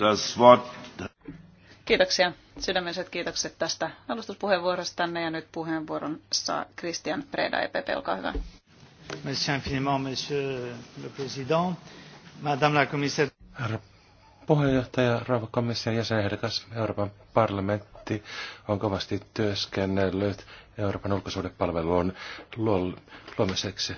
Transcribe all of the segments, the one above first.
das Wort. Kiitoksia. Sydämelliset kiitokset tästä alustuspuheenvuorosta. ja nyt puheenvuoron saa Christian Preda, EPP, olkaa hyvä. Merci infiniment, monsieur le président. Madame la commissaire. Herra puheenjohtaja, rouva komission jäsenehdokas, Euroopan parlamentti on kovasti työskennellyt Euroopan ulkosuhdepalvelun luomiseksi.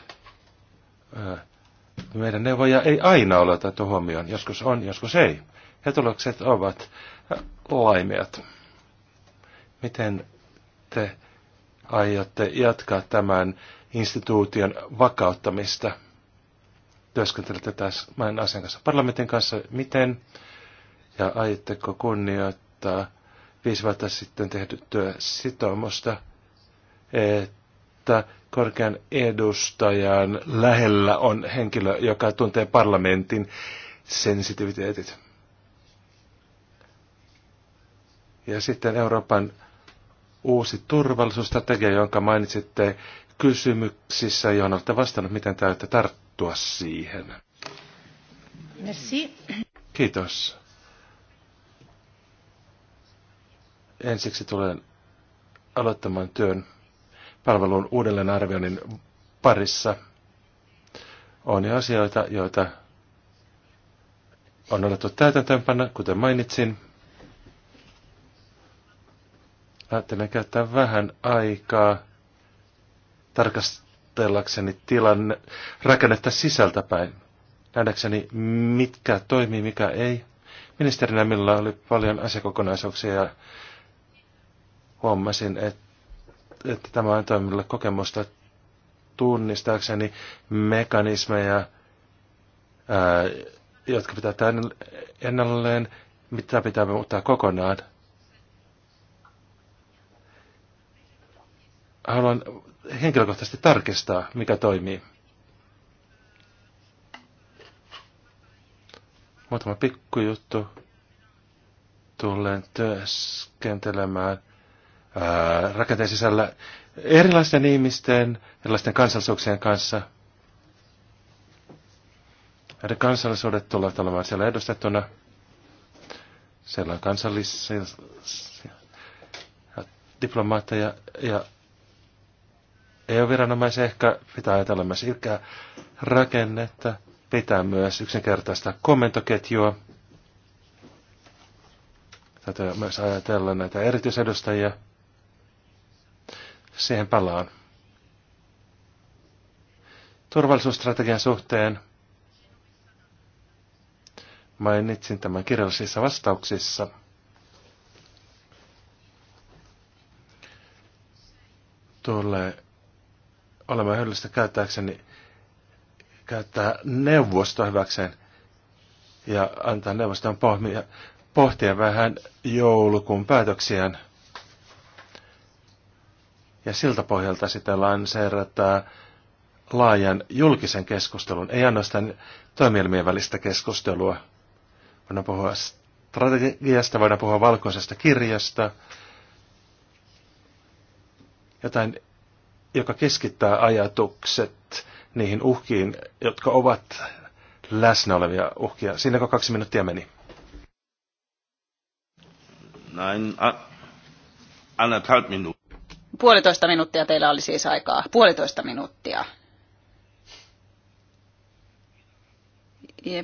Meidän neuvoja ei aina ole otettu huomioon, joskus on, joskus ei ja tulokset ovat laimeat. Miten te aiotte jatkaa tämän instituution vakauttamista? Työskentelette tässä maan asian kanssa, parlamentin kanssa, miten? Ja aiotteko kunnioittaa viisi vuotta sitten tehdyttyä sitoumusta, että korkean edustajan lähellä on henkilö, joka tuntee parlamentin sensitiviteetit? Ja sitten Euroopan uusi turvallisuusstrategia, jonka mainitsitte kysymyksissä, johon olette vastannut, miten täytyy tarttua siihen. Merci. Kiitos. Ensiksi tulen aloittamaan työn palvelun uudelleenarvioinnin parissa. On jo asioita, joita on otettu täytäntöönpanna, kuten mainitsin. Ajattelin käyttää vähän aikaa tarkastellakseni tilanne, rakennetta sisältäpäin. Nähdäkseni, mitkä toimii, mikä ei. Ministerinä millä oli paljon asiakokonaisuuksia ja huomasin, että, että tämä on toimille kokemusta tunnistaakseni mekanismeja, ää, jotka pitää ennalleen, mitä pitää muuttaa kokonaan. haluan henkilökohtaisesti tarkistaa, mikä toimii. Muutama pikkujuttu. Tulen työskentelemään rakenteen sisällä erilaisten ihmisten, erilaisten kansallisuuksien kanssa. Näiden kansallisuudet tulevat olemaan siellä edustettuna. Siellä on kansallisia diplomaatteja ja EU-viranomaisen ehkä pitää ajatella myös ilkeä rakennetta, pitää myös yksinkertaista kommentoketjua. Tätä myös ajatella näitä erityisedustajia. Siihen palaan. Turvallisuusstrategian suhteen mainitsin tämän kirjallisissa vastauksissa. Tulee olemaan hyödyllistä käyttääkseni käyttää neuvosto hyväkseen ja antaa neuvoston pohmia, pohtia vähän joulukuun päätöksiään. Ja siltä pohjalta sitä lanseerataan laajan julkisen keskustelun, ei ainoastaan toimielmien välistä keskustelua. Voidaan puhua strategiasta, voidaan puhua valkoisesta kirjasta, jotain joka keskittää ajatukset niihin uhkiin, jotka ovat läsnä olevia uhkia. Siinäkö kaksi minuuttia meni? Näin, anderthalb minuuttia. Puolitoista minuuttia teillä oli siis aikaa. Puolitoista minuuttia.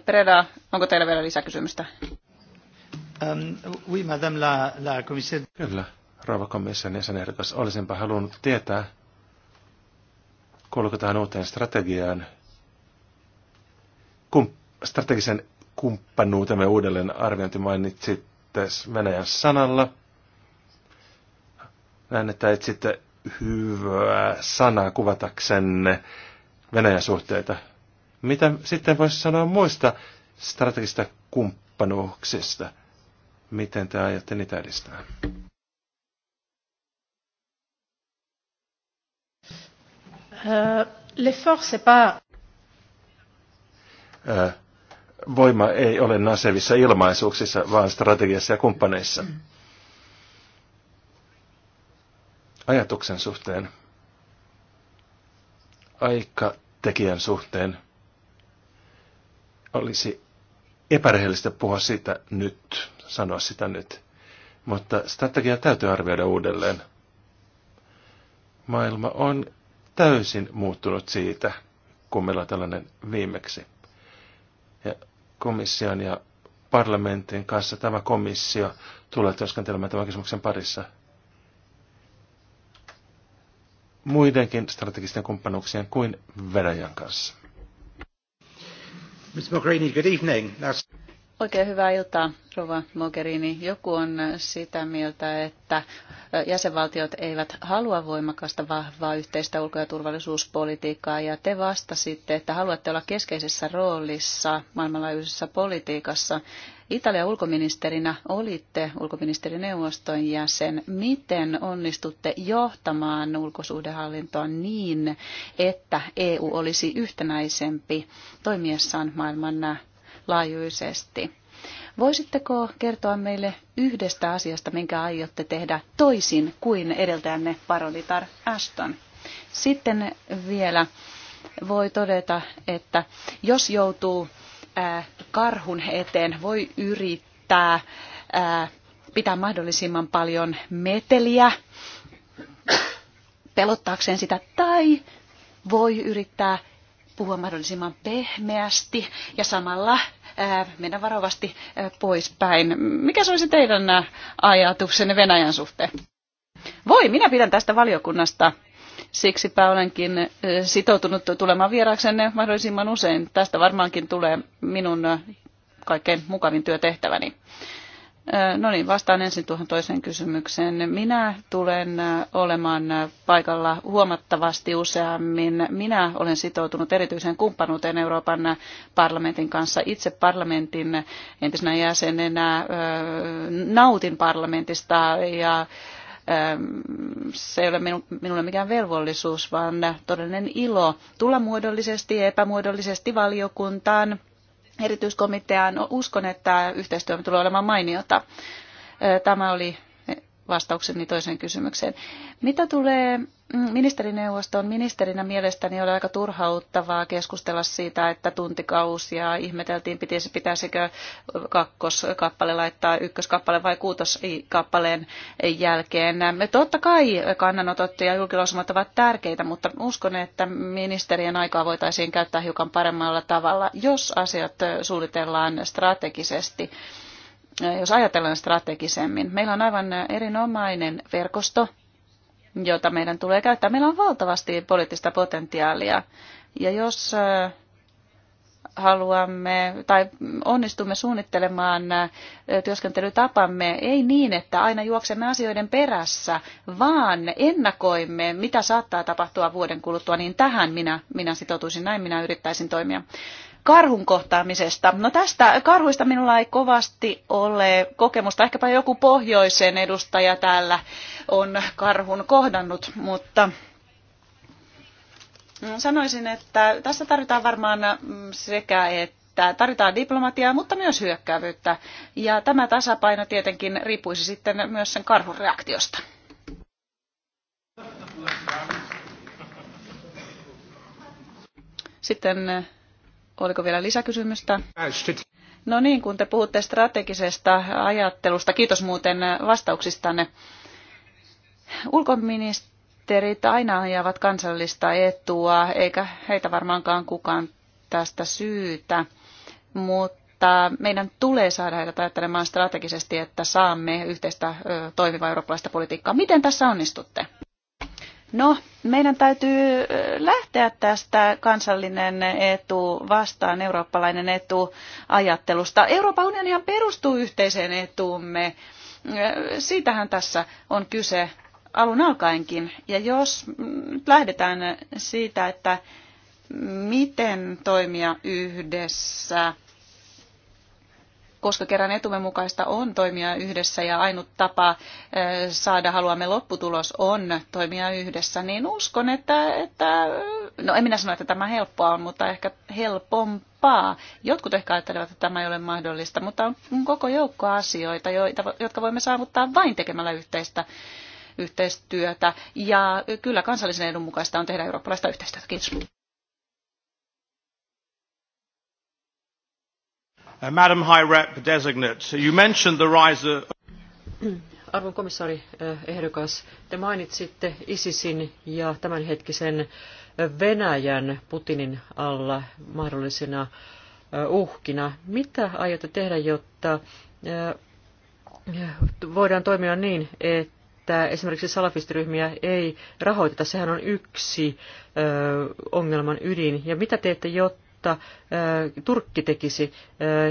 Preda, onko teillä vielä lisäkysymystä? Um, oui, madame la, la commissaire. Kyllä, rouva komission jäsenehdokas. Olisinpa halunnut tietää, Kuuluuko tähän uuteen strategiaan Kum, strategisen kumppanuutemme uudelleen arviointi mainitsitte Venäjän sanalla. Näen, että etsitte hyvää sanaa kuvataksenne Venäjän suhteita. Mitä sitten voisi sanoa muista strategista kumppanuuksista? Miten te aiotte niitä edistää? Voima ei ole nasevissa ilmaisuuksissa, vaan strategiassa ja kumppaneissa. Ajatuksen suhteen, aikatekijän suhteen, olisi epärehellistä puhua sitä nyt, sanoa sitä nyt. Mutta strategia täytyy arvioida uudelleen. Maailma on täysin muuttunut siitä, kun meillä on tällainen viimeksi. Ja komission ja parlamentin kanssa tämä komissio tulee työskentelemään tämän kysymyksen parissa. Muidenkin strategisten kumppanuuksien kuin Venäjän kanssa. Mr. Mogherini, good evening. That's... Oikein hyvää iltaa, Rova Mogherini. Joku on sitä mieltä, että jäsenvaltiot eivät halua voimakasta vahvaa yhteistä ulko- ja turvallisuuspolitiikkaa, ja te vastasitte, että haluatte olla keskeisessä roolissa maailmanlaajuisessa politiikassa. Italian ulkoministerinä olitte ulkoministerineuvoston jäsen. Miten onnistutte johtamaan ulkosuhdehallintoa niin, että EU olisi yhtenäisempi toimiessaan maailman laajuisesti. Voisitteko kertoa meille yhdestä asiasta, minkä aiotte tehdä toisin kuin edeltäjänne parolitar Aston? Sitten vielä voi todeta, että jos joutuu karhun eteen, voi yrittää pitää mahdollisimman paljon meteliä pelottaakseen sitä, tai voi yrittää puhua mahdollisimman pehmeästi ja samalla mennä varovasti poispäin. Mikä se olisi teidän ajatuksenne Venäjän suhteen? Voi, minä pidän tästä valiokunnasta. Siksipä olenkin sitoutunut tulemaan vieraaksenne mahdollisimman usein. Tästä varmaankin tulee minun kaikkein mukavin työtehtäväni. No niin, vastaan ensin tuohon toiseen kysymykseen. Minä tulen olemaan paikalla huomattavasti useammin. Minä olen sitoutunut erityiseen kumppanuuteen Euroopan parlamentin kanssa. Itse parlamentin entisenä jäsenenä nautin parlamentista ja se ei ole minulle mikään velvollisuus, vaan todellinen ilo tulla muodollisesti ja epämuodollisesti valiokuntaan – erityiskomiteaan. Uskon, että yhteistyö tulee olemaan mainiota. Tämä oli vastaukseni toiseen kysymykseen. Mitä tulee ministerineuvoston ministerinä mielestäni oli aika turhauttavaa keskustella siitä, että tuntikausia ihmeteltiin, pitäisi, pitäisikö kakkoskappale laittaa ykköskappale vai kuutoskappaleen jälkeen. Totta kai kannanotot ja julkilausumat ovat tärkeitä, mutta uskon, että ministerien aikaa voitaisiin käyttää hiukan paremmalla tavalla, jos asiat suunnitellaan strategisesti jos ajatellaan strategisemmin. Meillä on aivan erinomainen verkosto jota meidän tulee käyttää. Meillä on valtavasti poliittista potentiaalia. Ja jos äh, haluamme tai onnistumme suunnittelemaan äh, työskentelytapamme ei niin, että aina juoksemme asioiden perässä, vaan ennakoimme, mitä saattaa tapahtua vuoden kuluttua, niin tähän minä, minä sitoutuisin, näin minä yrittäisin toimia karhun kohtaamisesta. No tästä karhuista minulla ei kovasti ole kokemusta. Ehkäpä joku pohjoisen edustaja täällä on karhun kohdannut, mutta mm, sanoisin, että tässä tarvitaan varmaan mm, sekä että että tarvitaan diplomatiaa, mutta myös hyökkäävyyttä. Ja tämä tasapaino tietenkin riippuisi sitten myös sen karhun reaktiosta. Sitten Oliko vielä lisäkysymystä? No niin, kun te puhutte strategisesta ajattelusta, kiitos muuten vastauksistanne. Ulkoministerit aina ajavat kansallista etua, eikä heitä varmaankaan kukaan tästä syytä, mutta meidän tulee saada heidät ajattelemaan strategisesti, että saamme yhteistä toimivaa eurooppalaista politiikkaa. Miten tässä onnistutte? No, meidän täytyy lähteä tästä kansallinen etu vastaan eurooppalainen etu ajattelusta. Euroopan unionihan perustuu yhteiseen etuumme. Siitähän tässä on kyse alun alkaenkin. Ja jos mm, lähdetään siitä, että miten toimia yhdessä koska kerran etumme mukaista on toimia yhdessä ja ainut tapa saada haluamme lopputulos on toimia yhdessä, niin uskon, että, että no en minä sano, että tämä helppoa on, mutta ehkä helpompaa. Jotkut ehkä ajattelevat, että tämä ei ole mahdollista, mutta on koko joukko asioita, joita, jotka voimme saavuttaa vain tekemällä yhteistä yhteistyötä. Ja kyllä kansallisen edun mukaista on tehdä eurooppalaista yhteistyötä. Kiitos. Uh, Madam High Rep Designate, you mentioned the rise of... Arvon komissaari uh, ehdokas, te mainitsitte ISISin ja tämänhetkisen uh, Venäjän Putinin alla mahdollisena uhkina. Mitä aiotte tehdä, jotta voidaan toimia niin, että esimerkiksi salafistiryhmiä ei rahoiteta? Sehän on yksi ongelman ydin. Ja mitä teette, jotta jotta Turkki tekisi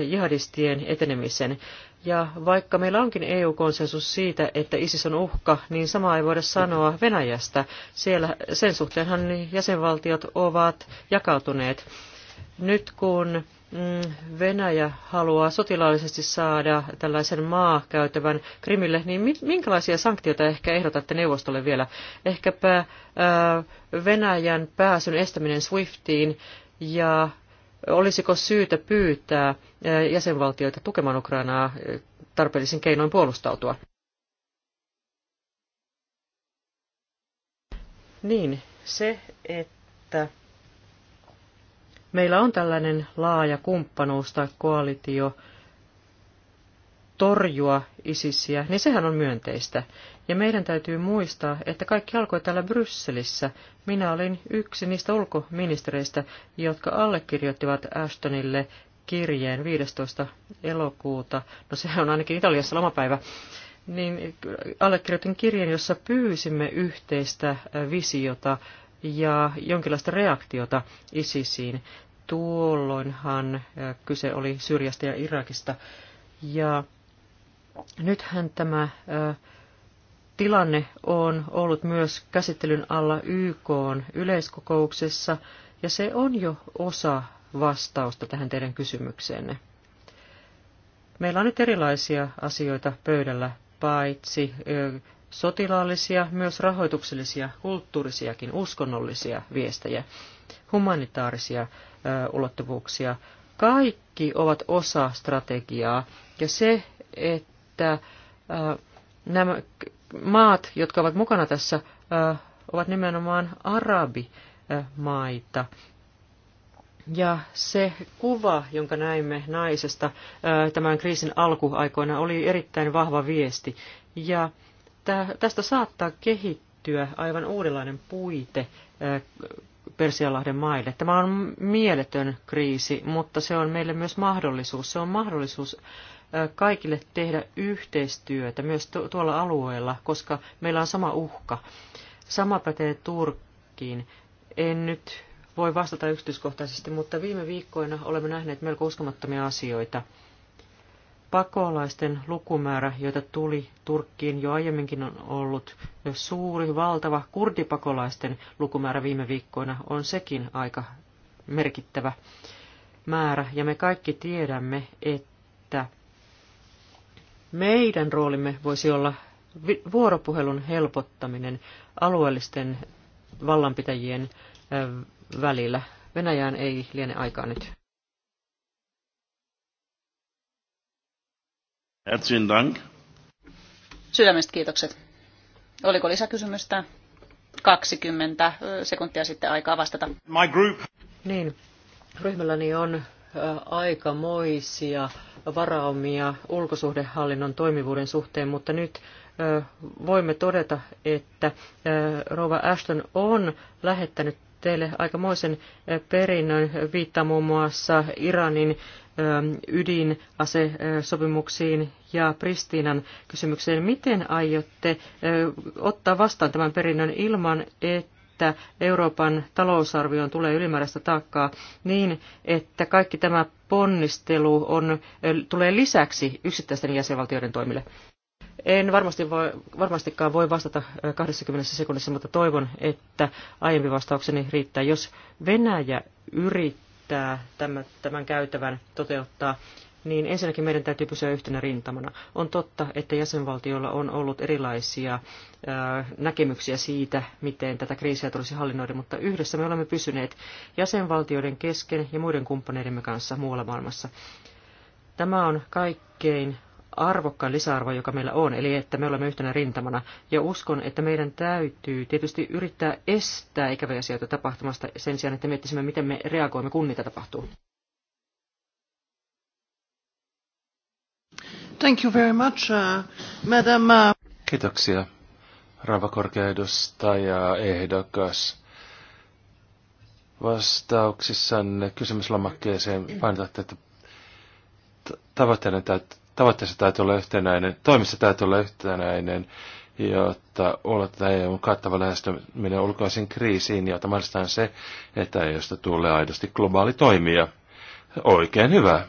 jihadistien etenemisen. Ja vaikka meillä onkin EU-konsensus siitä, että ISIS on uhka, niin samaa ei voida sanoa Venäjästä. Siellä sen suhteenhan jäsenvaltiot ovat jakautuneet. Nyt kun mm, Venäjä haluaa sotilaallisesti saada tällaisen maakäytävän Krimille, niin minkälaisia sanktioita ehkä ehdotatte neuvostolle vielä? Ehkäpä Venäjän pääsyn estäminen Swiftiin ja Olisiko syytä pyytää jäsenvaltioita tukemaan Ukrainaa tarpeellisin keinoin puolustautua? Niin, se, että meillä on tällainen laaja kumppanuus tai koalitio torjua isisiä, niin sehän on myönteistä. Ja meidän täytyy muistaa, että kaikki alkoi täällä Brysselissä. Minä olin yksi niistä ulkoministereistä, jotka allekirjoittivat Ashtonille kirjeen 15. elokuuta. No se on ainakin Italiassa lomapäivä niin allekirjoitin kirjeen, jossa pyysimme yhteistä äh, visiota ja jonkinlaista reaktiota ISISiin. Tuolloinhan äh, kyse oli Syyriasta ja Irakista. Ja nythän tämä äh, tilanne on ollut myös käsittelyn alla YK yleiskokouksessa, ja se on jo osa vastausta tähän teidän kysymykseenne. Meillä on nyt erilaisia asioita pöydällä, paitsi sotilaallisia, myös rahoituksellisia, kulttuurisiakin, uskonnollisia viestejä, humanitaarisia ulottuvuuksia. Kaikki ovat osa strategiaa, ja se, että nämä maat, jotka ovat mukana tässä, ovat nimenomaan arabimaita. Ja se kuva, jonka näimme naisesta tämän kriisin alkuaikoina, oli erittäin vahva viesti. Ja tästä saattaa kehittyä aivan uudenlainen puite Persialahden maille. Tämä on mieletön kriisi, mutta se on meille myös mahdollisuus. Se on mahdollisuus kaikille tehdä yhteistyötä myös tuolla alueella, koska meillä on sama uhka. Sama pätee Turkkiin. En nyt voi vastata yksityiskohtaisesti, mutta viime viikkoina olemme nähneet melko uskomattomia asioita. Pakolaisten lukumäärä, joita tuli Turkkiin jo aiemminkin on ollut suuri, valtava. Kurdipakolaisten lukumäärä viime viikkoina on sekin aika merkittävä määrä. Ja me kaikki tiedämme, että meidän roolimme voisi olla vuoropuhelun helpottaminen alueellisten vallanpitäjien välillä. Venäjään ei liene aikaa nyt. Herzlichen Dank. Sydämestä kiitokset. Oliko lisäkysymystä? 20 sekuntia sitten aikaa vastata. My group. Niin, ryhmälläni on aikamoisia varaumia ulkosuhdehallinnon toimivuuden suhteen, mutta nyt voimme todeta, että Rova Ashton on lähettänyt teille aikamoisen perinnön, viittaa muun muassa Iranin ydinasesopimuksiin ja Pristiinan kysymykseen. Miten aiotte ottaa vastaan tämän perinnön ilman, että että Euroopan talousarvioon tulee ylimääräistä taakkaa niin, että kaikki tämä ponnistelu on, tulee lisäksi yksittäisten jäsenvaltioiden toimille. En varmasti voi, varmastikaan voi vastata 20 sekunnissa, mutta toivon, että aiempi vastaukseni riittää. Jos Venäjä yrittää tämän, tämän käytävän toteuttaa, niin ensinnäkin meidän täytyy pysyä yhtenä rintamana. On totta, että jäsenvaltioilla on ollut erilaisia näkemyksiä siitä, miten tätä kriisiä tulisi hallinnoida, mutta yhdessä me olemme pysyneet jäsenvaltioiden kesken ja muiden kumppaneidemme kanssa muualla maailmassa. Tämä on kaikkein arvokkain lisäarvo, joka meillä on, eli että me olemme yhtenä rintamana. Ja uskon, että meidän täytyy tietysti yrittää estää ikäviä asioita tapahtumasta sen sijaan, että miettisimme, miten me reagoimme, kun niitä tapahtuu. Thank you very much, uh, madam. Uh, Kiitoksia, rouva korkeaedustaja ehdokas. Vastauksissanne kysymyslomakkeeseen painotatte, että tavoitteiden tavoitteessa täytyy olla yhtenäinen, toimissa täytyy olla yhtenäinen, jotta ulotetaan EUn kattava lähestyminen ulkoisiin kriisiin, jota mahdollistetaan se, että EUsta tulee aidosti globaali toimija. Oikein hyvä.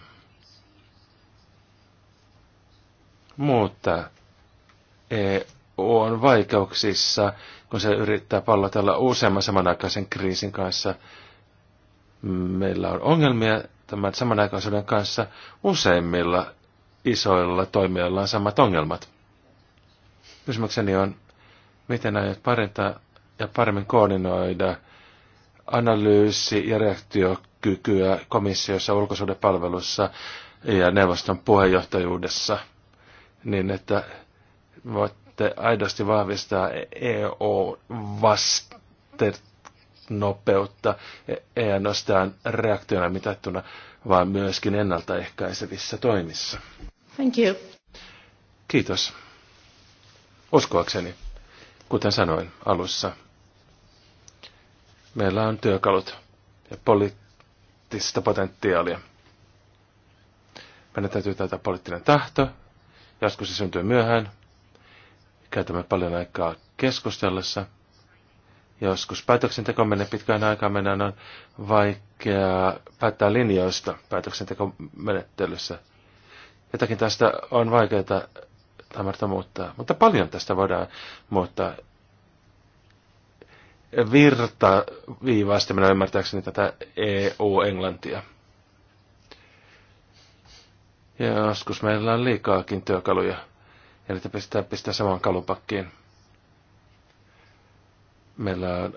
Mutta e on vaikeuksissa, kun se yrittää pallotella useamman samanaikaisen kriisin kanssa. Meillä on ongelmia tämän samanaikaisuuden kanssa. Useimmilla isoilla toimijoilla on samat ongelmat. Kysymykseni on, miten aiot parantaa ja paremmin koordinoida analyysi- ja reaktiokykyä komissiossa, ulkosuudepalvelussa ja neuvoston puheenjohtajuudessa – niin että voitte aidosti vahvistaa EO-vastenopeutta, ei ainoastaan reaktiona mitattuna, vaan myöskin ennaltaehkäisevissä toimissa. Thank you. Kiitos. Uskoakseni, kuten sanoin alussa, meillä on työkalut ja poliittista potentiaalia. Meidän täytyy tätä poliittinen tahto, Joskus se syntyy myöhään. Käytämme paljon aikaa keskustellessa. Joskus päätöksenteko menee pitkään aikaa, mennään on vaikea päättää linjoista päätöksentekomenettelyssä. Jotakin tästä on vaikeaa tämmöistä muuttaa, mutta paljon tästä voidaan muuttaa. Virta viivaistaminen ymmärtääkseni tätä EU-englantia. Ja joskus meillä on liikaakin työkaluja, ja niitä pistää, pistää samaan kalupakkiin. Meillä on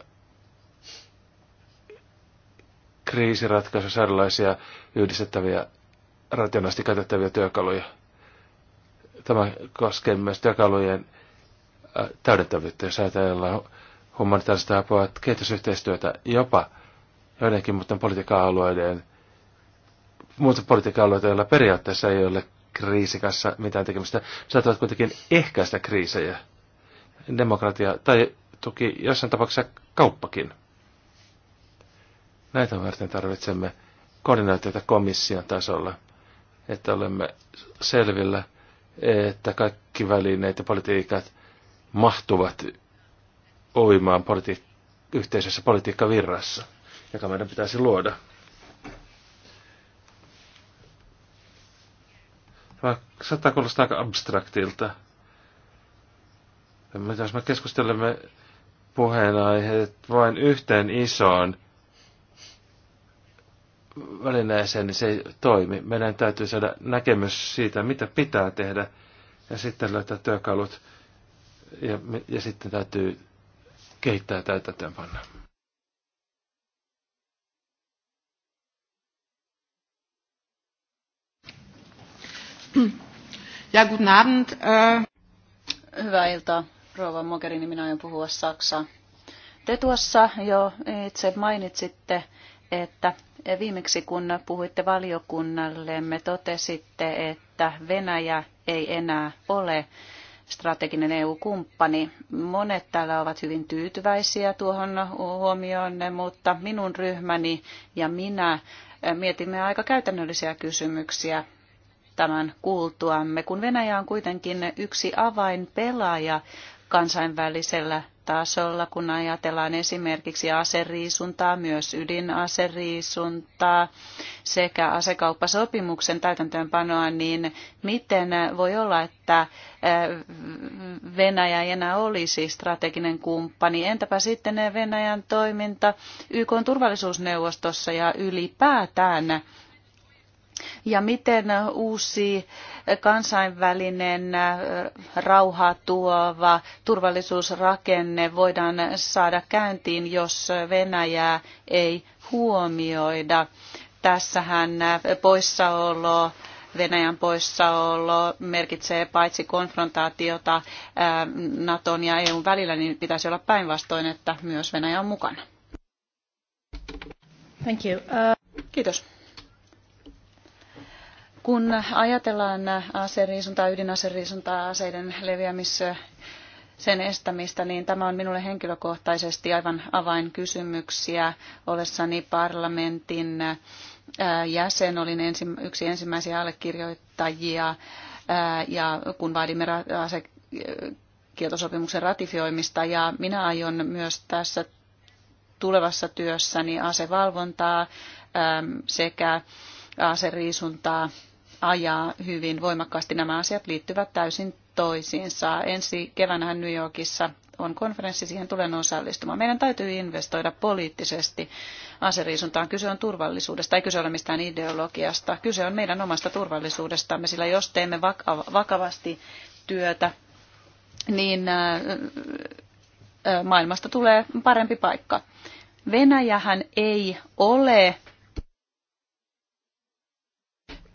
kriisiratkaisussa erilaisia yhdistettäviä, rationaalisti käytettäviä työkaluja. Tämä koskee myös työkalujen täydentävyyttä, jos ajatellaan humanitaarista apua, kehitysyhteistyötä, jopa joidenkin muiden politiikka-alueiden – muuta politiikka-alueita, joilla periaatteessa ei ole kriisikassa mitään tekemistä, saattavat kuitenkin ehkäistä kriisejä. Demokratia tai tuki jossain tapauksessa kauppakin. Näitä varten tarvitsemme koordinaatioita komission tasolla, että olemme selvillä, että kaikki välineet ja politiikat mahtuvat uimaan politi- yhteisessä politiikkavirrassa, joka meidän pitäisi luoda. Saattaa kuulostaa aika abstraktilta. Jos me keskustelemme puheenaiheet vain yhteen isoon välineeseen, niin se ei toimi. Meidän täytyy saada näkemys siitä, mitä pitää tehdä, ja sitten löytää työkalut, ja, ja sitten täytyy kehittää ja työpannaa. Ja guten Abend. Äh... Hyvää iltaa, rouva Mogherini. Minä aion puhua Saksaa. Te tuossa jo itse mainitsitte, että viimeksi kun puhuitte valiokunnalle, me totesitte, että Venäjä ei enää ole strateginen EU-kumppani. Monet täällä ovat hyvin tyytyväisiä tuohon huomioon, mutta minun ryhmäni ja minä mietimme aika käytännöllisiä kysymyksiä tämän kuultuamme, kun Venäjä on kuitenkin yksi avainpelaaja kansainvälisellä tasolla, kun ajatellaan esimerkiksi aseriisuntaa, myös ydinaseriisuntaa sekä asekauppasopimuksen täytäntöönpanoa, niin miten voi olla, että äh, Venäjä ei enää olisi strateginen kumppani? Entäpä sitten Venäjän toiminta YK turvallisuusneuvostossa ja ylipäätään ja miten uusi kansainvälinen rauhaa tuova turvallisuusrakenne voidaan saada käyntiin, jos Venäjää ei huomioida. Tässähän poissaolo Venäjän poissaolo merkitsee paitsi konfrontaatiota Naton ja EUn välillä, niin pitäisi olla päinvastoin, että myös Venäjä on mukana. Thank you. Uh... Kiitos. Kun ajatellaan aseriisuntaa, ydinaseriisuntaa, aseiden leviämissä sen estämistä, niin tämä on minulle henkilökohtaisesti aivan avainkysymyksiä. Olessani parlamentin jäsen olin ensi, yksi ensimmäisiä allekirjoittajia ja kun vaadimme asekieltosopimuksen ratifioimista ja minä aion myös tässä tulevassa työssäni asevalvontaa sekä aseriisuntaa ajaa hyvin voimakkaasti. Nämä asiat liittyvät täysin toisiinsa. Ensi keväänä New Yorkissa on konferenssi, siihen tulen osallistumaan. Meidän täytyy investoida poliittisesti aseriisuntaan. Kyse on turvallisuudesta, ei kyse ole mistään ideologiasta. Kyse on meidän omasta turvallisuudestamme, sillä jos teemme vakavasti työtä, niin äh, äh, maailmasta tulee parempi paikka. Venäjähän ei ole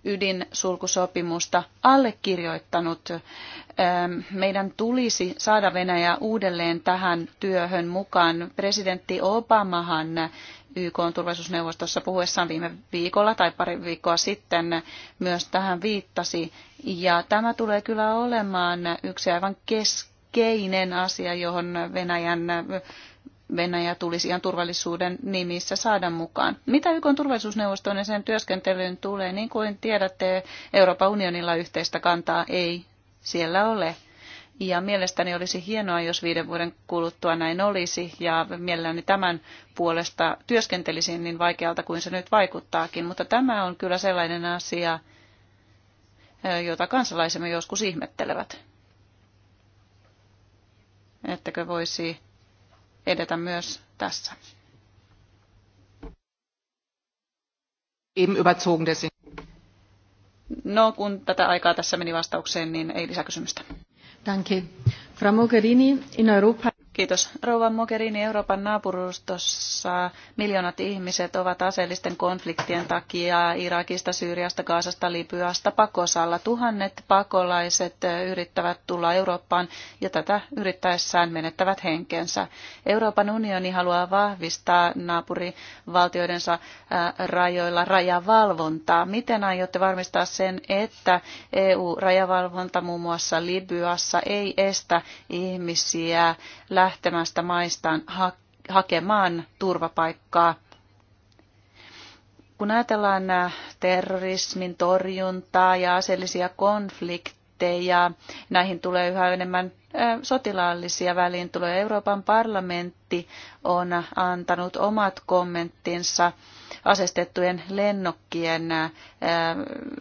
ydinsulkusopimusta allekirjoittanut. Meidän tulisi saada Venäjä uudelleen tähän työhön mukaan. Presidentti Obamahan YK on turvallisuusneuvostossa puhuessaan viime viikolla tai pari viikkoa sitten myös tähän viittasi. Ja tämä tulee kyllä olemaan yksi aivan keskeinen asia, johon Venäjän Venäjä tulisi ihan turvallisuuden nimissä saada mukaan. Mitä YK turvallisuusneuvoston ja sen työskentelyyn tulee, niin kuin tiedätte, Euroopan unionilla yhteistä kantaa ei siellä ole. Ja mielestäni olisi hienoa, jos viiden vuoden kuluttua näin olisi, ja mielelläni tämän puolesta työskentelisin niin vaikealta kuin se nyt vaikuttaakin. Mutta tämä on kyllä sellainen asia, jota kansalaisemme joskus ihmettelevät. Ettäkö voisi edetä myös tässä. No, kun tätä aikaa tässä meni vastaukseen, niin ei lisäkysymystä. Danke. Frau Mogherini, in Europa... Kiitos. Rouva Mogherini, Euroopan naapurustossa miljoonat ihmiset ovat aseellisten konfliktien takia Irakista, Syyriasta, Kaasasta, Libyasta pakosalla. Tuhannet pakolaiset yrittävät tulla Eurooppaan ja tätä yrittäessään menettävät henkensä. Euroopan unioni haluaa vahvistaa naapurivaltioidensa äh, rajoilla rajavalvontaa. Miten aiotte varmistaa sen, että EU-rajavalvonta muun muassa Libyassa ei estä ihmisiä lä- lähtemästä maistaan ha- hakemaan turvapaikkaa. Kun ajatellaan äh, terrorismin torjuntaa ja aseellisia konflikteja, näihin tulee yhä enemmän äh, sotilaallisia tulee Euroopan parlamentti on antanut omat kommenttinsa asestettujen lennokkien äh,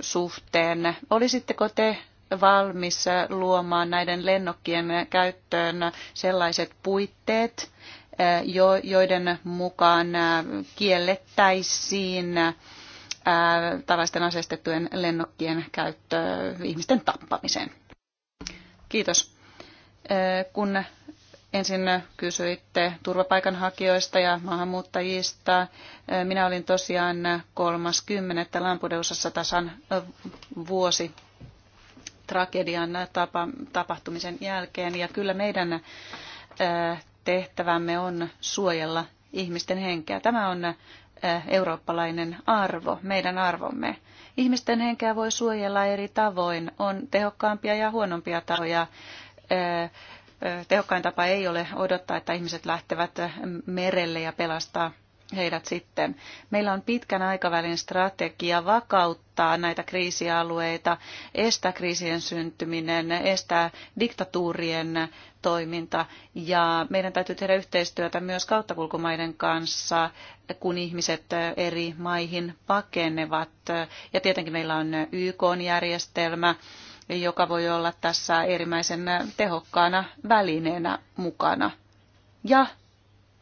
suhteen. Olisitteko te valmis luomaan näiden lennokkien käyttöön sellaiset puitteet, eh, joiden mukaan eh, kiellettäisiin eh, tällaisten asestettujen lennokkien käyttö ihmisten tappamiseen. Kiitos. Kun ensin kysyitte turvapaikanhakijoista ja maahanmuuttajista, minä olin tosiaan 30. Lampudeusassa tasan vuosi tragedian tapa, tapahtumisen jälkeen. Ja kyllä meidän tehtävämme on suojella ihmisten henkeä. Tämä on eurooppalainen arvo, meidän arvomme. Ihmisten henkeä voi suojella eri tavoin. On tehokkaampia ja huonompia tapoja. Tehokkain tapa ei ole odottaa, että ihmiset lähtevät merelle ja pelastaa heidät sitten. Meillä on pitkän aikavälin strategia vakauttaa näitä kriisialueita, estää kriisien syntyminen, estää diktatuurien toiminta ja meidän täytyy tehdä yhteistyötä myös kauttakulkumaiden kanssa, kun ihmiset eri maihin pakenevat. Ja tietenkin meillä on YK-järjestelmä, joka voi olla tässä erimmäisen tehokkaana välineenä mukana. Ja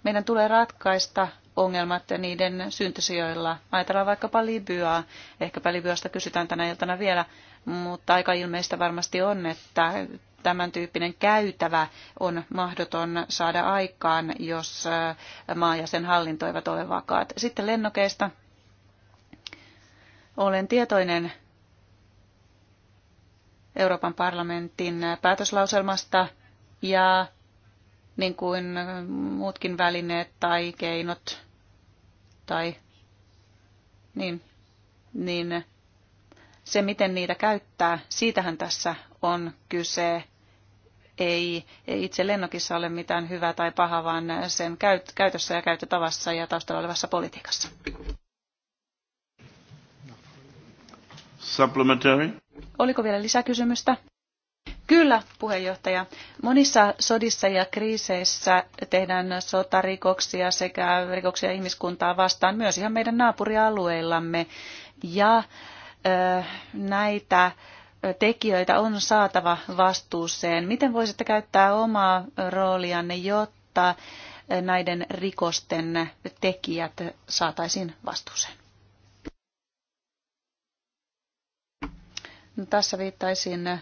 meidän tulee ratkaista ongelmat niiden syntysijoilla. Ajatellaan vaikkapa Libyaa. Ehkäpä Libyasta kysytään tänä iltana vielä, mutta aika ilmeistä varmasti on, että tämän tyyppinen käytävä on mahdoton saada aikaan, jos äh, maa ja sen hallinto eivät ole vakaat. Sitten lennokeista. Olen tietoinen Euroopan parlamentin päätöslauselmasta ja niin kuin muutkin välineet tai keinot tai niin, niin se, miten niitä käyttää, siitähän tässä on kyse. Ei, ei itse lennokissa ole mitään hyvää tai pahaa, vaan sen käyt, käytössä ja käytötavassa ja taustalla olevassa politiikassa. Supplementary. Oliko vielä lisäkysymystä? Kyllä, puheenjohtaja. Monissa sodissa ja kriiseissä tehdään sotarikoksia sekä rikoksia ihmiskuntaa vastaan myös ihan meidän naapurialueillamme. Ja ö, näitä tekijöitä on saatava vastuuseen. Miten voisitte käyttää omaa roolianne, jotta näiden rikosten tekijät saataisiin vastuuseen? No, tässä viittaisin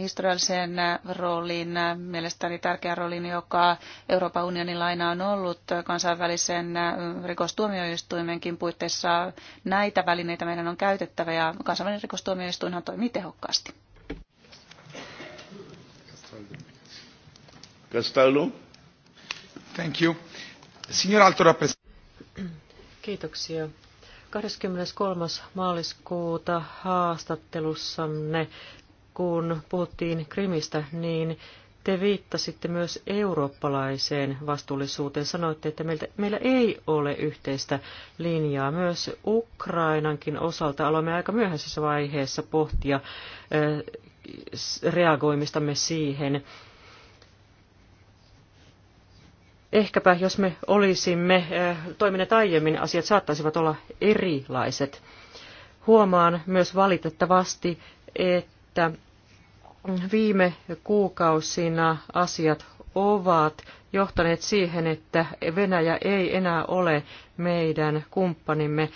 historialliseen rooliin, mielestäni tärkeän rooliin, joka Euroopan unionin laina on ollut kansainvälisen rikostuomioistuimenkin puitteissa. Näitä välineitä meidän on käytettävä ja kansainvälinen rikostuomioistuinhan toimii tehokkaasti. Castello. Thank you. Signor Alto Kiitoksia 23. maaliskuuta haastattelussanne, kun puhuttiin Krimistä, niin te viittasitte myös eurooppalaiseen vastuullisuuteen. Sanoitte, että meiltä, meillä ei ole yhteistä linjaa. Myös Ukrainankin osalta aloimme aika myöhäisessä vaiheessa pohtia eh, reagoimistamme siihen ehkäpä jos me olisimme eh, toimineet aiemmin, asiat saattaisivat olla erilaiset. Huomaan myös valitettavasti, että viime kuukausina asiat ovat johtaneet siihen, että Venäjä ei enää ole meidän kumppanimme.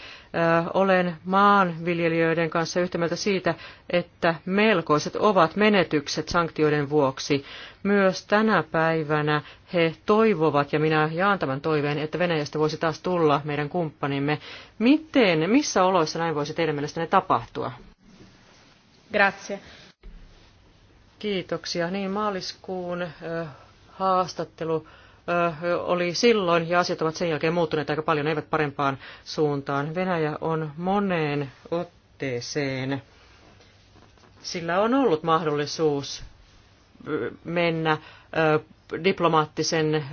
Olen maanviljelijöiden kanssa yhtä mieltä siitä, että melkoiset ovat menetykset sanktioiden vuoksi. Myös tänä päivänä he toivovat, ja minä jaan tämän toiveen, että Venäjästä voisi taas tulla meidän kumppanimme. Miten, missä oloissa näin voisi teidän mielestänne tapahtua? Grazie. Kiitoksia. Niin maaliskuun haastattelu oli silloin ja asiat ovat sen jälkeen muuttuneet aika paljon, eivät parempaan suuntaan. Venäjä on moneen otteeseen. Sillä on ollut mahdollisuus mennä diplomaattisen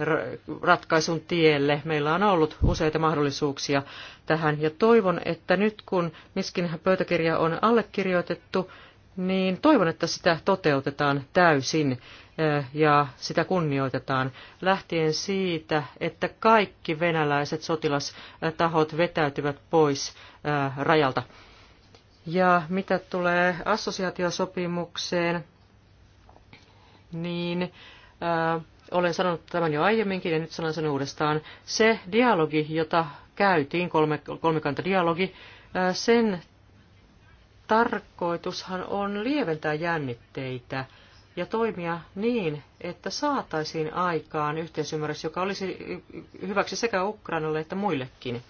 ratkaisun tielle. Meillä on ollut useita mahdollisuuksia tähän ja toivon, että nyt kun Miskin pöytäkirja on allekirjoitettu, niin toivon, että sitä toteutetaan täysin eh, ja sitä kunnioitetaan lähtien siitä, että kaikki venäläiset sotilastahot vetäytyvät pois eh, rajalta. Ja mitä tulee assosiaatiosopimukseen, niin äh, olen sanonut tämän jo aiemminkin ja nyt sanon sen uudestaan. Se dialogi, jota käytiin, kolme, kolmikantadialogi, äh, sen tarkoitushan on lieventää jännitteitä ja toimia niin, että saataisiin aikaan yhteisymmärrys, joka olisi hyväksi sekä Ukrainalle että muillekin.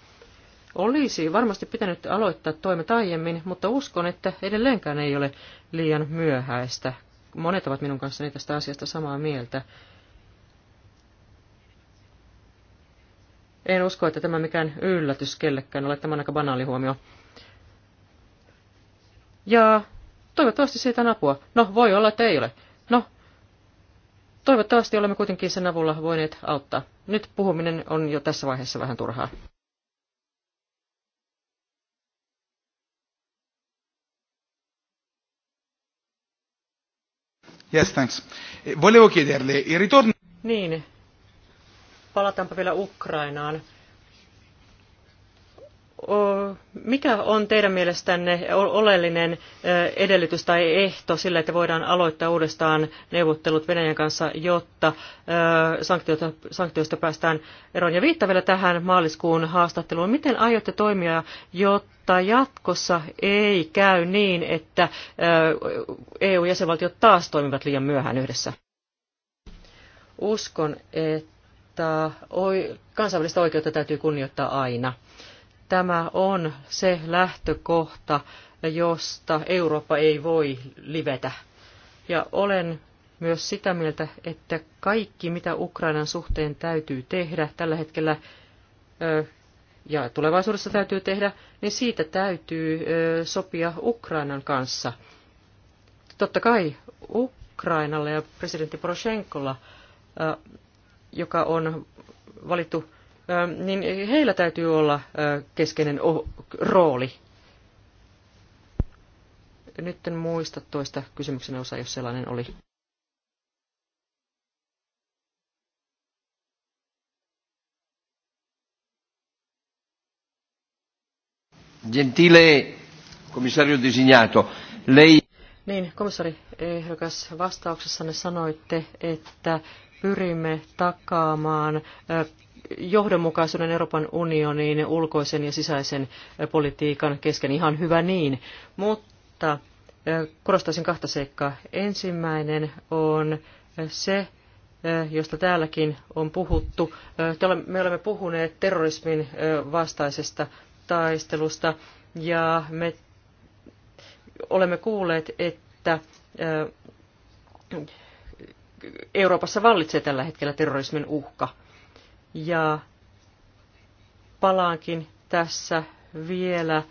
Olisi varmasti pitänyt aloittaa toimet aiemmin, mutta uskon, että edelleenkään ei ole liian myöhäistä. Monet ovat minun kanssani tästä asiasta samaa mieltä. En usko, että tämä mikään yllätys kellekään ole. Tämä on aika banaali huomio. Ja toivottavasti siitä on apua. No, voi olla, että ei ole. No, toivottavasti olemme kuitenkin sen avulla voineet auttaa. Nyt puhuminen on jo tässä vaiheessa vähän turhaa. Yes, thanks. Volevo chiederle, il ritorno... Niin, palataanpa vielä Ukrainaan mikä on teidän mielestänne oleellinen edellytys tai ehto sille, että voidaan aloittaa uudestaan neuvottelut Venäjän kanssa, jotta sanktioista, sanktioista päästään eroon? Ja viitta vielä tähän maaliskuun haastatteluun. Miten aiotte toimia, jotta jatkossa ei käy niin, että EU-jäsenvaltiot taas toimivat liian myöhään yhdessä? Uskon, että kansainvälistä oikeutta täytyy kunnioittaa aina Tämä on se lähtökohta, josta Eurooppa ei voi livetä. Ja olen myös sitä mieltä, että kaikki mitä Ukrainan suhteen täytyy tehdä tällä hetkellä ja tulevaisuudessa täytyy tehdä, niin siitä täytyy sopia Ukrainan kanssa. Totta kai Ukrainalla ja presidentti Poroshenkolla, joka on valittu niin heillä täytyy olla keskeinen rooli. Nyt en muista toista kysymyksen osaa, jos sellainen oli. Gentile komissario designato, lei... Niin, komissari ehdokas, vastauksessanne sanoitte, että pyrimme takaamaan johdonmukaisuuden Euroopan unionin ulkoisen ja sisäisen politiikan kesken. Ihan hyvä niin, mutta korostaisin kahta seikkaa. Ensimmäinen on se, josta täälläkin on puhuttu. Me olemme puhuneet terrorismin vastaisesta taistelusta ja me olemme kuulleet, että Euroopassa vallitsee tällä hetkellä terrorismin uhka. Ja palaankin tässä vielä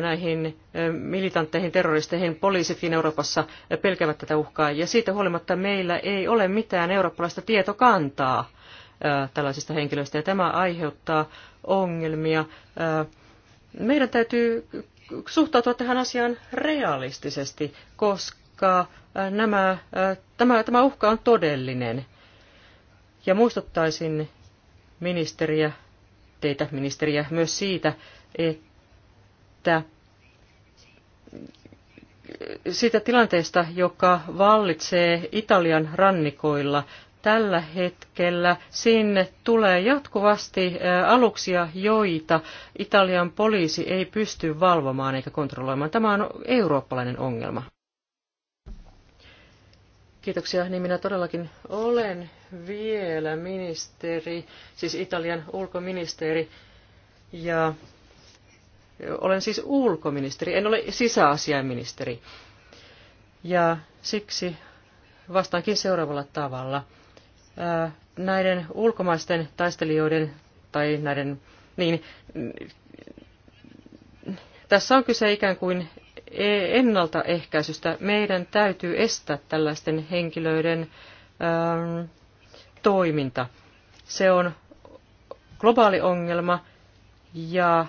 näihin militantteihin, terroristeihin, poliisitkin Euroopassa pelkävät tätä uhkaa. Ja siitä huolimatta meillä ei ole mitään eurooppalaista tietokantaa tällaisista henkilöistä, ja tämä aiheuttaa ongelmia. Meidän täytyy suhtautua tähän asiaan realistisesti, koska nämä, tämä, tämä uhka on todellinen. Ja muistuttaisin ministeriä, teitä ministeriä myös siitä, että siitä tilanteesta, joka vallitsee Italian rannikoilla tällä hetkellä. Sinne tulee jatkuvasti aluksia, joita Italian poliisi ei pysty valvomaan eikä kontrolloimaan. Tämä on eurooppalainen ongelma. Kiitoksia. Niin minä todellakin olen vielä ministeri, siis Italian ulkoministeri. Ja olen siis ulkoministeri, en ole sisäasiainministeri. Ja siksi vastaankin seuraavalla tavalla. Näiden ulkomaisten taistelijoiden tai näiden, niin tässä on kyse ikään kuin ennaltaehkäisystä. Meidän täytyy estää tällaisten henkilöiden ähm, toiminta. Se on globaali ongelma ja äh,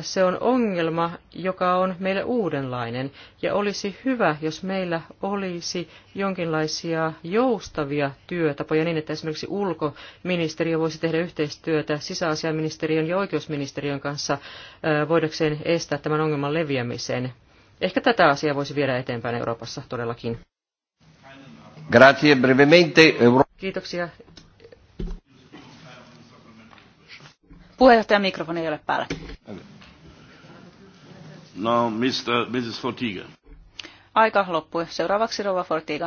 se on ongelma, joka on meille uudenlainen, ja olisi hyvä, jos meillä olisi jonkinlaisia joustavia työtapoja niin, että esimerkiksi ulkoministeriö voisi tehdä yhteistyötä sisäasiaministeriön ja oikeusministeriön kanssa äh, voidakseen estää tämän ongelman leviämisen. Ehkä tätä asiaa voisi viedä eteenpäin Euroopassa todellakin. Kiitoksia. Puheenjohtaja, mikrofoni ei ole päällä. No, Mr. Mrs. Fortiga. Aika loppui. Seuraavaksi Rova Fortiga.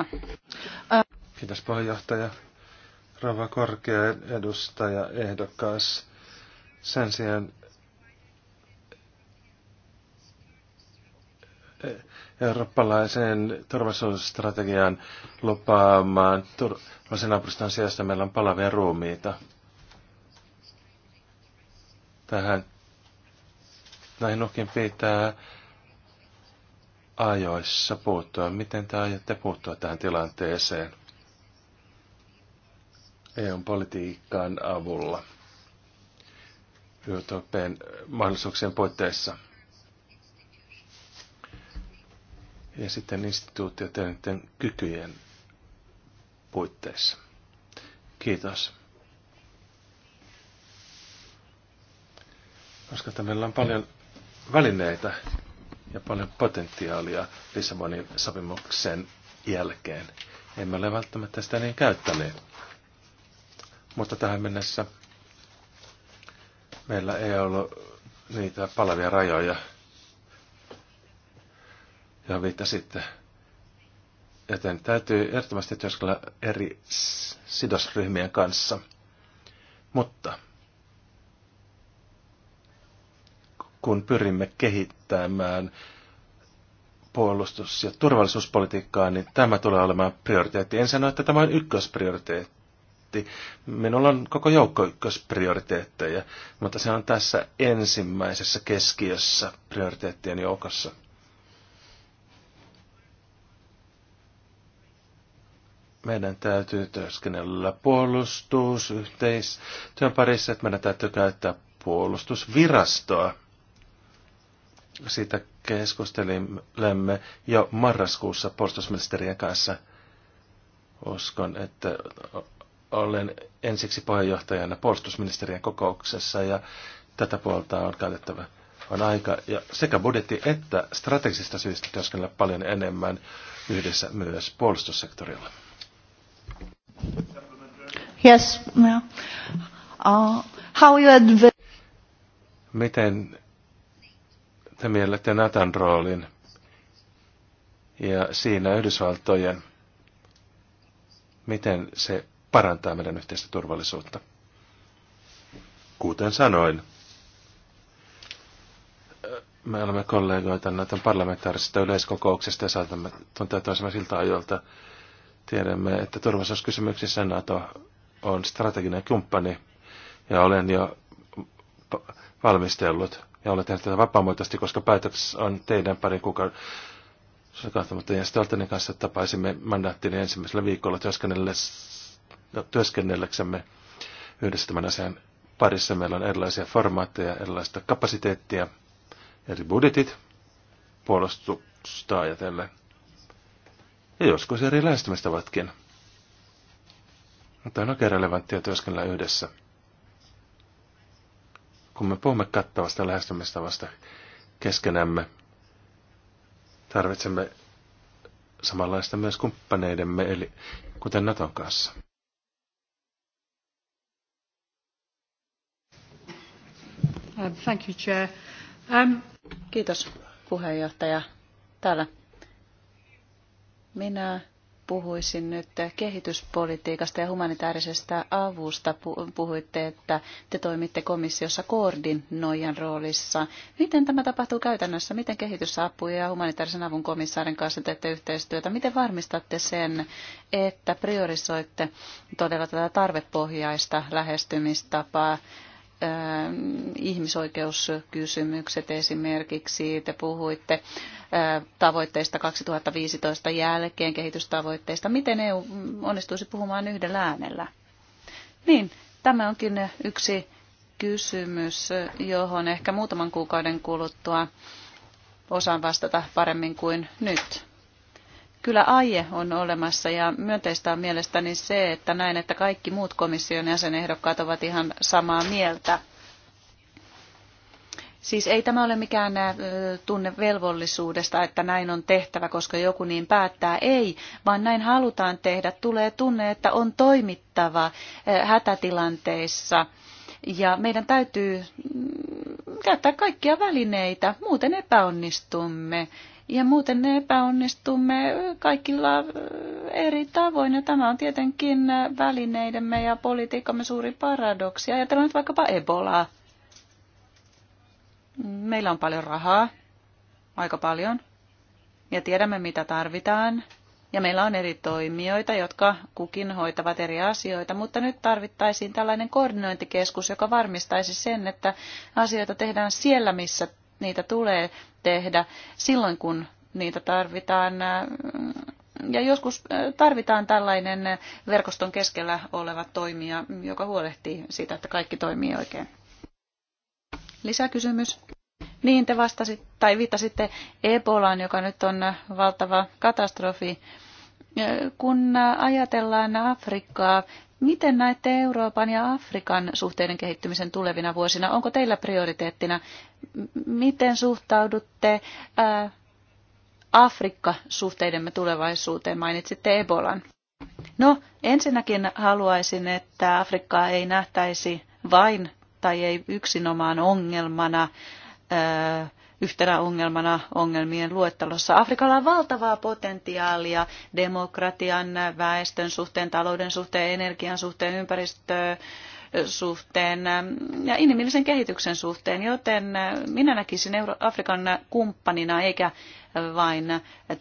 Äh. Kiitos puheenjohtaja. Rova korkea edustaja ehdokas. Sen sijaan, eurooppalaiseen turvallisuusstrategiaan lupaamaan turvallisen naapuruston sijasta meillä on palavia ruumiita. Tähän näihin uhkiin pitää ajoissa puuttua. Miten te aiotte puuttua tähän tilanteeseen EU-politiikan avulla? YTPn mahdollisuuksien puitteissa. ja sitten instituutioiden kykyjen puitteissa. Kiitos. Koska meillä on paljon välineitä ja paljon potentiaalia Lissabonin sopimuksen jälkeen. Emme ole välttämättä sitä niin käyttäneet. Mutta tähän mennessä meillä ei ollut niitä palavia rajoja ja sitten, Joten täytyy ehdottomasti työskennellä eri sidosryhmien kanssa. Mutta kun pyrimme kehittämään puolustus- ja turvallisuuspolitiikkaa, niin tämä tulee olemaan prioriteetti. En sano, että tämä on ykkösprioriteetti. Minulla on koko joukko ykkösprioriteetteja, mutta se on tässä ensimmäisessä keskiössä prioriteettien joukossa. Meidän täytyy työskennellä puolustusyhteistyön parissa, että meidän täytyy käyttää puolustusvirastoa. Siitä keskustelimme jo marraskuussa puolustusministerien kanssa. Uskon, että olen ensiksi puheenjohtajana puolustusministerien kokouksessa ja tätä puolta on käytettävä on aika ja sekä budjetti että strategisista syistä työskennellä paljon enemmän yhdessä myös puolustussektorilla. Yes. Uh, how you adv- Miten te miellätte Natan roolin ja siinä Yhdysvaltojen, miten se parantaa meidän yhteistä turvallisuutta? Kuten sanoin, me olemme kollegoita Natan parlamentaarisesta yleiskokouksesta ja saatamme tuntea toisemme siltä ajoilta, Tiedämme, että turvallisuuskysymyksissä NATO on strateginen kumppani ja olen jo valmistellut ja olen tehnyt tätä vapaamuotoisesti, koska päätös on teidän parin kuukauden ja Stoltenin kanssa tapaisimme mandaattin ensimmäisellä viikolla työskennelleksemme yhdessä tämän asian parissa. Meillä on erilaisia formaatteja, erilaista kapasiteettia, eri budjetit puolustusta ajatellen ja joskus eri lähestymistavatkin. Mutta on oikein relevanttia työskennellä yhdessä. Kun me puhumme kattavasta lähestymistavasta keskenämme, tarvitsemme samanlaista myös kumppaneidemme, eli kuten Naton kanssa. Uh, thank you, Chair. Um, kiitos puheenjohtaja. Täällä minä puhuisin nyt kehityspolitiikasta ja humanitaarisesta avusta. Puhuitte, että te toimitte komissiossa koordinoijan roolissa. Miten tämä tapahtuu käytännössä? Miten kehitysapu ja humanitaarisen avun komissaarin kanssa teette yhteistyötä? Miten varmistatte sen, että priorisoitte todella tätä tarvepohjaista lähestymistapaa Ähm, ihmisoikeuskysymykset esimerkiksi. Te puhuitte äh, tavoitteista 2015 jälkeen, kehitystavoitteista. Miten EU onnistuisi puhumaan yhdellä äänellä? Niin, tämä onkin yksi kysymys, johon ehkä muutaman kuukauden kuluttua osaan vastata paremmin kuin nyt kyllä aie on olemassa ja myönteistä on mielestäni se, että näin, että kaikki muut komission jäsenehdokkaat ovat ihan samaa mieltä. Siis ei tämä ole mikään tunne velvollisuudesta, että näin on tehtävä, koska joku niin päättää. Ei, vaan näin halutaan tehdä. Tulee tunne, että on toimittava hätätilanteissa. Ja meidän täytyy mm, käyttää kaikkia välineitä, muuten epäonnistumme. Ja muuten ne epäonnistumme kaikilla äh, eri tavoin. Ja tämä on tietenkin äh, välineidemme ja politiikkamme suuri paradoksi. Ajatellaan nyt vaikkapa Ebolaa. Meillä on paljon rahaa, aika paljon, ja tiedämme mitä tarvitaan. Ja meillä on eri toimijoita, jotka kukin hoitavat eri asioita, mutta nyt tarvittaisiin tällainen koordinointikeskus, joka varmistaisi sen, että asioita tehdään siellä, missä niitä tulee tehdä silloin, kun niitä tarvitaan. Ja joskus äh, tarvitaan tällainen verkoston keskellä oleva toimija, joka huolehtii siitä, että kaikki toimii oikein. Lisäkysymys. Niin, te vastasitte, tai viittasitte Ebolaan, joka nyt on valtava katastrofi. Äh, kun ajatellaan Afrikkaa, Miten näette Euroopan ja Afrikan suhteiden kehittymisen tulevina vuosina? Onko teillä prioriteettina? Miten suhtaudutte ää, Afrikka-suhteidemme tulevaisuuteen? Mainitsitte Ebolan. No, ensinnäkin haluaisin, että Afrikkaa ei nähtäisi vain tai ei yksinomaan ongelmana ää, yhtenä ongelmana ongelmien luettelossa. Afrikalla on valtavaa potentiaalia demokratian, väestön suhteen, talouden suhteen, energian suhteen, ympäristöön suhteen ja inhimillisen kehityksen suhteen, joten minä näkisin Afrikan kumppanina eikä vain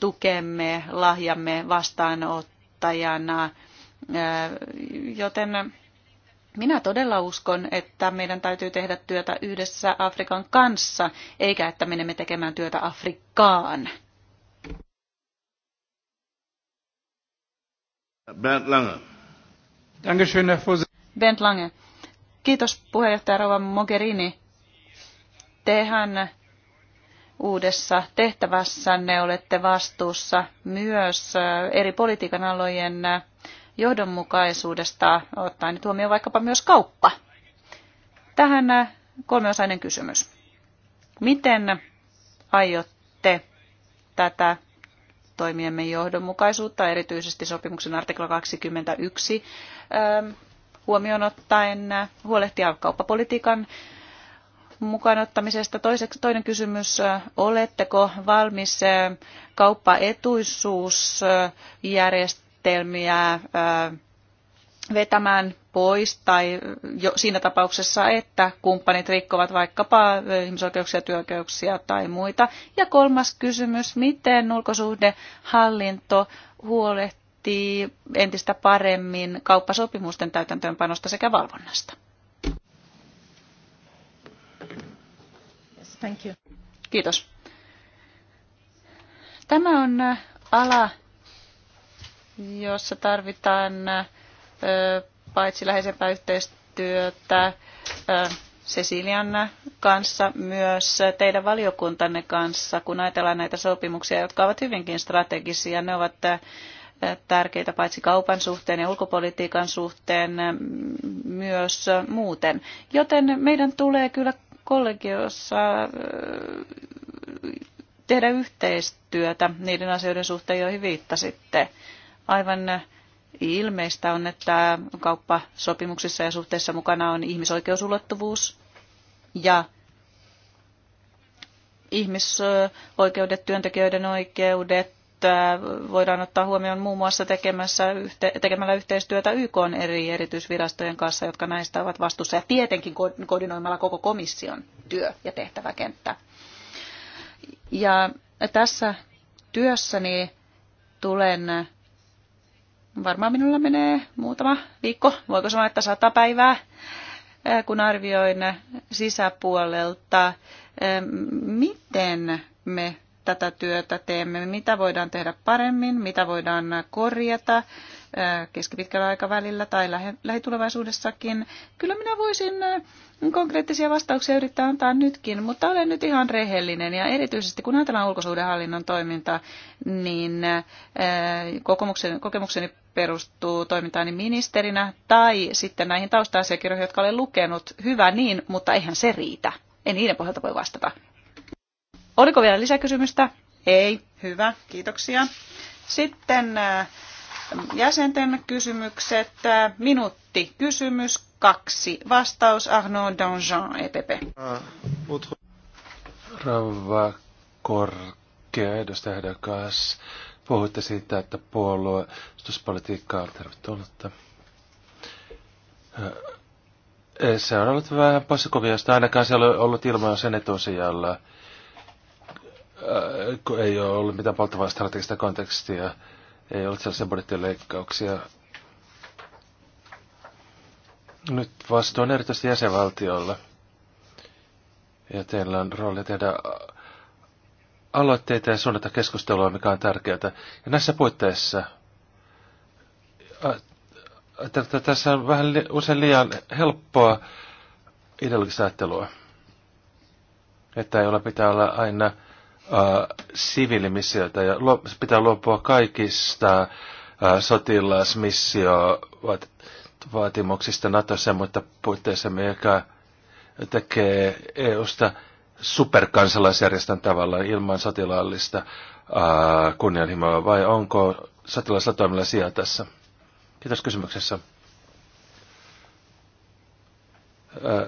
tukemme, lahjamme vastaanottajana, joten minä todella uskon, että meidän täytyy tehdä työtä yhdessä Afrikan kanssa, eikä että menemme tekemään työtä Afrikkaan. Bent Lange. Dankeschön, Herr Bent Lange. Kiitos puheenjohtaja Rova Mogherini. Tehän uudessa tehtävässänne olette vastuussa myös äh, eri politiikan alojen äh, johdonmukaisuudesta ottaen niin huomioon vaikkapa myös kauppa. Tähän äh, kolmeosainen kysymys. Miten aiotte tätä toimiemme johdonmukaisuutta, erityisesti sopimuksen artikla 21 ähm, huomioon ottaen äh, huolehtia kauppapolitiikan mukaan ottamisesta. Toiseksi, toinen kysymys, äh, oletteko valmis kauppaetuisuusjärjestelmään menetelmiä vetämään pois tai jo siinä tapauksessa, että kumppanit rikkovat vaikkapa ihmisoikeuksia, työoikeuksia tai muita. Ja kolmas kysymys, miten ulkosuhdehallinto huolehtii entistä paremmin kauppasopimusten täytäntöönpanosta sekä valvonnasta? Yes, thank you. Kiitos. Tämä on ala, jossa tarvitaan paitsi läheisempää yhteistyötä Cecilian kanssa, myös teidän valiokuntanne kanssa, kun ajatellaan näitä sopimuksia, jotka ovat hyvinkin strategisia. Ne ovat tärkeitä paitsi kaupan suhteen ja ulkopolitiikan suhteen myös muuten. Joten meidän tulee kyllä kollegiossa tehdä yhteistyötä niiden asioiden suhteen, joihin viittasitte aivan ilmeistä on, että kauppasopimuksissa ja suhteessa mukana on ihmisoikeusulottuvuus ja ihmisoikeudet, työntekijöiden oikeudet voidaan ottaa huomioon muun muassa tekemässä, tekemällä yhteistyötä YK eri erityisvirastojen kanssa, jotka näistä ovat vastuussa ja tietenkin koordinoimalla koko komission työ- ja tehtäväkenttä. Ja tässä työssäni tulen Varmaan minulla menee muutama viikko, voiko sanoa, että sata päivää, kun arvioin sisäpuolelta, miten me tätä työtä teemme, mitä voidaan tehdä paremmin, mitä voidaan korjata, keskipitkällä aikavälillä tai lähitulevaisuudessakin. Kyllä minä voisin konkreettisia vastauksia yrittää antaa nytkin, mutta olen nyt ihan rehellinen ja erityisesti kun ajatellaan ulkosuhdehallinnon toimintaa, niin kokemukseni, kokemukseni perustuu toimintaani ministerinä tai sitten näihin tausta-asiakirjoihin, jotka olen lukenut. Hyvä niin, mutta eihän se riitä. En niiden pohjalta voi vastata. Oliko vielä lisäkysymystä? Ei. Hyvä, kiitoksia. Sitten jäsenten kysymykset. Minuutti kysymys, kaksi vastaus. Arnaud Danjean, EPP. Rauva korkea edustajaehdokas. Puhuitte siitä, että puolueistuspolitiikka on tervetullutta. Se on ollut vähän passikuviosta, ainakaan siellä on ollut ilman sen etusijalla, kun ei ole ollut mitään polttavaa strategista kontekstia ei ole sellaisia budjettileikkauksia. Nyt vastuu on erityisesti jäsenvaltiolla. Ja teillä on rooli tehdä aloitteita ja suunnata keskustelua, mikä on tärkeää. Ja näissä puitteissa tässä on vähän li, usein liian helppoa ideologista ajattelua. Että ei ole pitää olla aina siviilimissioita ja pitää luopua kaikista sotilasmissio vaatimuksista NATO semmoista puitteissa, mikä tekee EUsta superkansalaisjärjestön tavalla ilman sotilaallista ää, kunnianhimoa, vai onko sotilaallisella toimilla sijaa tässä? Kiitos kysymyksessä. Ää,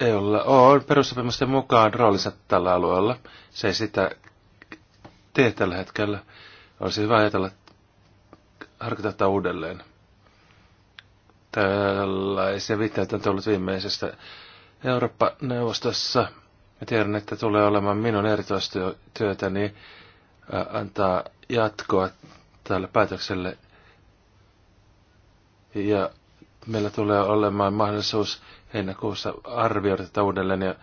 EUlla on perussopimusten mukaan roolissa tällä alueella. Se ei sitä tee tällä hetkellä. Olisi hyvä ajatella, harkita tätä uudelleen. Tällaisia viitteitä on tullut viimeisestä Eurooppa-neuvostossa. Mä tiedän, että tulee olemaan minun erityistyötäni antaa jatkoa tälle päätökselle. Ja meillä tulee olemaan mahdollisuus heinäkuussa arvioida tätä uudelleen ja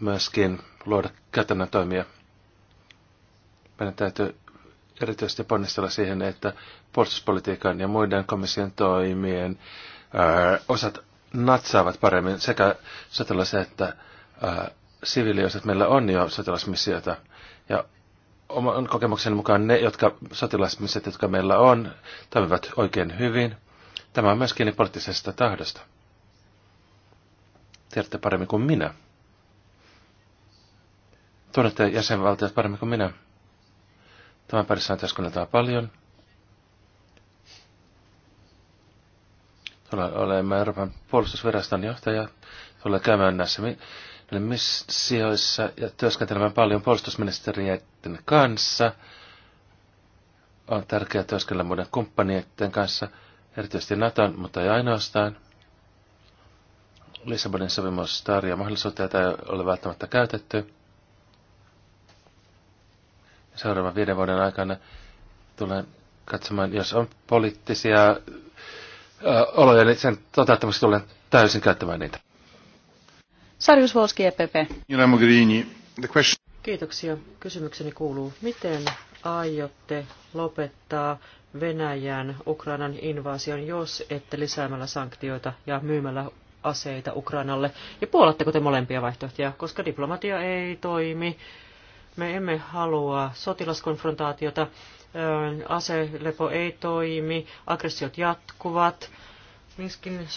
myöskin luoda käytännön toimia. Meidän täytyy erityisesti ponnistella siihen, että puolustuspolitiikan ja muiden komission toimien ää, osat natsaavat paremmin sekä sotilas- että siviiliosat. Meillä on jo sotilasmissioita ja oman kokemuksen mukaan ne jotka, sotilasmissiot, jotka meillä on, toimivat oikein hyvin. Tämä on myös kiinni poliittisesta tahdosta. Tiedätte paremmin kuin minä. Tunnette jäsenvaltiot paremmin kuin minä. Tämän parissa on työskenneltävä paljon. Tulee olemaan Euroopan puolustusviraston johtaja. Tulee käymään näissä missioissa ja työskentelemään paljon puolustusministeriöiden kanssa. On tärkeää työskennellä muiden kumppaneiden kanssa – erityisesti Natan, mutta ei ainoastaan. Lissabonin sopimus tarjoaa mahdollisuutta, jota ei ole välttämättä käytetty. Seuraavan viiden vuoden aikana tulen katsomaan, jos on poliittisia äh, oloja, niin sen toteuttamiseksi tulen täysin käyttämään niitä. Sarjus Volski, EPP. Kiitoksia. Kysymykseni kuuluu, miten aiotte lopettaa Venäjän Ukrainan invaasion, jos ette lisäämällä sanktioita ja myymällä aseita Ukrainalle? Ja puolatteko te molempia vaihtoehtoja, koska diplomatia ei toimi? Me emme halua sotilaskonfrontaatiota, aselepo ei toimi, aggressiot jatkuvat, Minskin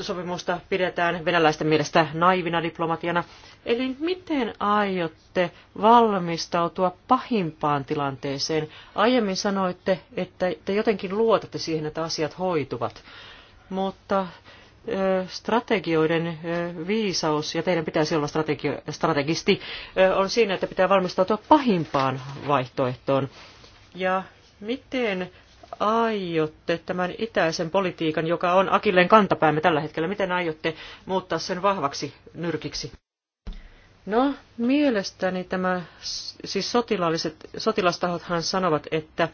sopimusta pidetään venäläisten mielestä naivina diplomatiana. Eli miten aiotte valmistautua pahimpaan tilanteeseen? Aiemmin sanoitte, että te jotenkin luotatte siihen, että asiat hoituvat, mutta strategioiden viisaus, ja teidän pitäisi olla strategi, strategisti, on siinä, että pitää valmistautua pahimpaan vaihtoehtoon. Ja miten aiotte tämän itäisen politiikan, joka on Akilleen kantapäämme tällä hetkellä, miten aiotte muuttaa sen vahvaksi nyrkiksi? No, mielestäni tämä, siis sotilaalliset, sotilastahothan sanovat, että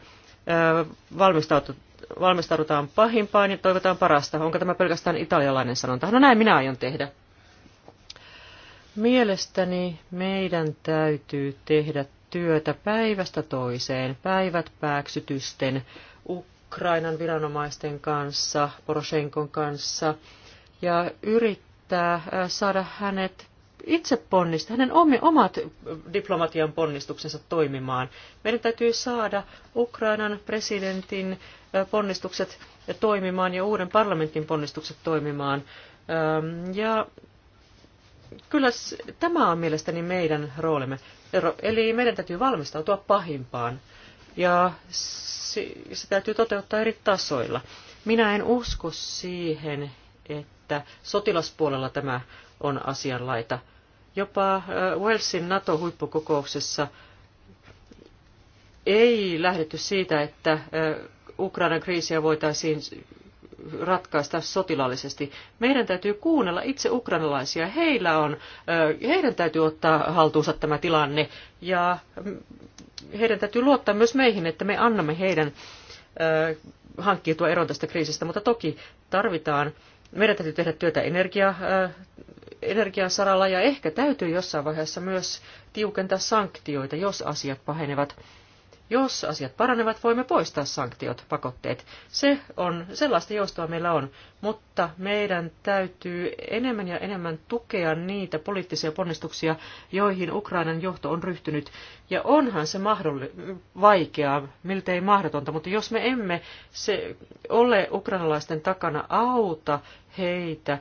valmistaudutaan pahimpaan ja toivotaan parasta. Onko tämä pelkästään italialainen sanonta? No näin minä aion tehdä. Mielestäni meidän täytyy tehdä työtä päivästä toiseen, päivät pääksytysten, Ukrainan viranomaisten kanssa, Poroshenkon kanssa, ja yrittää saada hänet itse ponnista, hänen omat diplomatian ponnistuksensa toimimaan. Meidän täytyy saada Ukrainan presidentin ponnistukset toimimaan ja uuden parlamentin ponnistukset toimimaan. Ja kyllä tämä on mielestäni meidän roolimme. Eli meidän täytyy valmistautua pahimpaan ja se täytyy toteuttaa eri tasoilla. Minä en usko siihen, että sotilaspuolella tämä on asianlaita. Jopa äh, Walesin NATO-huippukokouksessa ei lähdetty siitä, että äh, Ukrainan kriisiä voitaisiin ratkaista sotilaallisesti. Meidän täytyy kuunnella itse ukrainalaisia. Heillä on, äh, heidän täytyy ottaa haltuunsa tämä tilanne ja mm, heidän täytyy luottaa myös meihin, että me annamme heidän hankkiutua eroon tästä kriisistä, mutta toki tarvitaan, meidän täytyy tehdä työtä energia energian saralla ja ehkä täytyy jossain vaiheessa myös tiukentaa sanktioita, jos asiat pahenevat. Jos asiat paranevat, voimme poistaa sanktiot, pakotteet. Se on, sellaista joustoa meillä on, mutta meidän täytyy enemmän ja enemmän tukea niitä poliittisia ponnistuksia, joihin Ukrainan johto on ryhtynyt. Ja onhan se mahdolli- vaikeaa, miltei mahdotonta, mutta jos me emme se ole ukrainalaisten takana auta heitä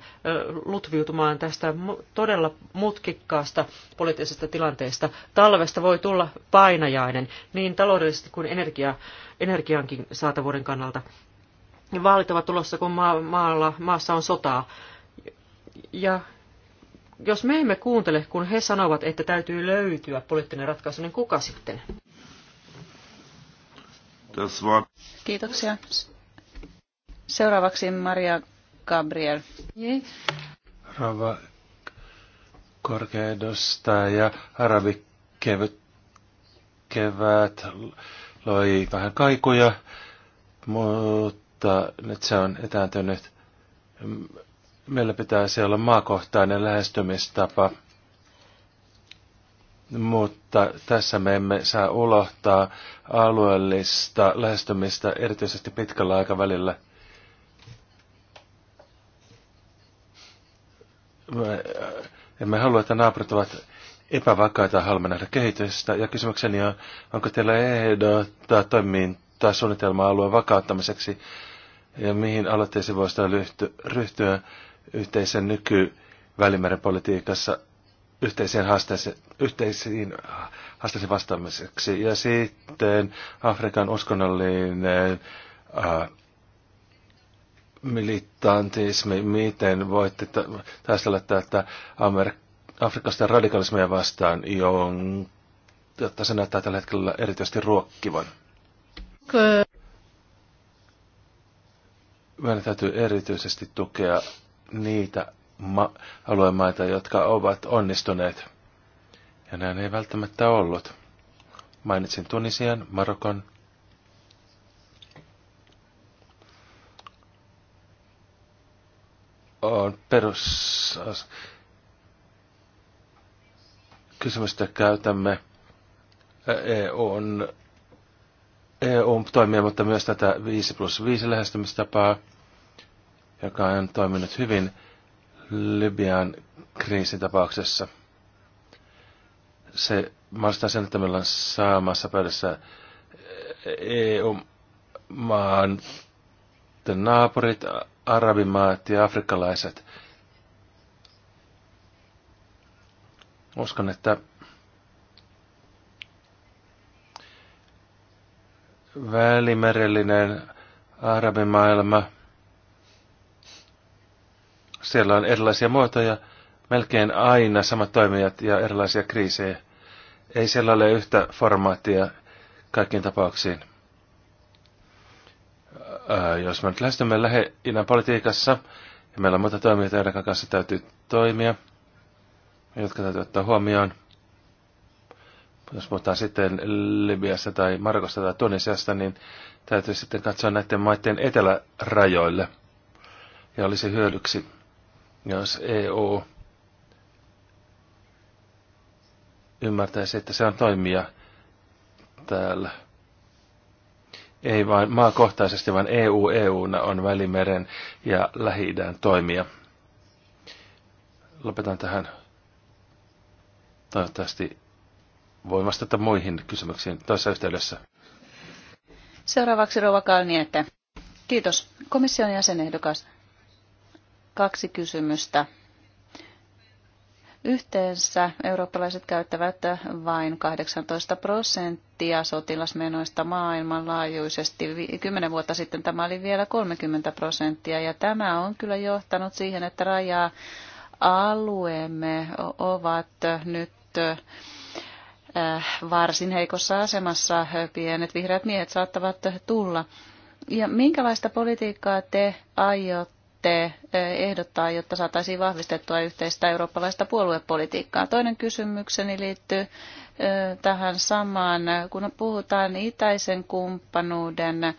lutviutumaan tästä todella mutkikkaasta poliittisesta tilanteesta. Talvesta voi tulla painajainen niin taloudellisesti kuin energia, energiankin saatavuuden kannalta. Vaalit ovat tulossa, kun maa, maalla, maassa on sotaa. Ja jos me emme kuuntele, kun he sanovat, että täytyy löytyä poliittinen ratkaisu, niin kuka sitten? Kiitoksia. Seuraavaksi Maria Gabriel. Rava korkeudustaja arabikevät loi vähän kaikuja, mutta nyt se on etääntynyt. Meillä pitäisi olla maakohtainen lähestymistapa, mutta tässä me emme saa ulohtaa alueellista lähestymistä erityisesti pitkällä aikavälillä – me äh, emme halua, että naapurit ovat epävakaita, haluamme nähdä kehitystä. Ja kysymykseni on, onko teillä ehdottaa toimintaa suunnitelmaa alueen vakauttamiseksi ja mihin aloitteisiin voisi ryhtyä yhteisen nyky politiikassa haasteeseen, yhteisiin haasteisiin vastaamiseksi. Ja sitten Afrikan uskonnollinen äh, militantismi, siis, miten voitte taistella tätä Afrikasta radikalismia vastaan, jotta se näyttää tällä hetkellä erityisesti ruokkivan? Meidän täytyy erityisesti tukea niitä ma- aluemaita, jotka ovat onnistuneet. Ja näin ei välttämättä ollut. Mainitsin Tunisian, Marokon, on perus kysymystä käytämme EUn, on e toimia, mutta myös tätä 5 plus 5 lähestymistapaa, joka on toiminut hyvin Libyan kriisitapauksessa. Se mahdollistaa sen, että meillä on saamassa pöydässä EU-maan naapurit, arabimaat ja afrikkalaiset. Uskon, että välimerellinen arabimaailma, siellä on erilaisia muotoja, melkein aina samat toimijat ja erilaisia kriisejä. Ei siellä ole yhtä formaattia kaikkiin tapauksiin. Äh, jos me nyt lähestymme lähinnä politiikassa, ja meillä on muita toimijoita, joiden kanssa täytyy toimia, jotka täytyy ottaa huomioon. Jos puhutaan sitten Libiassa tai Marokosta tai Tunisiasta, niin täytyy sitten katsoa näiden maiden etelärajoille. Ja olisi hyödyksi, jos EU ymmärtäisi, että se on toimija täällä ei vain maakohtaisesti, vaan EU EUna on Välimeren ja lähi toimija. Lopetan tähän toivottavasti voin vastata muihin kysymyksiin toisessa yhteydessä. Seuraavaksi Rova Kalniette. Kiitos. Komission jäsenehdokas. Kaksi kysymystä Yhteensä eurooppalaiset käyttävät vain 18 prosenttia sotilasmenoista maailmanlaajuisesti. Kymmenen vuotta sitten tämä oli vielä 30 prosenttia ja tämä on kyllä johtanut siihen, että rajaa alueemme ovat nyt äh, varsin heikossa asemassa. Pienet vihreät miehet saattavat tulla. Ja minkälaista politiikkaa te aiot aiotte eh, ehdottaa, jotta saataisiin vahvistettua yhteistä eurooppalaista puoluepolitiikkaa? Toinen kysymykseni liittyy eh, tähän samaan, kun puhutaan itäisen kumppanuuden eh,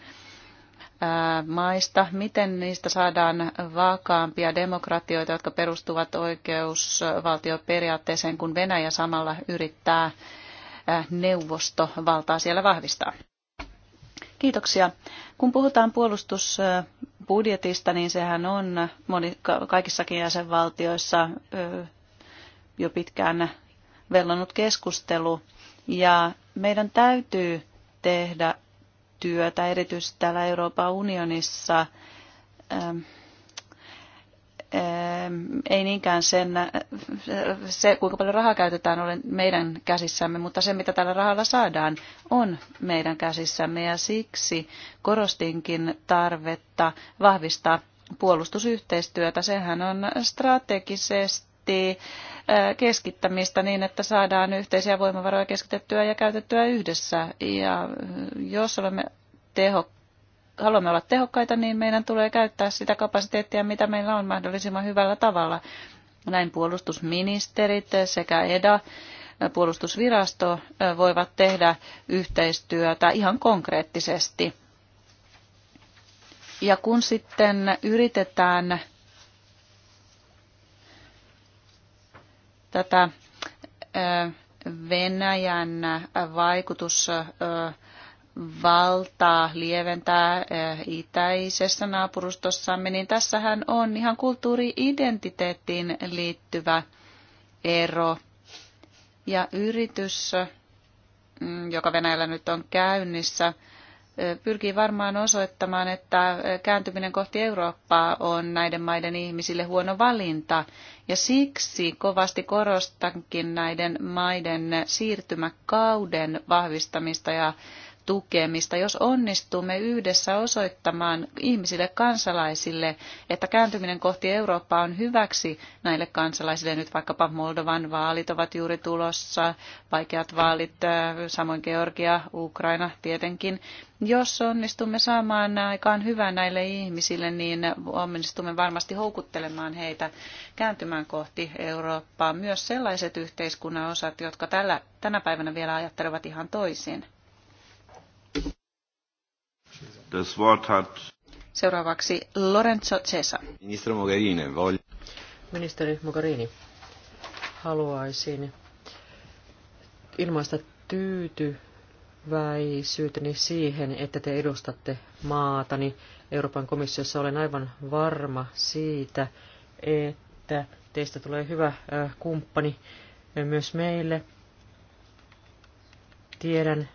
maista, miten niistä saadaan vakaampia demokratioita, jotka perustuvat oikeusvaltioperiaatteeseen, kun Venäjä samalla yrittää neuvostovaltaa siellä vahvistaa. Kiitoksia. Kun puhutaan puolustusbudjetista, niin sehän on moni, kaikissakin jäsenvaltioissa jo pitkään vellonut keskustelu. Ja meidän täytyy tehdä työtä, erityisesti täällä Euroopan unionissa, ei niinkään sen, äh, se, kuinka paljon rahaa käytetään, ole meidän käsissämme, mutta se, mitä tällä rahalla saadaan, on meidän käsissämme. Ja siksi korostinkin tarvetta vahvistaa puolustusyhteistyötä. Sehän on strategisesti äh, keskittämistä niin, että saadaan yhteisiä voimavaroja keskitettyä ja käytettyä yhdessä. Ja äh, jos olemme tehokkaita, haluamme olla tehokkaita, niin meidän tulee käyttää sitä kapasiteettia, mitä meillä on mahdollisimman hyvällä tavalla. Näin puolustusministerit sekä EDA puolustusvirasto voivat tehdä yhteistyötä ihan konkreettisesti. Ja kun sitten yritetään tätä Venäjän vaikutus valtaa lieventää eh, itäisessä naapurustossamme, niin tässähän on ihan kulttuuriidentiteettiin liittyvä ero. Ja yritys, mm, joka Venäjällä nyt on käynnissä, eh, pyrkii varmaan osoittamaan, että eh, kääntyminen kohti Eurooppaa on näiden maiden ihmisille huono valinta. Ja siksi kovasti korostankin näiden maiden siirtymäkauden vahvistamista ja tukemista, jos onnistumme yhdessä osoittamaan ihmisille, kansalaisille, että kääntyminen kohti Eurooppaa on hyväksi näille kansalaisille. Nyt vaikkapa Moldovan vaalit ovat juuri tulossa, vaikeat vaalit, äh, samoin Georgia, Ukraina tietenkin. Jos onnistumme saamaan aikaan hyvää näille ihmisille, niin onnistumme varmasti houkuttelemaan heitä kääntymään kohti Eurooppaa. Myös sellaiset yhteiskunnan osat, jotka tällä, tänä päivänä vielä ajattelevat ihan toisin. Das Wort hat Seuraavaksi Lorenzo Cesa. Ministeri Mogherini, voi... Ministeri Mogherini, haluaisin ilmaista tyytyväisyyteni siihen, että te edustatte maatani Euroopan komissiossa. Olen aivan varma siitä, että teistä tulee hyvä kumppani myös meille. Tiedän,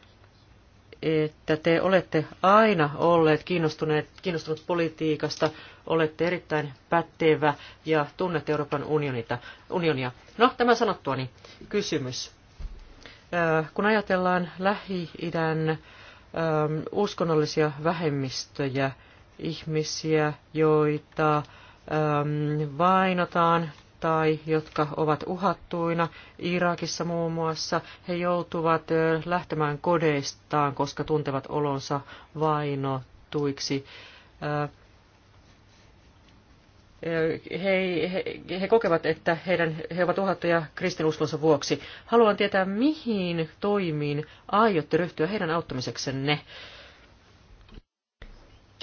että te olette aina olleet kiinnostuneet, kiinnostunut politiikasta, olette erittäin pätevä ja tunnet Euroopan unionita, unionia. No, tämä sanottuani kysymys. Kun ajatellaan Lähi-idän uskonnollisia vähemmistöjä, ihmisiä, joita vainotaan, tai jotka ovat uhattuina, Irakissa muun muassa, he joutuvat lähtemään kodeistaan, koska tuntevat olonsa vainotuiksi. He, he, he kokevat, että heidän, he ovat uhattuja kristinuskonsa vuoksi. Haluan tietää, mihin toimiin aiotte ryhtyä heidän auttamiseksenne.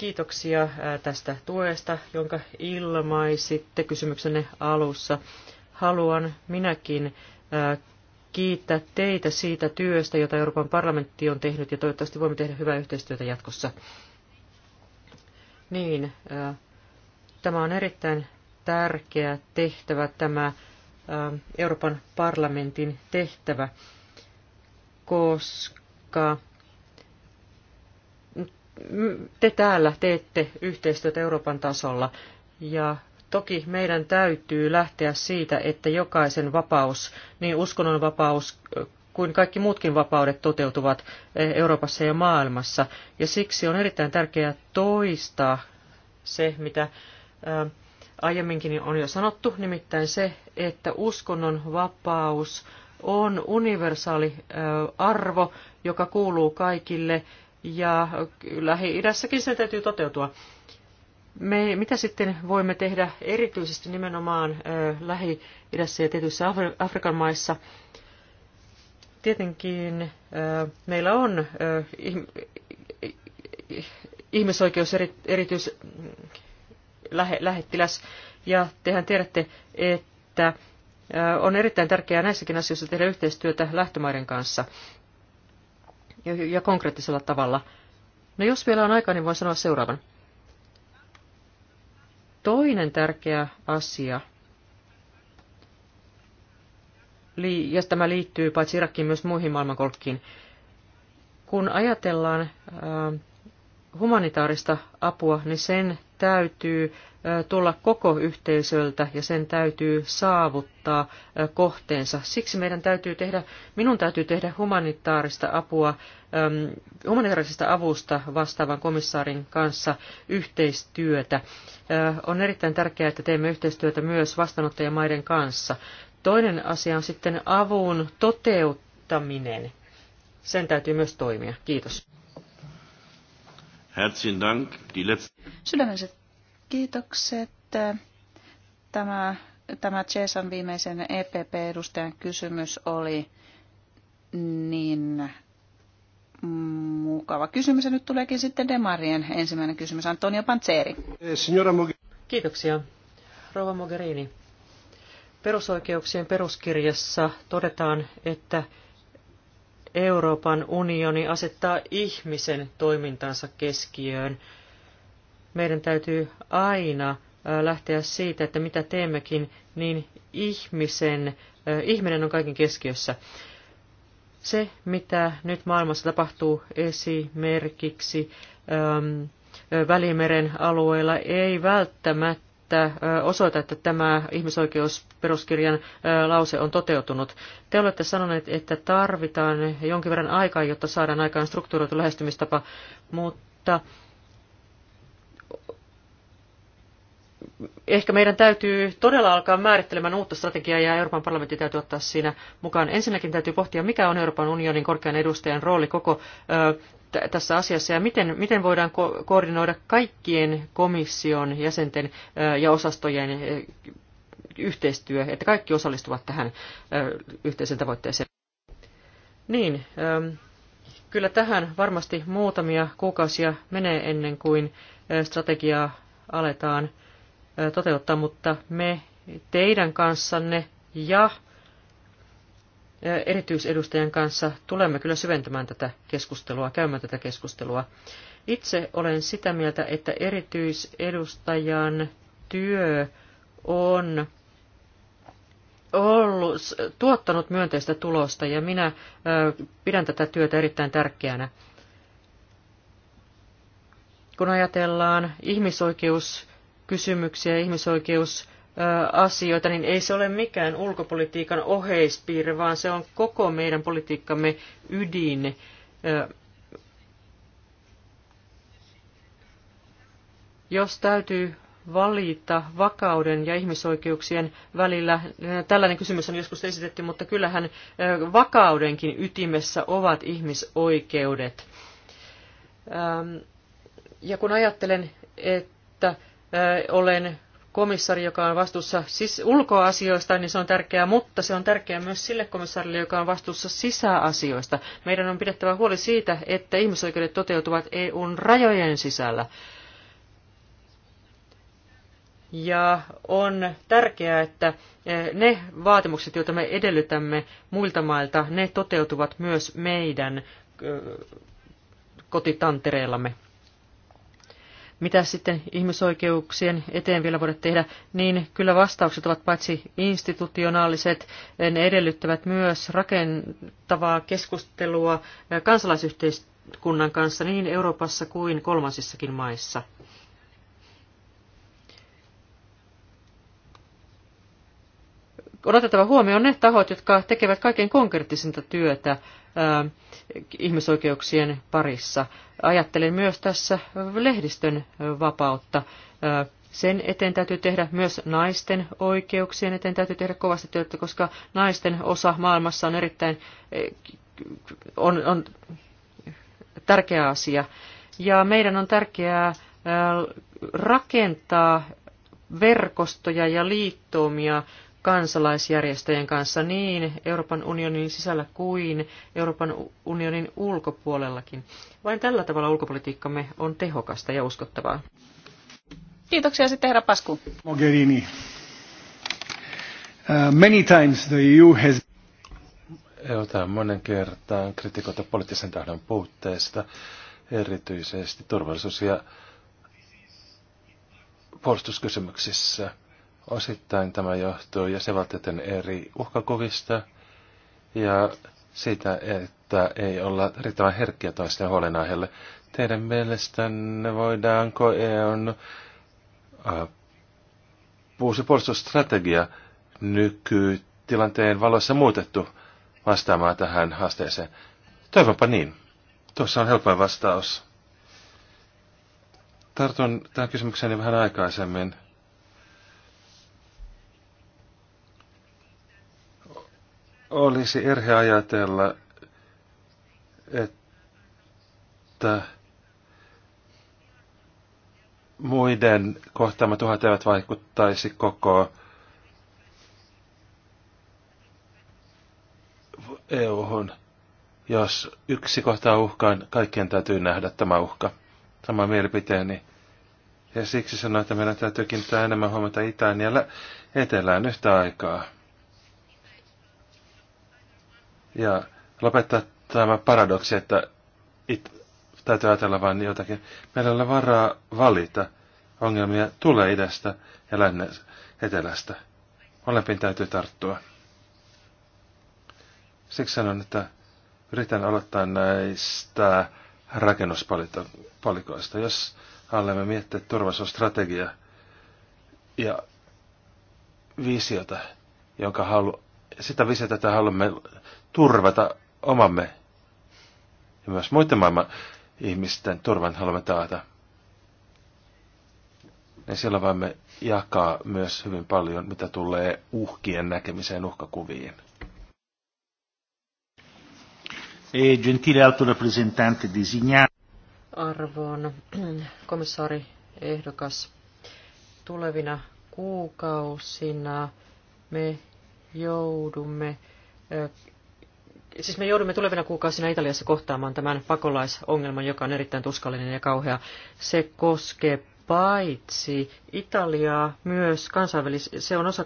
Kiitoksia äh, tästä tuesta, jonka ilmaisitte kysymyksenne alussa. Haluan minäkin äh, kiittää teitä siitä työstä, jota Euroopan parlamentti on tehnyt, ja toivottavasti voimme tehdä hyvää yhteistyötä jatkossa. Niin, äh, tämä on erittäin tärkeä tehtävä, tämä Euroopan parlamentin tehtävä, koska te täällä teette yhteistyötä Euroopan tasolla ja toki meidän täytyy lähteä siitä, että jokaisen vapaus, niin uskonnonvapaus kuin kaikki muutkin vapaudet toteutuvat Euroopassa ja maailmassa. Ja siksi on erittäin tärkeää toistaa se, mitä aiemminkin on jo sanottu, nimittäin se, että uskonnon vapaus on universaali arvo, joka kuuluu kaikille ja Lähi-idässäkin se täytyy toteutua. Me, mitä sitten voimme tehdä erityisesti nimenomaan Lähi-idässä ja tietyissä Afrikan maissa? Tietenkin meillä on ihmisoikeus erityis lähettiläs, ja tehän tiedätte, että on erittäin tärkeää näissäkin asioissa tehdä yhteistyötä lähtömaiden kanssa ja, ja konkreettisella tavalla. No jos vielä on aikaa, niin voin sanoa seuraavan. Toinen tärkeä asia, ja tämä liittyy paitsi Irakkiin myös muihin maailmankolkkiin, kun ajatellaan humanitaarista apua, niin sen täytyy tulla koko yhteisöltä ja sen täytyy saavuttaa kohteensa. Siksi meidän täytyy tehdä, minun täytyy tehdä humanitaarista apua, humanitaarisesta avusta vastaavan komissaarin kanssa yhteistyötä. On erittäin tärkeää, että teemme yhteistyötä myös vastaanottajamaiden kanssa. Toinen asia on sitten avun toteuttaminen. Sen täytyy myös toimia. Kiitos. Herzlichen Dank. Die Sydämiset kiitokset. Tämä, tämä Chesan viimeisen EPP-edustajan kysymys oli niin mukava kysymys. Ja nyt tuleekin sitten Demarien ensimmäinen kysymys. Antonio Panzeri. Eh, Kiitoksia. Rova Mogherini. Perusoikeuksien peruskirjassa todetaan, että Euroopan unioni asettaa ihmisen toimintansa keskiöön. Meidän täytyy aina lähteä siitä, että mitä teemmekin, niin ihmisen, ihminen on kaiken keskiössä. Se, mitä nyt maailmassa tapahtuu esimerkiksi Välimeren alueella, ei välttämättä että osoita, että tämä ihmisoikeusperuskirjan lause on toteutunut. Te olette sanoneet, että tarvitaan jonkin verran aikaa, jotta saadaan aikaan strukturoitu lähestymistapa, mutta ehkä meidän täytyy todella alkaa määrittelemään uutta strategiaa ja Euroopan parlamentti täytyy ottaa siinä mukaan. Ensinnäkin täytyy pohtia, mikä on Euroopan unionin korkean edustajan rooli koko tässä asiassa ja miten, miten voidaan ko- koordinoida kaikkien komission jäsenten ja osastojen yhteistyö, että kaikki osallistuvat tähän yhteisen tavoitteeseen. Niin, kyllä tähän varmasti muutamia kuukausia menee ennen kuin strategiaa aletaan toteuttaa, mutta me teidän kanssanne ja erityisedustajan kanssa tulemme kyllä syventämään tätä keskustelua, käymään tätä keskustelua. Itse olen sitä mieltä, että erityisedustajan työ on ollut, tuottanut myönteistä tulosta ja minä pidän tätä työtä erittäin tärkeänä. Kun ajatellaan ihmisoikeuskysymyksiä, ihmisoikeus asioita, niin ei se ole mikään ulkopolitiikan oheispiirre, vaan se on koko meidän politiikkamme ydin. Jos täytyy valita vakauden ja ihmisoikeuksien välillä. Tällainen kysymys on joskus esitetty, mutta kyllähän vakaudenkin ytimessä ovat ihmisoikeudet. Ja kun ajattelen, että olen komissari, joka on vastuussa siis ulkoasioista, niin se on tärkeää, mutta se on tärkeää myös sille komissaarille, joka on vastuussa sisäasioista. Meidän on pidettävä huoli siitä, että ihmisoikeudet toteutuvat EUn rajojen sisällä. Ja on tärkeää, että eh, ne vaatimukset, joita me edellytämme muilta mailta, ne toteutuvat myös meidän eh, kotitantereillamme mitä sitten ihmisoikeuksien eteen vielä voida tehdä, niin kyllä vastaukset ovat paitsi institutionaaliset, ne edellyttävät myös rakentavaa keskustelua kansalaisyhteiskunnan kanssa niin Euroopassa kuin kolmansissakin maissa. on otettava huomioon ne tahot, jotka tekevät kaiken konkreettisinta työtä ihmisoikeuksien parissa. Ajattelen myös tässä lehdistön vapautta. Sen eteen täytyy tehdä myös naisten oikeuksien eteen täytyy tehdä kovasti työtä, koska naisten osa maailmassa on erittäin on, on tärkeä asia. Ja meidän on tärkeää rakentaa verkostoja ja liittoumia kansalaisjärjestöjen kanssa niin Euroopan unionin sisällä kuin Euroopan unionin ulkopuolellakin. Vain tällä tavalla ulkopolitiikkamme on tehokasta ja uskottavaa. Kiitoksia sitten herra Pasku. Mogherini. Uh, many times the EU has... Jota monen kertaan kritikoita poliittisen tahdon puutteesta, erityisesti turvallisuus- ja puolustuskysymyksissä – Osittain tämä johtuu jäsenvaltioiden eri uhkakuvista ja siitä, että ei olla riittävän herkkiä toisten huolenaiheelle. Teidän mielestänne voidaanko EUn äh, uusi puolustusstrategia nykytilanteen valossa muutettu vastaamaan tähän haasteeseen? Toivonpa niin. Tuossa on helpoin vastaus. Tartun tähän kysymykseen vähän aikaisemmin. Olisi erhe ajatella, että muiden kohtaamat uhat eivät vaikuttaisi koko EU-hun. Jos yksi kohtaa uhkaan, kaikkien täytyy nähdä tämä uhka. Tämä mielipiteeni. Ja siksi sanoin, että meidän täytyy kiinnittää enemmän huomiota itään ja etelään yhtä aikaa ja lopettaa tämä paradoksi, että it, täytyy ajatella vain jotakin. Meillä on varaa valita. Ongelmia tulee idästä ja länne etelästä. Molempiin täytyy tarttua. Siksi sanon, että yritän aloittaa näistä rakennuspalikoista. Jos haluamme miettiä turvallisuusstrategia ja visiota, jonka halu, sitä visiota, jota haluamme turvata omamme ja myös muiden maailman ihmisten turvan haluamme taata. Ja siellä voimme jakaa myös hyvin paljon, mitä tulee uhkien näkemiseen uhkakuviin. E gentile alto rappresentante Arvon komissaari ehdokas, tulevina kuukausina me joudumme siis me joudumme tulevina kuukausina Italiassa kohtaamaan tämän pakolaisongelman, joka on erittäin tuskallinen ja kauhea. Se koskee paitsi Italiaa myös kansainvälis- se on osa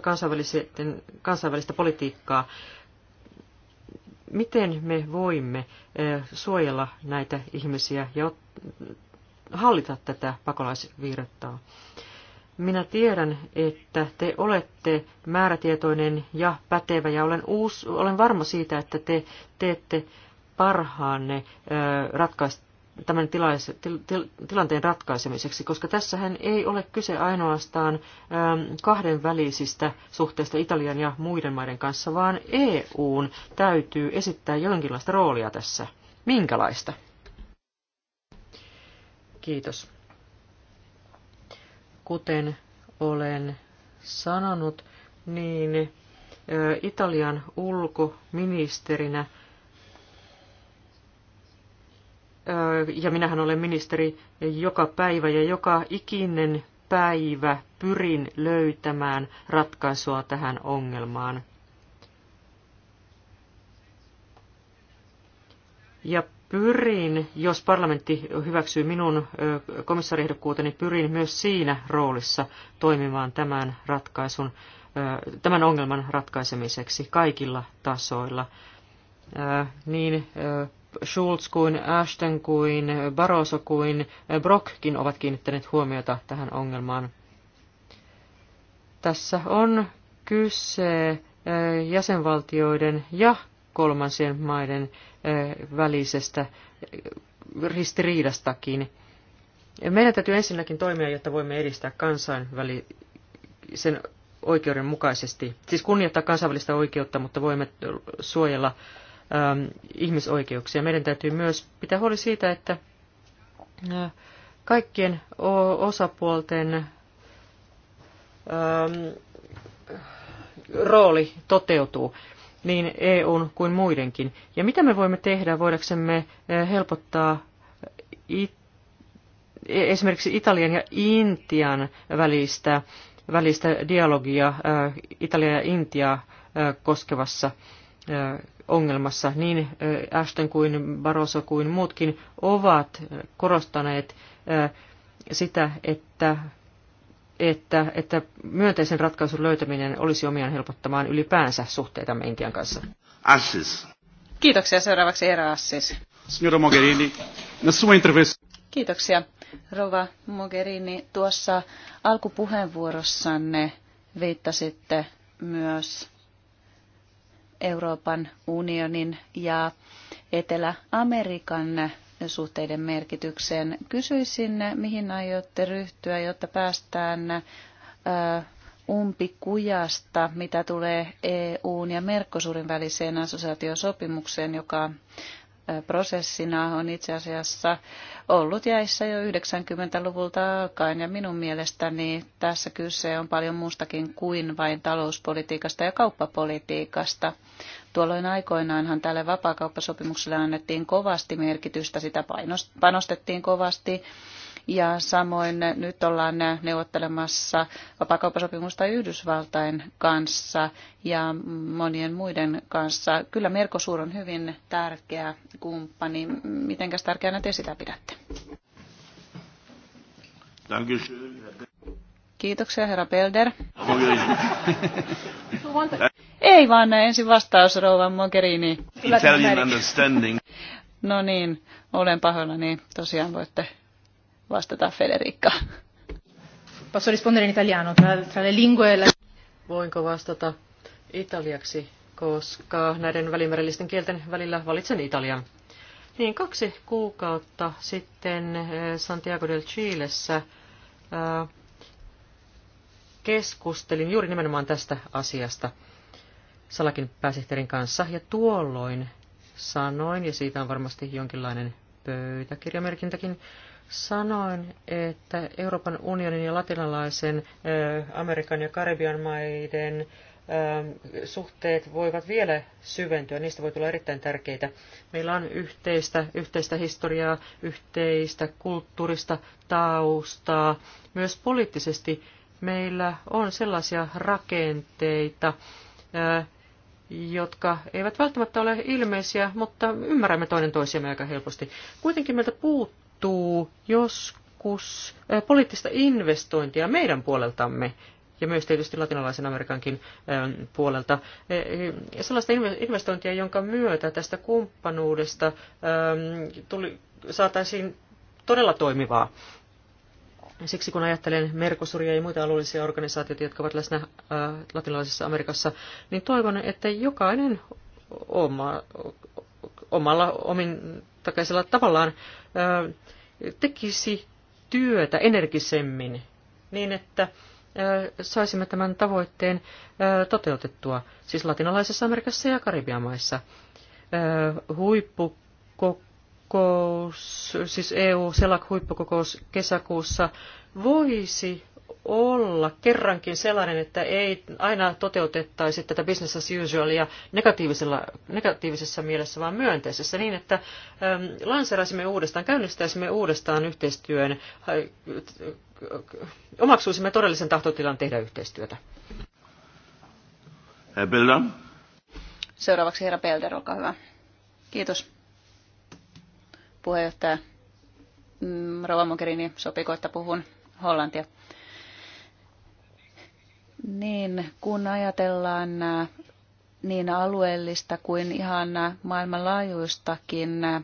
kansainvälistä politiikkaa. Miten me voimme eh, suojella näitä ihmisiä ja hallita tätä pakolaisvirtaa? Minä tiedän, että te olette määrätietoinen ja pätevä ja olen, uus, olen varma siitä, että te teette parhaanne ratkaista tämän tilais, til, til, tilanteen ratkaisemiseksi, koska tässähän ei ole kyse ainoastaan äm, kahden välisistä suhteista Italian ja muiden maiden kanssa, vaan EUn täytyy esittää jonkinlaista roolia tässä. Minkälaista? Kiitos. Kuten olen sanonut, niin Italian ulkoministerinä, ja minähän olen ministeri joka päivä ja joka ikinen päivä pyrin löytämään ratkaisua tähän ongelmaan. Ja pyrin, jos parlamentti hyväksyy minun komissaariehdokkuuteni, pyrin myös siinä roolissa toimimaan tämän ratkaisun, tämän ongelman ratkaisemiseksi kaikilla tasoilla. Niin Schulz kuin Ashton kuin Barroso kuin Brockkin ovat kiinnittäneet huomiota tähän ongelmaan. Tässä on kyse jäsenvaltioiden ja kolmansien maiden välisestä ristiriidastakin. Meidän täytyy ensinnäkin toimia, jotta voimme edistää kansainvälisen oikeuden mukaisesti, siis kunnioittaa kansainvälistä oikeutta, mutta voimme suojella ähm, ihmisoikeuksia. Meidän täytyy myös pitää huoli siitä, että kaikkien osapuolten ähm, rooli toteutuu niin EUn kuin muidenkin. Ja mitä me voimme tehdä, voidaksemme eh, helpottaa it- e-, esimerkiksi Italian ja Intian välistä, välistä dialogia eh, Italia ja Intia eh, koskevassa ongelmassa, niin Ashton kuin Barroso kuin muutkin ovat korostaneet sitä, että että, että myönteisen ratkaisun löytäminen olisi omiaan helpottamaan ylipäänsä suhteitamme Intian kanssa. Assis. Kiitoksia seuraavaksi Eera Assis. Signora Mogherini, na sua Kiitoksia. Rova Mogherini, tuossa alkupuheenvuorossanne viittasitte myös Euroopan unionin ja Etelä-Amerikan suhteiden merkitykseen. Kysyisin, mihin aiotte ryhtyä, jotta päästään umpikujasta, mitä tulee EUn ja Merkosurin väliseen assosiaatiosopimukseen, joka prosessina on itse asiassa ollut jäissä jo 90-luvulta alkaen ja minun mielestäni tässä kyse on paljon muustakin kuin vain talouspolitiikasta ja kauppapolitiikasta. Tuolloin aikoinaanhan tälle vapaakauppasopimukselle annettiin kovasti merkitystä, sitä panostettiin kovasti ja samoin nyt ollaan neuvottelemassa vapakauppasopimusta Yhdysvaltain kanssa ja monien muiden kanssa. Kyllä Merkosuur on hyvin tärkeä kumppani. Mitenkäs tärkeänä te sitä pidätte? Kiitoksia, herra Pelder. Ei vaan ensin vastaus, rouva Mogherini. No niin, olen pahoillani. Tosiaan voitte vastata Federica. Posso rispondere in italiano, tra, tra le lingue e la... Voinko vastata italiaksi, koska näiden välimerellisten kielten välillä valitsen italian. Niin kaksi kuukautta sitten eh, Santiago del Chilessä eh, keskustelin juuri nimenomaan tästä asiasta Salakin pääsihteerin kanssa, ja tuolloin sanoin, ja siitä on varmasti jonkinlainen pöytäkirjamerkintäkin, Sanoin, että Euroopan unionin ja latinalaisen Amerikan ja Karibian maiden suhteet voivat vielä syventyä, niistä voi tulla erittäin tärkeitä. Meillä on yhteistä, yhteistä historiaa, yhteistä kulttuurista taustaa. Myös poliittisesti meillä on sellaisia rakenteita, jotka eivät välttämättä ole ilmeisiä, mutta ymmärrämme toinen toisiamme aika helposti. Kuitenkin meiltä puuttuu tapahtuu joskus äh, poliittista investointia meidän puoleltamme ja myös tietysti latinalaisen Amerikankin ähm, puolelta. Äh, sellaista investointia, jonka myötä tästä kumppanuudesta ähm, tuli, saataisiin todella toimivaa. Siksi kun ajattelen Mercosuria ja muita alueellisia organisaatioita, jotka ovat läsnä äh, latinalaisessa Amerikassa, niin toivon, että jokainen oma, omalla omin vastakkaisella tavallaan tekisi työtä energisemmin niin, että saisimme tämän tavoitteen toteutettua, siis latinalaisessa Amerikassa ja Karibian maissa. Huippukokous, siis EU-selak-huippukokous kesäkuussa voisi olla kerrankin sellainen, että ei aina toteutettaisi tätä business as usualia negatiivisella, negatiivisessa mielessä, vaan myönteisessä niin, että lanseraisimme ähm, lanseeraisimme uudestaan, käynnistäisimme uudestaan yhteistyön, äh, omaksuisimme todellisen tahtotilan tehdä yhteistyötä. Herr Seuraavaksi herra Pelder, olkaa hyvä. Kiitos. Puheenjohtaja mm, Rova Mogherini, sopiko, että puhun hollantia? Niin, kun ajatellaan äh, niin alueellista kuin ihan maailmanlaajuistakin äh,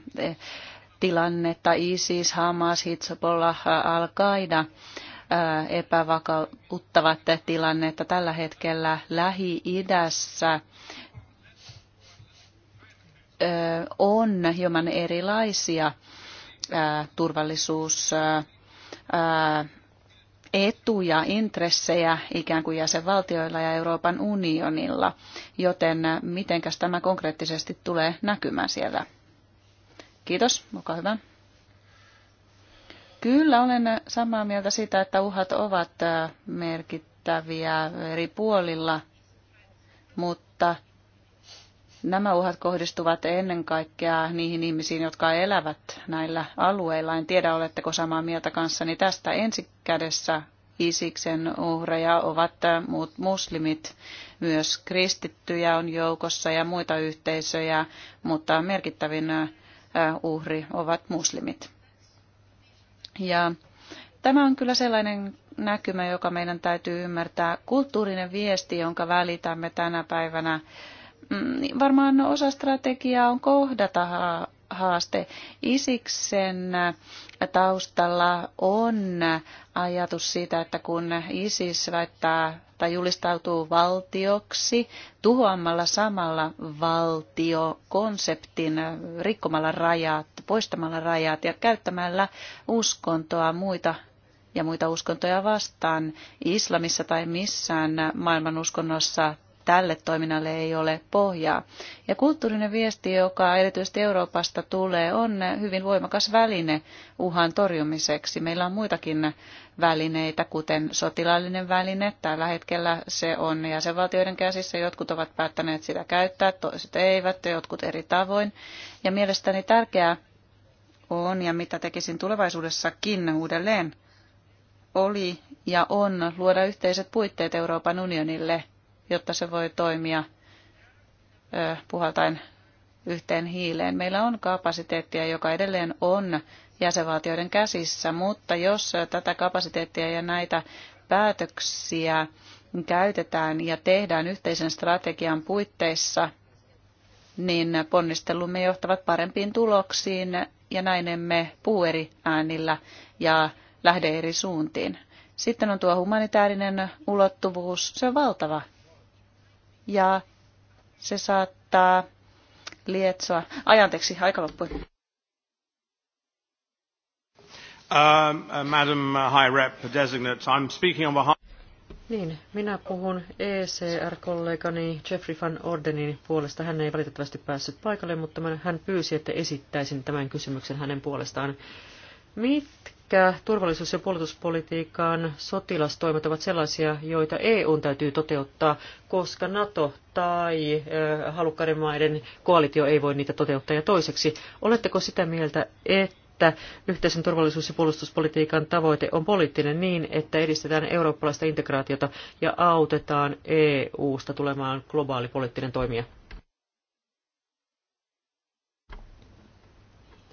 tilannetta, ISIS, Hamas, Hizbollah, äh, Al-Qaida, epävakauttavat tilannetta tällä hetkellä Lähi-idässä on hieman erilaisia turvallisuus etuja, intressejä ikään kuin jäsenvaltioilla ja Euroopan unionilla, joten mitenkäs tämä konkreettisesti tulee näkymään siellä? Kiitos, olkaa hyvä. Kyllä olen samaa mieltä siitä, että uhat ovat merkittäviä eri puolilla, mutta Nämä uhat kohdistuvat ennen kaikkea niihin ihmisiin, jotka elävät näillä alueilla. En tiedä, oletteko samaa mieltä kanssani tästä. Ensikädessä Isiksen uhreja ovat äh, muut muslimit, myös kristittyjä on joukossa ja muita yhteisöjä, mutta merkittävin äh, uhri ovat muslimit. Ja tämä on kyllä sellainen näkymä, joka meidän täytyy ymmärtää. Kulttuurinen viesti, jonka välitämme tänä päivänä Mm, varmaan osa strategiaa on kohdata haaste. Isiksen taustalla on ajatus siitä, että kun Isis väittää tai julistautuu valtioksi tuhoamalla samalla valtiokonseptin, rikkomalla rajat, poistamalla rajat ja käyttämällä uskontoa muita ja muita uskontoja vastaan islamissa tai missään maailman uskonnossa tälle toiminnalle ei ole pohjaa. Ja kulttuurinen viesti, joka erityisesti Euroopasta tulee, on hyvin voimakas väline uhan torjumiseksi. Meillä on muitakin välineitä, kuten sotilaallinen väline. Tällä hetkellä se on jäsenvaltioiden käsissä. Jotkut ovat päättäneet sitä käyttää, toiset eivät, jotkut eri tavoin. Ja mielestäni tärkeää on ja mitä tekisin tulevaisuudessakin uudelleen, oli ja on luoda yhteiset puitteet Euroopan unionille – jotta se voi toimia puhaltaen yhteen hiileen. Meillä on kapasiteettia, joka edelleen on jäsenvaltioiden käsissä, mutta jos tätä kapasiteettia ja näitä päätöksiä käytetään ja tehdään yhteisen strategian puitteissa, niin ponnistelumme johtavat parempiin tuloksiin ja näin emme puhu eri äänillä ja lähde eri suuntiin. Sitten on tuo humanitaarinen ulottuvuus, se on valtava ja se saattaa lietsoa. Ai anteeksi, aika loppui. Um, uh, Madam uh, High Rep Designate, I'm speaking on behalf... Niin, minä puhun ECR-kollegani Jeffrey van Ordenin puolesta. Hän ei valitettavasti päässyt paikalle, mutta hän pyysi, että esittäisin tämän kysymyksen hänen puolestaan. Mitkä sekä turvallisuus- ja puolustuspolitiikan sotilastoimet ovat sellaisia, joita EUn täytyy toteuttaa, koska NATO tai halukkaiden maiden koalitio ei voi niitä toteuttaa. Ja toiseksi, oletteko sitä mieltä, että yhteisen turvallisuus- ja puolustuspolitiikan tavoite on poliittinen niin, että edistetään eurooppalaista integraatiota ja autetaan EUsta tulemaan globaali poliittinen toimija?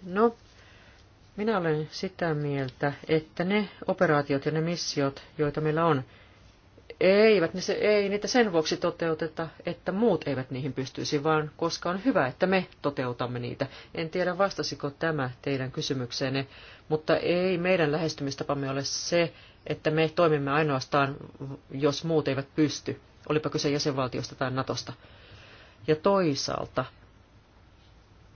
No, minä olen sitä mieltä, että ne operaatiot ja ne missiot, joita meillä on, eivät ne se, ei niitä sen vuoksi toteuteta, että muut eivät niihin pystyisi, vaan koska on hyvä, että me toteutamme niitä. En tiedä, vastasiko tämä teidän kysymykseenne, mutta ei meidän lähestymistapamme ole se, että me toimimme ainoastaan, jos muut eivät pysty, olipa kyse jäsenvaltiosta tai Natosta. Ja toisaalta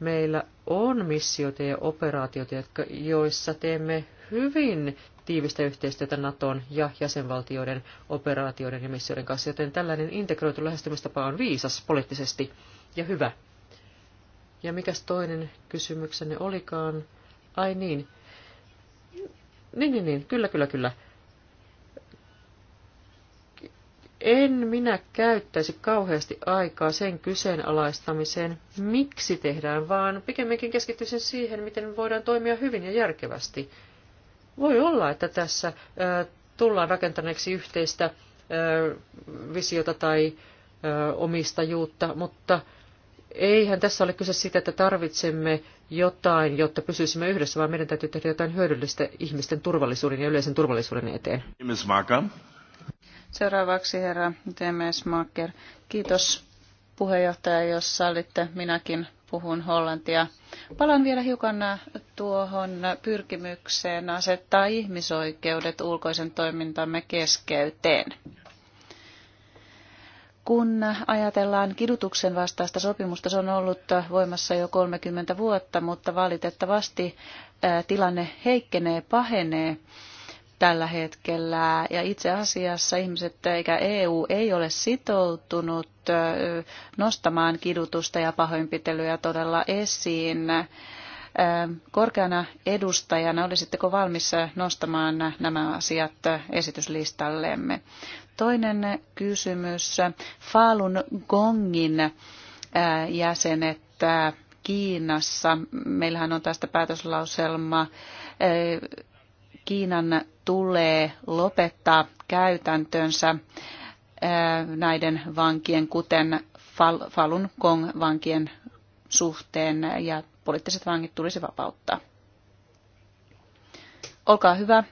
meillä on missioita ja operaatioita, jotka, joissa teemme hyvin tiivistä yhteistyötä Naton ja jäsenvaltioiden operaatioiden ja missioiden kanssa, joten tällainen integroitu lähestymistapa on viisas poliittisesti ja hyvä. Ja mikäs toinen kysymyksenne olikaan? Ai niin. Niin, niin, niin. Kyllä, kyllä, kyllä. En minä käyttäisi kauheasti aikaa sen kyseenalaistamiseen, miksi tehdään, vaan pikemminkin keskittyisin siihen, miten voidaan toimia hyvin ja järkevästi. Voi olla, että tässä tullaan rakentaneeksi yhteistä ö, visiota tai ö, omistajuutta, mutta eihän tässä ole kyse siitä, että tarvitsemme jotain, jotta pysyisimme yhdessä, vaan meidän täytyy tehdä jotain hyödyllistä ihmisten turvallisuuden ja yleisen turvallisuuden eteen. Seuraavaksi herra Demesmaker. Kiitos puheenjohtaja, jos sallitte, minäkin puhun hollantia. Palaan vielä hiukan tuohon pyrkimykseen asettaa ihmisoikeudet ulkoisen toimintamme keskeyteen. Kun ajatellaan kidutuksen vastaista sopimusta, se on ollut voimassa jo 30 vuotta, mutta valitettavasti tilanne heikkenee, pahenee tällä hetkellä. Ja itse asiassa ihmiset eikä EU ei ole sitoutunut nostamaan kidutusta ja pahoinpitelyä todella esiin. Korkeana edustajana olisitteko valmis nostamaan nämä asiat esityslistallemme? Toinen kysymys. Falun Gongin jäsenet Kiinassa. Meillähän on tästä päätöslauselma Kiinan tulee lopettaa käytäntönsä näiden vankien, kuten Falun Gong-vankien suhteen, ja poliittiset vangit tulisi vapauttaa. Olkaa hyvä.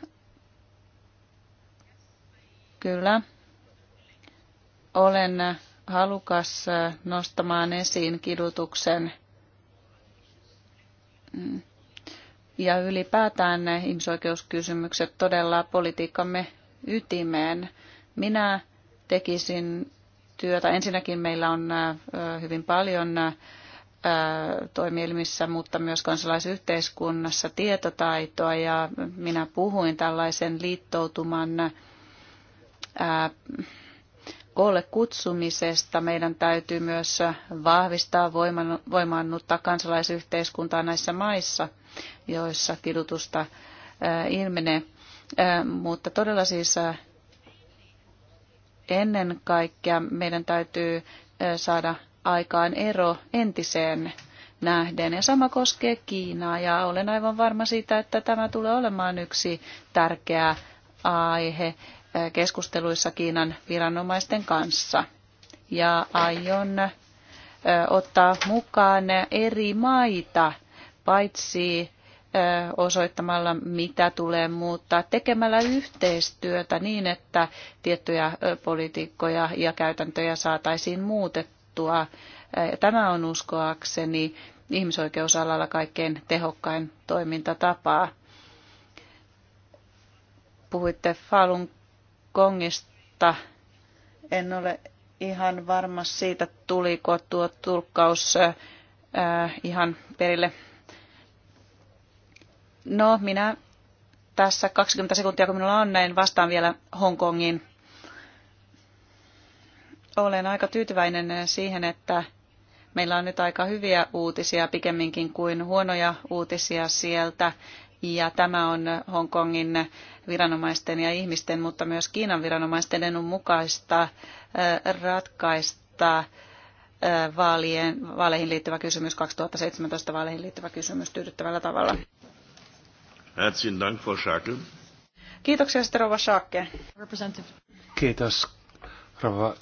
Kyllä. Olen halukas nostamaan esiin kidutuksen mm ja ylipäätään ne ihmisoikeuskysymykset todella politiikkamme ytimeen. Minä tekisin työtä. Ensinnäkin meillä on hyvin paljon toimielimissä, mutta myös kansalaisyhteiskunnassa tietotaitoa ja minä puhuin tällaisen liittoutuman koolle kutsumisesta. Meidän täytyy myös vahvistaa voimannuttaa kansalaisyhteiskuntaa näissä maissa – joissa kidutusta ilmenee. Mutta todella siis ennen kaikkea meidän täytyy saada aikaan ero entiseen nähden. Ja sama koskee Kiinaa ja olen aivan varma siitä, että tämä tulee olemaan yksi tärkeä aihe keskusteluissa Kiinan viranomaisten kanssa. Ja aion ottaa mukaan eri maita paitsi osoittamalla, mitä tulee muuttaa, tekemällä yhteistyötä niin, että tiettyjä politiikkoja ja käytäntöjä saataisiin muutettua. Tämä on uskoakseni ihmisoikeusalalla kaikkein tehokkain toimintatapaa. Puhuitte Falun Gongista. En ole ihan varma siitä, tuliko tuo tulkkaus ihan perille No, minä tässä 20 sekuntia, kun minulla on näin, vastaan vielä Hongkongin. Olen aika tyytyväinen siihen, että meillä on nyt aika hyviä uutisia pikemminkin kuin huonoja uutisia sieltä. Ja tämä on Hongkongin viranomaisten ja ihmisten, mutta myös Kiinan viranomaisten edun mukaista ratkaista vaalien, vaaleihin liittyvä kysymys, 2017 vaaleihin liittyvä kysymys tyydyttävällä tavalla. Herzlichen Dank, Frau Schake. Kiitoksia, Rova Schake. Kiitos, Rova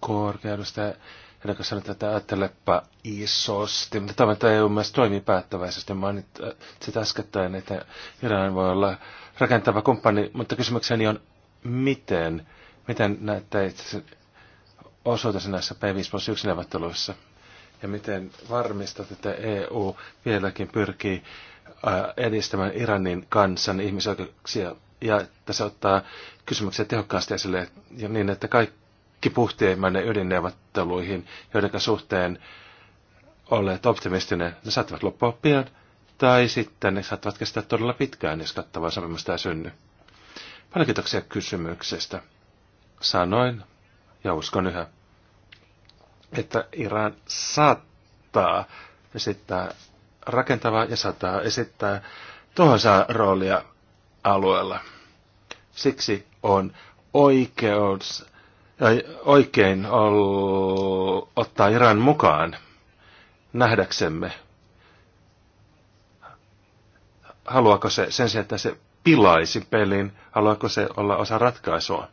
korkeudusta. Ennen sanoin että ajattelepa isosti, mutta tämä ei EU myös toimii päättäväisesti. Mä mainitsin äh, äskettäin, että Iran voi olla rakentava kumppani, mutta kysymykseni on, miten, miten näette itse osoitasi näissä P5 plus 1 neuvotteluissa? Ja miten varmistat, että EU vieläkin pyrkii edistämään Iranin kansan ihmisoikeuksia ja että se ottaa kysymyksiä tehokkaasti esille ja niin, että kaikki mene ydinneuvotteluihin, joiden suhteen olet optimistinen, ne saattavat loppua pian tai sitten ne saattavat kestää todella pitkään, jos kattavaa sopimusta ei synny. Paljon kiitoksia kysymyksestä. Sanoin, ja uskon yhä, että Iran saattaa esittää rakentavaa ja saattaa esittää tuhansa roolia alueella. Siksi on oikeus, oikein ottaa Iran mukaan nähdäksemme, haluaako se sen sijaan, että se pilaisi pelin, haluaako se olla osa ratkaisua.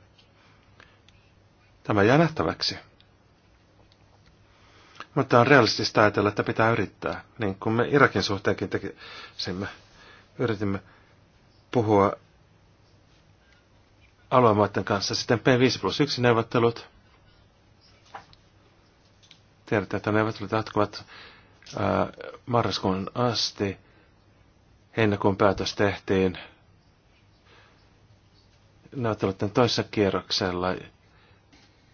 Tämä jää nähtäväksi. Mutta on realistista ajatella, että pitää yrittää, niin kuin me Irakin suhteenkin tekisimme. Yritimme puhua aluemaiden kanssa. Sitten P5 plus 1 neuvottelut. Tiedätte, että neuvottelut jatkuvat ää, äh, marraskuun asti. Heinäkuun päätös tehtiin neuvotteluiden toisessa kierroksella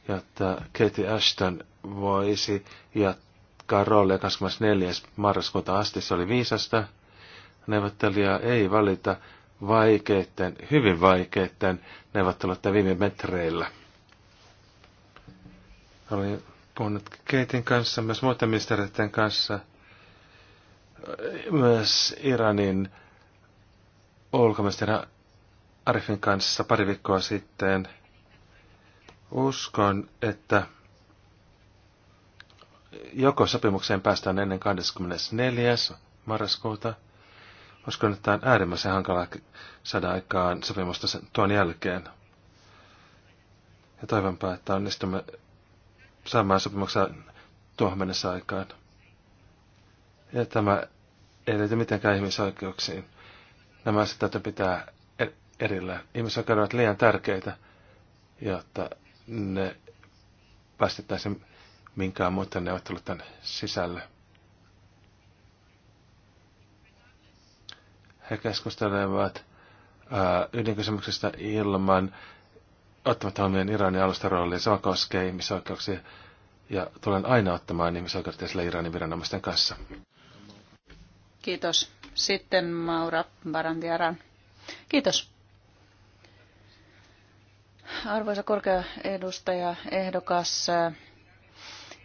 jotta Katie Ashton voisi jatkaa roolia 24. marraskuuta asti. Se oli viisasta. Neuvottelija ei valita vaikeiden, hyvin vaikeiden neuvotteluiden viime metreillä. Olin puhunut Keitin kanssa, myös muiden ministeriöiden kanssa, myös Iranin ulkoministeri Arifin kanssa pari viikkoa sitten – Uskon, että joko sopimukseen päästään ennen 24. marraskuuta. Uskon, että on äärimmäisen hankala saada aikaan sopimusta tuon jälkeen. Ja toivonpa, että onnistumme saamaan sopimuksen tuohon mennessä aikaan. Ja tämä ei liity mitenkään ihmisoikeuksiin. Nämä asiat pitää e- erillään. Ihmisoikeudet ovat liian tärkeitä, jotta ne päästettäisiin minkään muuta neuvottelut tämän sisälle. He keskustelevat äh, ydinkysymyksestä ilman ottamatta huomioon Iranin alusta roolia. Sama koskee ihmisoikeuksia ja tulen aina ottamaan ihmisoikeuksia esille Iranin viranomaisten kanssa. Kiitos. Sitten Maura Barandiaran. Kiitos. Arvoisa korkea edustaja ehdokas,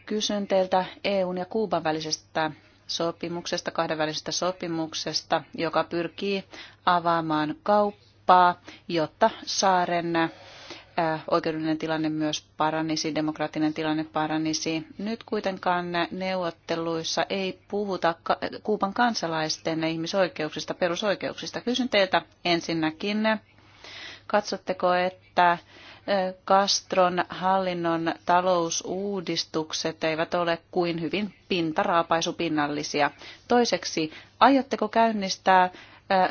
kysyn teiltä EUn ja Kuuban välisestä sopimuksesta, kahdenvälisestä sopimuksesta, joka pyrkii avaamaan kauppaa, jotta saaren oikeudellinen tilanne myös paranisi, demokraattinen tilanne paranisi. Nyt kuitenkaan neuvotteluissa ei puhuta Kuuban kansalaisten ihmisoikeuksista, perusoikeuksista. Kysyn teiltä ensinnäkin, Katsotteko, että Castron hallinnon talousuudistukset eivät ole kuin hyvin pintaraapaisupinnallisia? Toiseksi, aiotteko käynnistää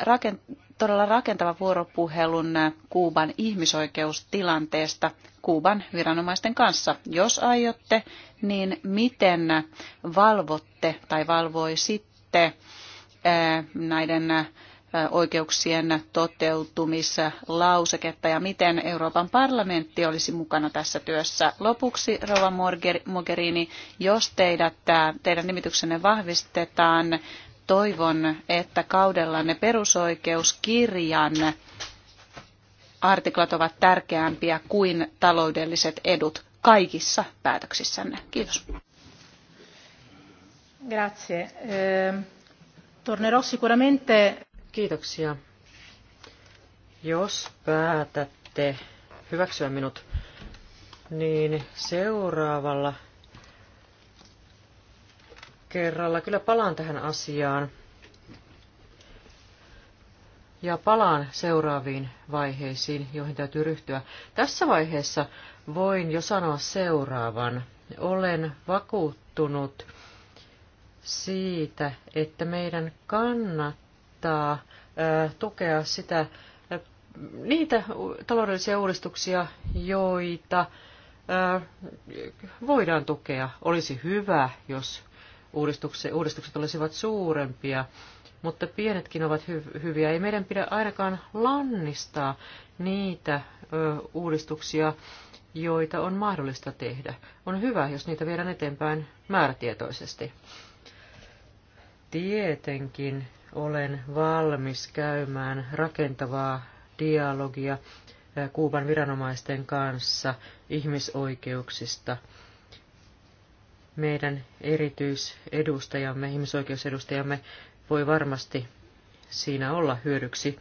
rakent- todella rakentava vuoropuhelun Kuuban ihmisoikeustilanteesta Kuuban viranomaisten kanssa. Jos aiotte, niin miten valvotte tai valvoisitte näiden oikeuksien toteutumissa lauseketta ja miten Euroopan parlamentti olisi mukana tässä työssä. Lopuksi, Rova Mogherini, jos teidät, teidän nimityksenne vahvistetaan, toivon, että kaudellanne perusoikeuskirjan artiklat ovat tärkeämpiä kuin taloudelliset edut kaikissa päätöksissänne. Kiitos. Grazie. Eh, tornerò sicuramente... Kiitoksia. Jos päätätte hyväksyä minut, niin seuraavalla kerralla kyllä palaan tähän asiaan. Ja palaan seuraaviin vaiheisiin, joihin täytyy ryhtyä. Tässä vaiheessa voin jo sanoa seuraavan. Olen vakuuttunut siitä, että meidän kannattaa kannattaa tukea sitä, niitä taloudellisia uudistuksia, joita voidaan tukea. Olisi hyvä, jos uudistukset, uudistukset olisivat suurempia, mutta pienetkin ovat hy- hyviä. Ei meidän pidä ainakaan lannistaa niitä uudistuksia, joita on mahdollista tehdä. On hyvä, jos niitä viedään eteenpäin määrätietoisesti. Tietenkin olen valmis käymään rakentavaa dialogia eh, Kuuban viranomaisten kanssa ihmisoikeuksista. Meidän erityisedustajamme, ihmisoikeusedustajamme voi varmasti siinä olla hyödyksi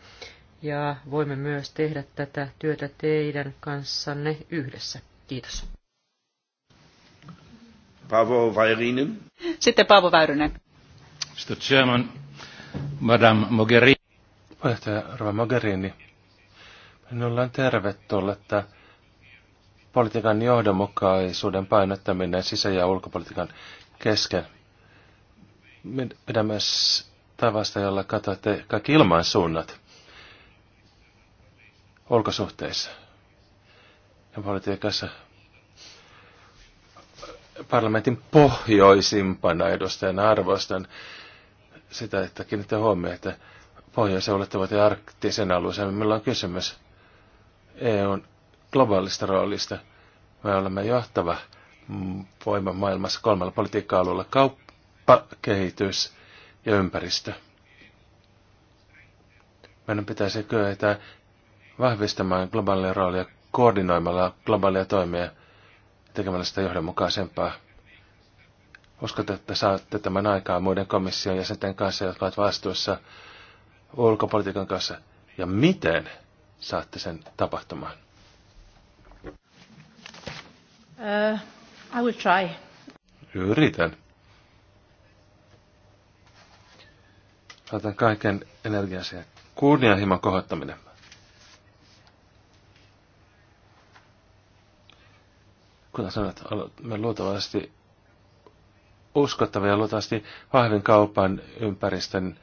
ja voimme myös tehdä tätä työtä teidän kanssanne yhdessä. Kiitos. Paavo Väyrynen. Sitten Paavo Väyrynen. Mr. Chairman, Madame Mogherini. Puheenjohtaja Rova Mogherini, minulla on että politiikan johdonmukaisuuden painottaminen sisä- ja ulkopolitiikan kesken. Pidämme tavasta, jolla katsotte kaikki ilmansuunnat ulkosuhteissa ja politiikassa parlamentin pohjoisimpana edustajana arvostan sitä, että kiinnittää huomioon, että pohjoisen olettavat ja arktisen alueen, meillä on kysymys EUn globaalista roolista. Me olemme johtava voima maailmassa kolmella politiikka-alueella, kauppa, kehitys ja ympäristö. Meidän pitäisi kyetä vahvistamaan globaalia roolia koordinoimalla globaalia toimia tekemällä sitä johdonmukaisempaa. Uskot, että saatte tämän aikaa muiden komission jäsenten kanssa, jotka ovat vastuussa ulkopolitiikan kanssa. Ja miten saatte sen tapahtumaan? Uh, I will try. Yritän. Laitan kaiken energian siihen. Kunnianhimon kohottaminen. Kuten sanoit, me luultavasti uskottava ja luultavasti vahvin kaupan ympäristön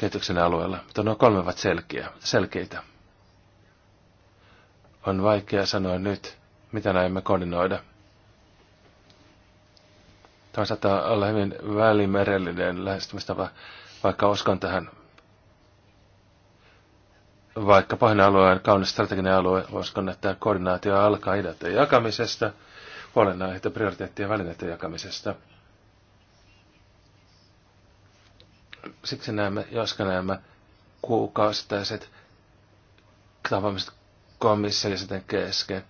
kehityksen alueella, mutta nuo kolme ovat selkeä, selkeitä. On vaikea sanoa nyt, mitä näemme koordinoida. Tämä saattaa olla hyvin välimerellinen lähestymistapa, vaikka uskon tähän. Vaikka pahin alue on kaunis strateginen alue, uskon, että koordinaatio alkaa idätä jakamisesta – huolenaiheita prioriteettien välineiden jakamisesta. Siksi näemme, joska näemme kuukausittaiset tapaamiset sitten kesken,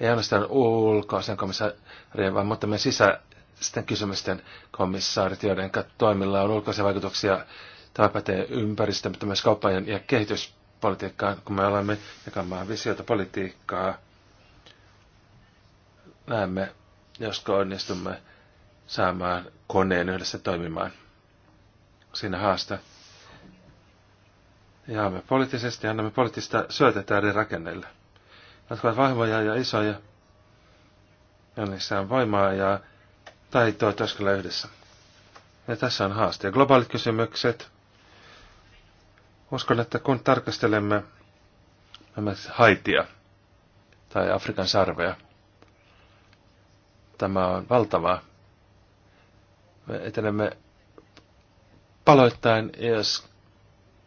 ei ainoastaan ulkoisen komissaarien, vaan mutta me sisäisten kysymysten komissaarit, joiden toimilla on ulkoisia vaikutuksia. Tämä pätee ympäristö, mutta myös kauppajan ja kehityspolitiikkaan, kun me olemme jakamaan visiota politiikkaa näemme, josko onnistumme saamaan koneen yhdessä toimimaan. Siinä haasta. Ja me poliittisesti annamme poliittista syötettä eri rakenneille. Jotka ovat vahvoja ja isoja. Ja niissä on voimaa ja taitoa työskennellä yhdessä. Ja tässä on haaste. Ja globaalit kysymykset. Uskon, että kun tarkastelemme Haitia tai Afrikan sarvea, Tämä on valtavaa. Me etenemme paloittain, jos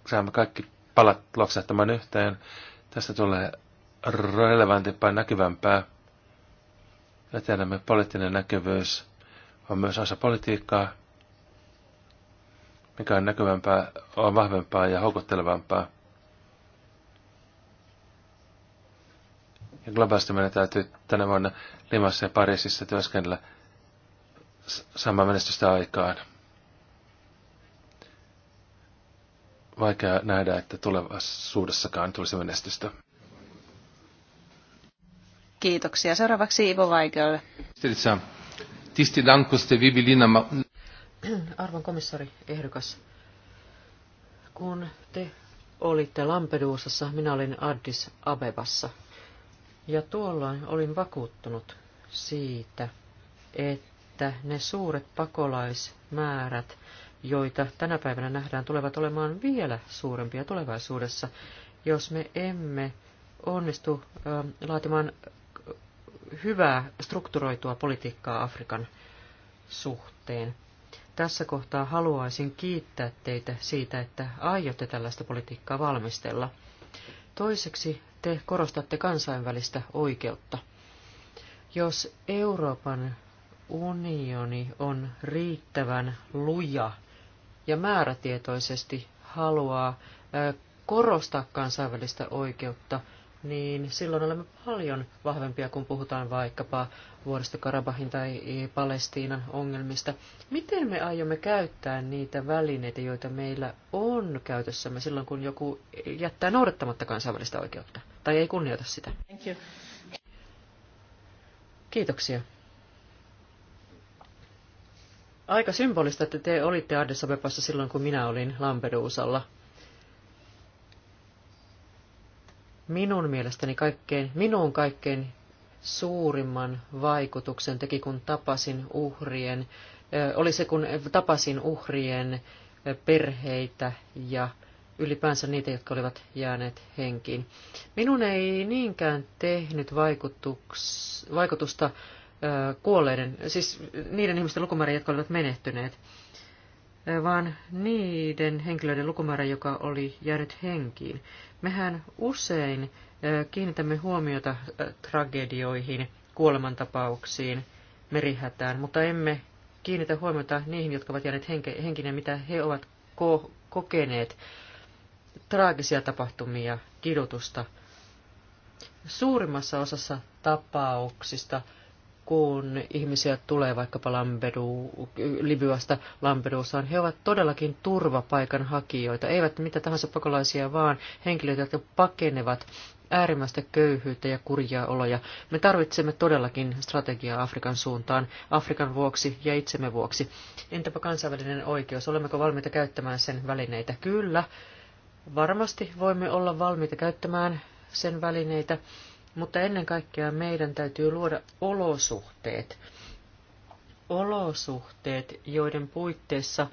saamme kaikki palat loksahtamaan yhteen. Tästä tulee relevantimpaa, näkyvämpää. etenemme poliittinen näkyvyys on myös osa politiikkaa. Mikä on näkyvämpää, on vahvempaa ja houkuttelevampaa. Ja globaalisti meidän täytyy tänä vuonna Limassa ja Pariisissa työskennellä samaa menestystä aikaan. Vaikea nähdä, että tulevaisuudessakaan tulisi menestystä. Kiitoksia. Seuraavaksi Ivo Vaikeolle. Tisti dan, kun ste Arvon komissari ehdokas, kun te olitte Lampedusassa, minä olin Addis Abebassa – ja tuolloin olin vakuuttunut siitä, että ne suuret pakolaismäärät, joita tänä päivänä nähdään, tulevat olemaan vielä suurempia tulevaisuudessa, jos me emme onnistu laatimaan hyvää strukturoitua politiikkaa Afrikan suhteen. Tässä kohtaa haluaisin kiittää teitä siitä, että aiotte tällaista politiikkaa valmistella. Toiseksi te korostatte kansainvälistä oikeutta. Jos Euroopan unioni on riittävän luja ja määrätietoisesti haluaa korostaa kansainvälistä oikeutta, niin silloin olemme paljon vahvempia, kun puhutaan vaikkapa vuodesta Karabahin tai Palestiinan ongelmista. Miten me aiomme käyttää niitä välineitä, joita meillä on käytössämme silloin, kun joku jättää noudattamatta kansainvälistä oikeutta? tai ei kunnioita sitä. Kiitoksia. Aika symbolista, että te olitte Addis Abebassa silloin, kun minä olin Lampedusalla. Minun mielestäni kaikkein, minun kaikkein suurimman vaikutuksen teki, kun tapasin uhrien, oli se, kun tapasin uhrien perheitä ja ylipäänsä niitä, jotka olivat jääneet henkiin. Minun ei niinkään tehnyt vaikutusta kuolleiden, siis niiden ihmisten lukumäärä, jotka olivat menehtyneet, vaan niiden henkilöiden lukumäärä, joka oli jäänyt henkiin. Mehän usein kiinnitämme huomiota tragedioihin, kuolemantapauksiin, merihätään, mutta emme kiinnitä huomiota niihin, jotka ovat jääneet henkinen, mitä he ovat ko- kokeneet traagisia tapahtumia, kidutusta. Suurimmassa osassa tapauksista, kun ihmisiä tulee vaikkapa Lampedu, Libyasta Lampedusaan, he ovat todellakin turvapaikanhakijoita, eivät mitä tahansa pakolaisia, vaan henkilöitä, jotka pakenevat äärimmäistä köyhyyttä ja kurjia oloja. Me tarvitsemme todellakin strategiaa Afrikan suuntaan, Afrikan vuoksi ja itsemme vuoksi. Entäpä kansainvälinen oikeus, olemmeko valmiita käyttämään sen välineitä? Kyllä, Varmasti voimme olla valmiita käyttämään sen välineitä, mutta ennen kaikkea meidän täytyy luoda olosuhteet. Olosuhteet, joiden puitteissa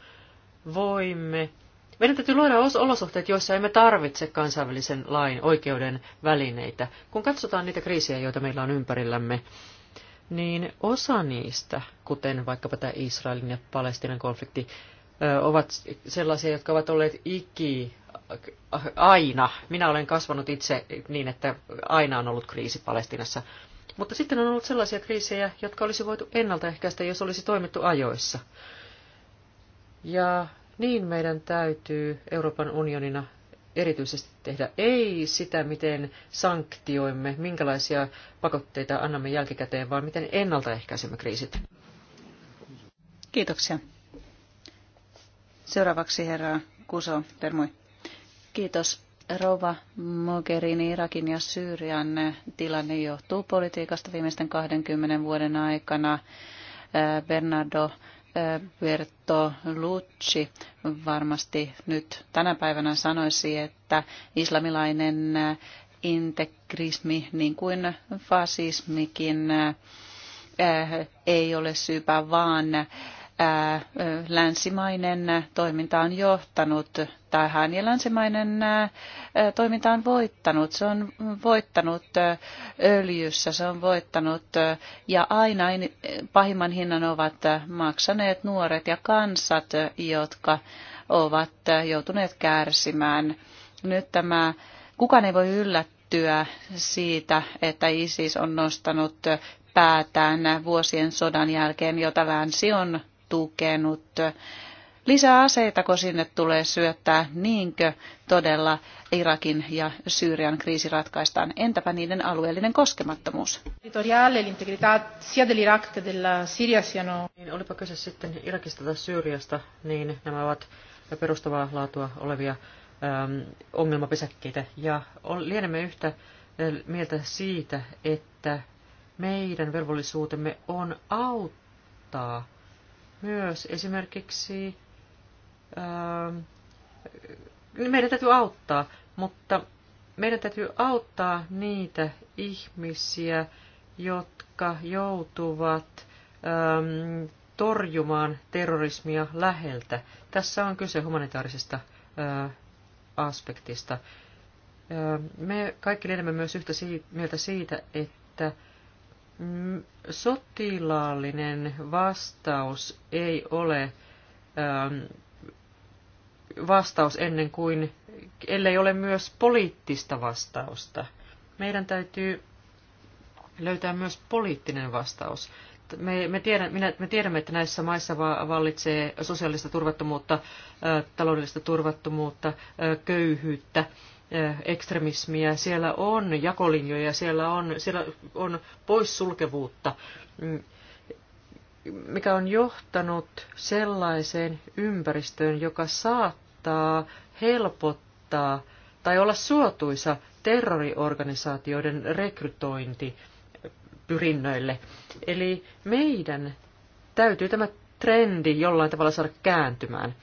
voimme meidän täytyy luoda olosuhteet, joissa emme tarvitse kansainvälisen lain oikeuden välineitä. Kun katsotaan niitä kriisejä, joita meillä on ympärillämme, niin osa niistä, kuten vaikkapa tämä Israelin ja Palestinan konflikti, ovat sellaisia, jotka ovat olleet iki aina. Minä olen kasvanut itse niin, että aina on ollut kriisi Palestinassa. Mutta sitten on ollut sellaisia kriisejä, jotka olisi voitu ennaltaehkäistä, jos olisi toimittu ajoissa. Ja niin meidän täytyy Euroopan unionina erityisesti tehdä. Ei sitä, miten sanktioimme, minkälaisia pakotteita annamme jälkikäteen, vaan miten ennaltaehkäisemme kriisit. Kiitoksia. Seuraavaksi herra Kuso Permui. Kiitos. Rouva Mogherini, Irakin ja Syyrian tilanne johtuu politiikasta viimeisten 20 vuoden aikana. Bernardo Berto Lucci varmasti nyt tänä päivänä sanoisi, että islamilainen integrismi niin kuin fasismikin ei ole syypä vaan länsimainen toiminta on johtanut tähän ja länsimainen toiminta on voittanut. Se on voittanut öljyssä, se on voittanut ja aina pahimman hinnan ovat maksaneet nuoret ja kansat, jotka ovat joutuneet kärsimään. Nyt tämä, kukaan ei voi yllättyä siitä, että ISIS on nostanut päätään vuosien sodan jälkeen, jota länsi on tukenut. Lisää aseitako sinne tulee syöttää, niinkö todella Irakin ja Syyrian kriisi ratkaistaan? Entäpä niiden alueellinen koskemattomuus? No. Niin, olipa kyse sitten Irakista tai Syyriasta, niin nämä ovat perustavaa laatua olevia äm, ongelmapesäkkeitä. Ja lienemme yhtä äh, mieltä siitä, että meidän velvollisuutemme on auttaa myös esimerkiksi ähm, meidän täytyy auttaa, mutta meidän täytyy auttaa niitä ihmisiä, jotka joutuvat ää, ähm, torjumaan terrorismia läheltä. Tässä on kyse humanitaarisesta ää, äh, aspektista. Ää, äh, me kaikki lienemme myös yhtä si- mieltä siitä, että Mm, sotilaallinen vastaus ei ole ähm, vastaus ennen kuin, ellei ole myös poliittista vastausta. Meidän täytyy löytää myös poliittinen vastaus. Me, me, tiedän, minä, me tiedämme, että näissä maissa vallitsee sosiaalista turvattomuutta, äh, taloudellista turvattomuutta, äh, köyhyyttä. Eh, ekstremismiä, siellä on jakolinjoja, siellä on, siellä on poissulkevuutta, mm, mikä on johtanut sellaiseen ympäristöön, joka saattaa helpottaa tai olla suotuisa terroriorganisaatioiden rekrytointi pyrinnöille. Eli meidän täytyy tämä trendi jollain tavalla saada kääntymään,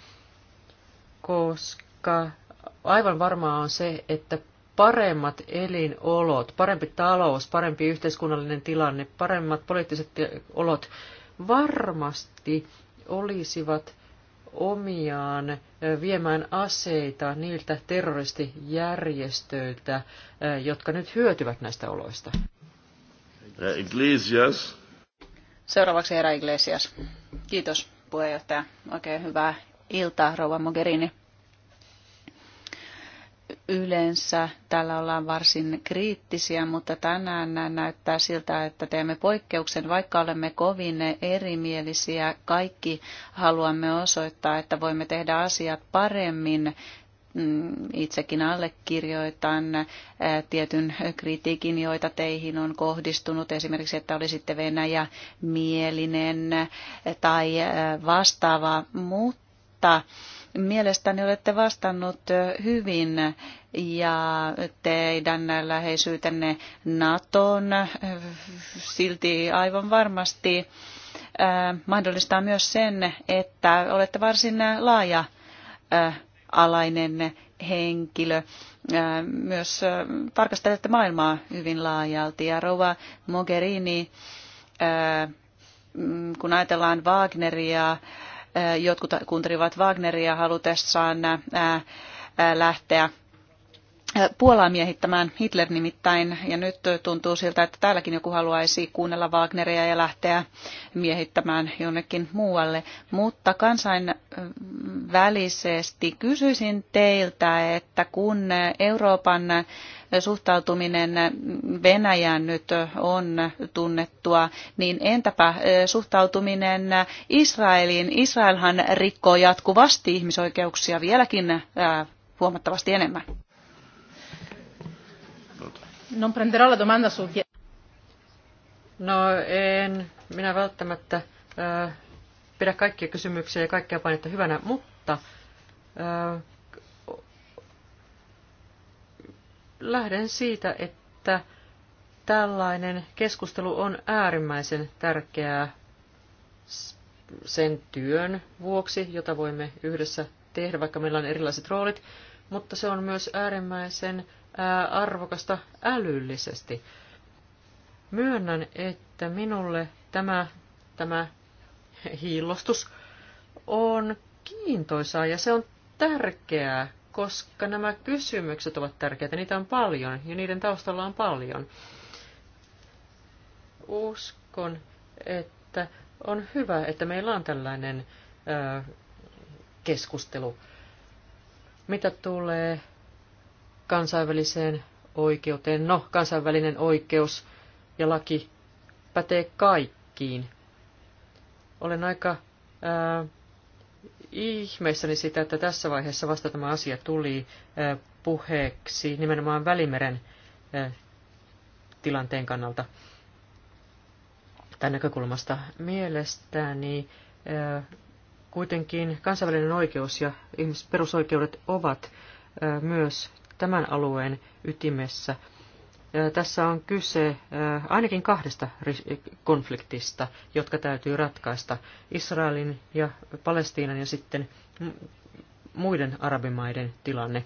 koska Aivan varmaa on se, että paremmat elinolot, parempi talous, parempi yhteiskunnallinen tilanne, paremmat poliittiset olot varmasti olisivat omiaan viemään aseita niiltä terroristijärjestöiltä, jotka nyt hyötyvät näistä oloista. Iglesias. Seuraavaksi herra Iglesias. Kiitos puheenjohtaja. Oikein hyvää iltaa, rouva Mogherini yleensä täällä ollaan varsin kriittisiä, mutta tänään näyttää siltä, että teemme poikkeuksen, vaikka olemme kovin erimielisiä. Kaikki haluamme osoittaa, että voimme tehdä asiat paremmin. Mm, itsekin allekirjoitan tietyn kritiikin, joita teihin on kohdistunut, esimerkiksi, että olisitte Venäjä mielinen tai vastaava, mutta Mielestäni olette vastannut hyvin ja teidän läheisyytenne NATOon silti aivan varmasti mahdollistaa myös sen, että olette varsin laaja alainen henkilö. Myös tarkastelette maailmaa hyvin laajalti ja Rova Mogherini, kun ajatellaan Wagneria, Äh, jotkut kuuntelivat Wagneria halutessaan äh, äh, lähteä Puolaa miehittämään Hitler nimittäin, ja nyt tuntuu siltä, että täälläkin joku haluaisi kuunnella Wagneria ja lähteä miehittämään jonnekin muualle. Mutta kansainvälisesti kysyisin teiltä, että kun Euroopan suhtautuminen Venäjään nyt on tunnettua, niin entäpä eh, suhtautuminen Israeliin? Israelhan rikkoo jatkuvasti ihmisoikeuksia vieläkin eh, huomattavasti enemmän. Non prenderò la domanda su No en minä välttämättä äh, pidä kaikkia kysymyksiä ja kaikkia painetta hyvänä, mutta äh, lähden siitä, että tällainen keskustelu on äärimmäisen tärkeää sen työn vuoksi, jota voimme yhdessä tehdä, vaikka meillä on erilaiset roolit, mutta se on myös äärimmäisen arvokasta älyllisesti. Myönnän, että minulle tämä, tämä hiillostus on kiintoisaa ja se on tärkeää koska nämä kysymykset ovat tärkeitä. Niitä on paljon ja niiden taustalla on paljon. Uskon, että on hyvä, että meillä on tällainen ö, keskustelu. Mitä tulee kansainväliseen oikeuteen? No, kansainvälinen oikeus ja laki pätee kaikkiin. Olen aika ö, ihmeissäni sitä, että tässä vaiheessa vasta tämä asia tuli puheeksi nimenomaan Välimeren tilanteen kannalta tai näkökulmasta. Mielestäni kuitenkin kansainvälinen oikeus ja ihmisperusoikeudet perusoikeudet ovat myös tämän alueen ytimessä. Tässä on kyse ainakin kahdesta konfliktista, jotka täytyy ratkaista Israelin ja Palestiinan ja sitten muiden arabimaiden tilanne.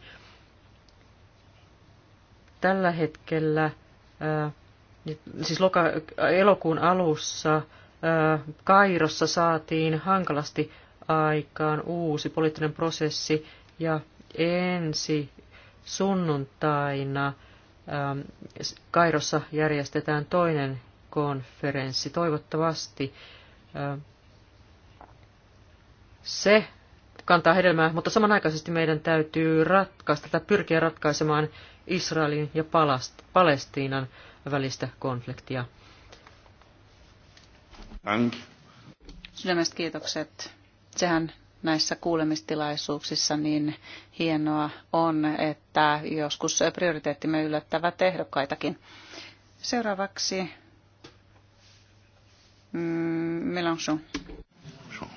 Tällä hetkellä, siis elokuun alussa Kairossa saatiin hankalasti aikaan uusi poliittinen prosessi ja ensi sunnuntaina – Ähm, Kairossa järjestetään toinen konferenssi. Toivottavasti ähm, se kantaa hedelmää, mutta samanaikaisesti meidän täytyy ratkaista tai pyrkiä ratkaisemaan Israelin ja Palestiinan välistä konfliktia. Sydämestä kiitokset. Sehän näissä kuulemistilaisuuksissa, niin hienoa on, että joskus prioriteettimme yllättävät tehdokkaitakin. Seuraavaksi mm, Mélenchon.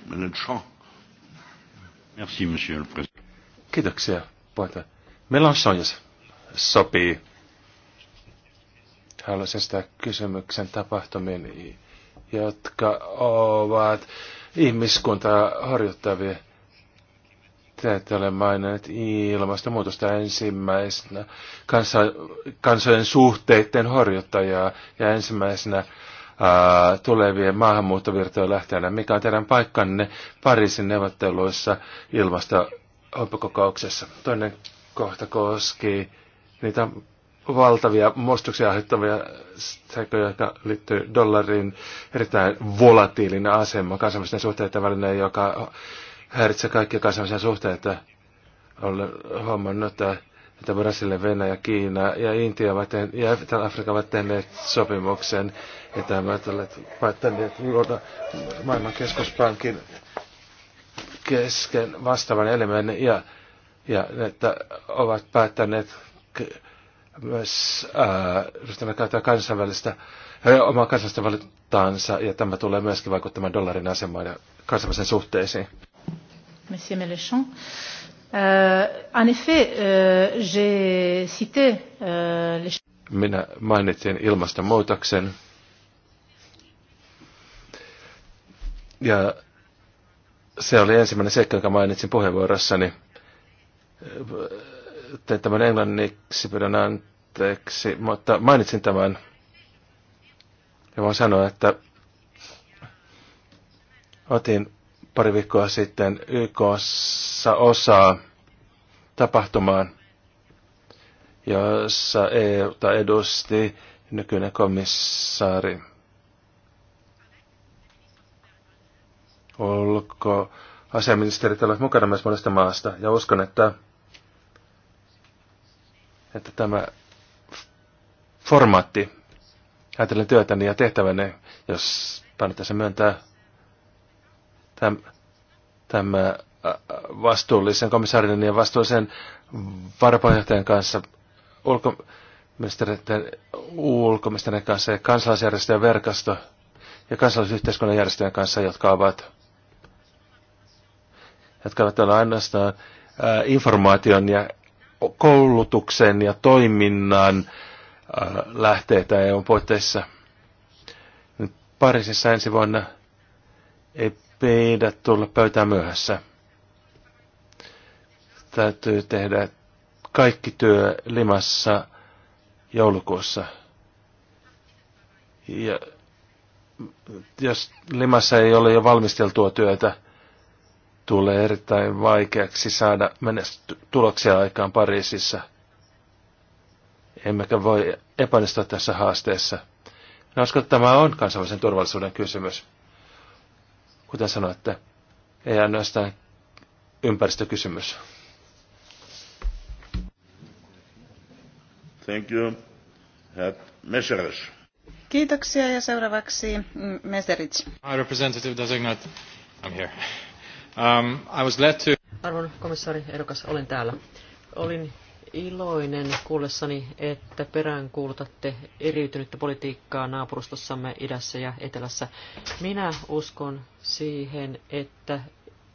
Mélenchon. Merci, monsieur le président. Kiitoksia, poeta. Mélenchon, jos sopii. Haluaisin sitä kysymyksen tapahtumien, jotka ovat ihmiskuntaa harjoittavia. Te olen maininnut ilmastonmuutosta ensimmäisenä kansa, kansojen suhteiden harjoittajaa ja ensimmäisenä ää, tulevien maahanmuuttovirtojen lähteenä. Mikä on teidän paikkanne Pariisin neuvotteluissa ilmastohuippukokouksessa? Toinen kohta koski niitä valtavia muostuksia aiheuttavia säköjä, jotka liittyy dollarin erittäin volatiilin asema kansainvälisten suhteiden välillä, joka häiritsee kaikkia kansainvälisiä suhteita. Olen huomannut, että, että Brasilia, Venäjä, Kiina ja Intia ovat tehneet, ja Afrikka ovat tehneet sopimuksen, ja tämä olet luoda maailman keskuspankin kesken vastaavan elimen, ja, ja että ovat päättäneet myös äh, ryhtyvät käyttää kansainvälistä, omaa kansallista valitaansa, ja tämä tulee myöskin vaikuttamaan dollarin asemaan ja kansainvälisen suhteisiin. Monsieur Mélenchon. Euh, en effet, euh, j'ai cité euh, les... Minä mainitsin ilmastonmuutoksen. Ja se oli ensimmäinen seikka, jonka mainitsin puheenvuorossani tein tämän englanniksi, pyydän anteeksi, mutta mainitsin tämän. Ja voin sanoa, että otin pari viikkoa sitten YKssa osaa tapahtumaan, jossa EUta edusti nykyinen komissaari ulkoasiaministerit ovat mukana myös monesta maasta. Ja uskon, että että tämä formaatti, ajatellen työtäni niin ja tehtäväni, jos se myöntää tämä vastuullisen komissaarin ja vastuullisen varapuheenjohtajan kanssa, ulkoministeriön, ulkoministeriön kanssa ja kansalaisjärjestöjen verkosto ja kansalaisyhteiskunnan järjestöjen kanssa, jotka ovat jotka ovat ainoastaan informaation ja koulutuksen ja toiminnan äh, lähteitä EUn poitteissa Nyt Pariisissa ensi vuonna ei pidä tulla pöytään myöhässä. Täytyy tehdä kaikki työ Limassa joulukuussa. Ja jos Limassa ei ole jo valmisteltua työtä, tulee erittäin vaikeaksi saada menesty- tuloksia aikaan Pariisissa. Emmekä voi epäonnistua tässä haasteessa. No, uskon, että tämä on kansainvälisen turvallisuuden kysymys. Kuten sanoitte, ei ainoastaan ympäristökysymys. Thank you. Kiitoksia ja seuraavaksi mm, Meseric. representative designate. I'm here. Um, I was glad to... Arvon komissaari ehdokas, olen täällä. Olin iloinen kuullessani, että peräänkuulutatte eriytynyttä politiikkaa naapurustossamme idässä ja etelässä. Minä uskon siihen, että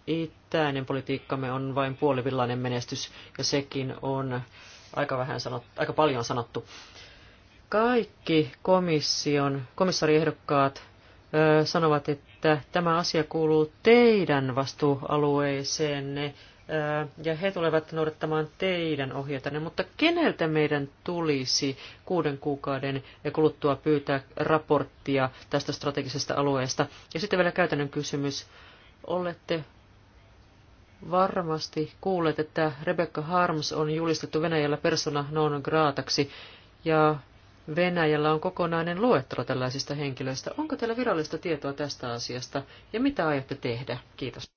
itäinen politiikkamme on vain puolivillainen menestys, ja sekin on aika, vähän sanottu, aika paljon sanottu. Kaikki komission, komissariehdokkaat sanovat, että tämä asia kuuluu teidän vastuualueeseenne ja he tulevat noudattamaan teidän ohjeitanne, mutta keneltä meidän tulisi kuuden kuukauden kuluttua pyytää raporttia tästä strategisesta alueesta? Ja sitten vielä käytännön kysymys. Olette varmasti kuulleet, että Rebecca Harms on julistettu Venäjällä persona non grataksi, ja Venäjällä on kokonainen luettelo tällaisista henkilöistä. Onko teillä virallista tietoa tästä asiasta ja mitä aiotte tehdä? Kiitos.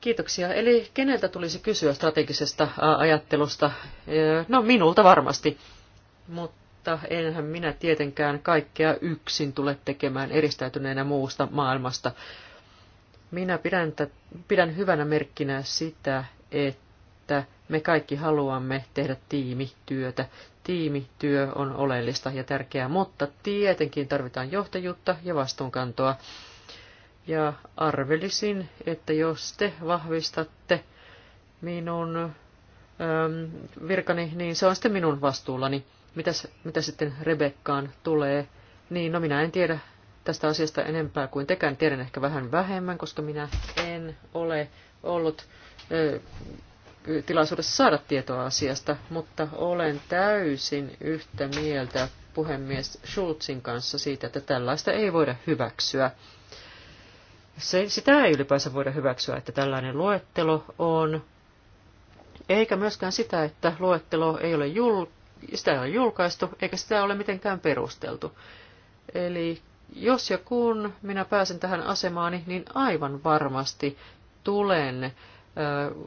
Kiitoksia. Eli keneltä tulisi kysyä strategisesta ajattelusta? No minulta varmasti, mutta enhän minä tietenkään kaikkea yksin tule tekemään eristäytyneenä muusta maailmasta. Minä pidän, pidän hyvänä merkkinä sitä, että me kaikki haluamme tehdä tiimityötä. Tiimityö on oleellista ja tärkeää, mutta tietenkin tarvitaan johtajuutta ja vastuunkantoa. Ja arvelisin, että jos te vahvistatte minun äm, virkani, niin se on sitten minun vastuullani. Mitäs, mitä sitten Rebekkaan tulee? Niin, no minä en tiedä, tästä asiasta enempää kuin tekään. Tiedän ehkä vähän vähemmän, koska minä en ole ollut tilaisuudessa saada tietoa asiasta, mutta olen täysin yhtä mieltä puhemies Schulzin kanssa siitä, että tällaista ei voida hyväksyä. Se, sitä ei ylipäänsä voida hyväksyä, että tällainen luettelo on, eikä myöskään sitä, että luettelo ei ole jul, sitä ei ole julkaistu, eikä sitä ole mitenkään perusteltu. Eli jos ja kun minä pääsen tähän asemaani, niin aivan varmasti tulen ö,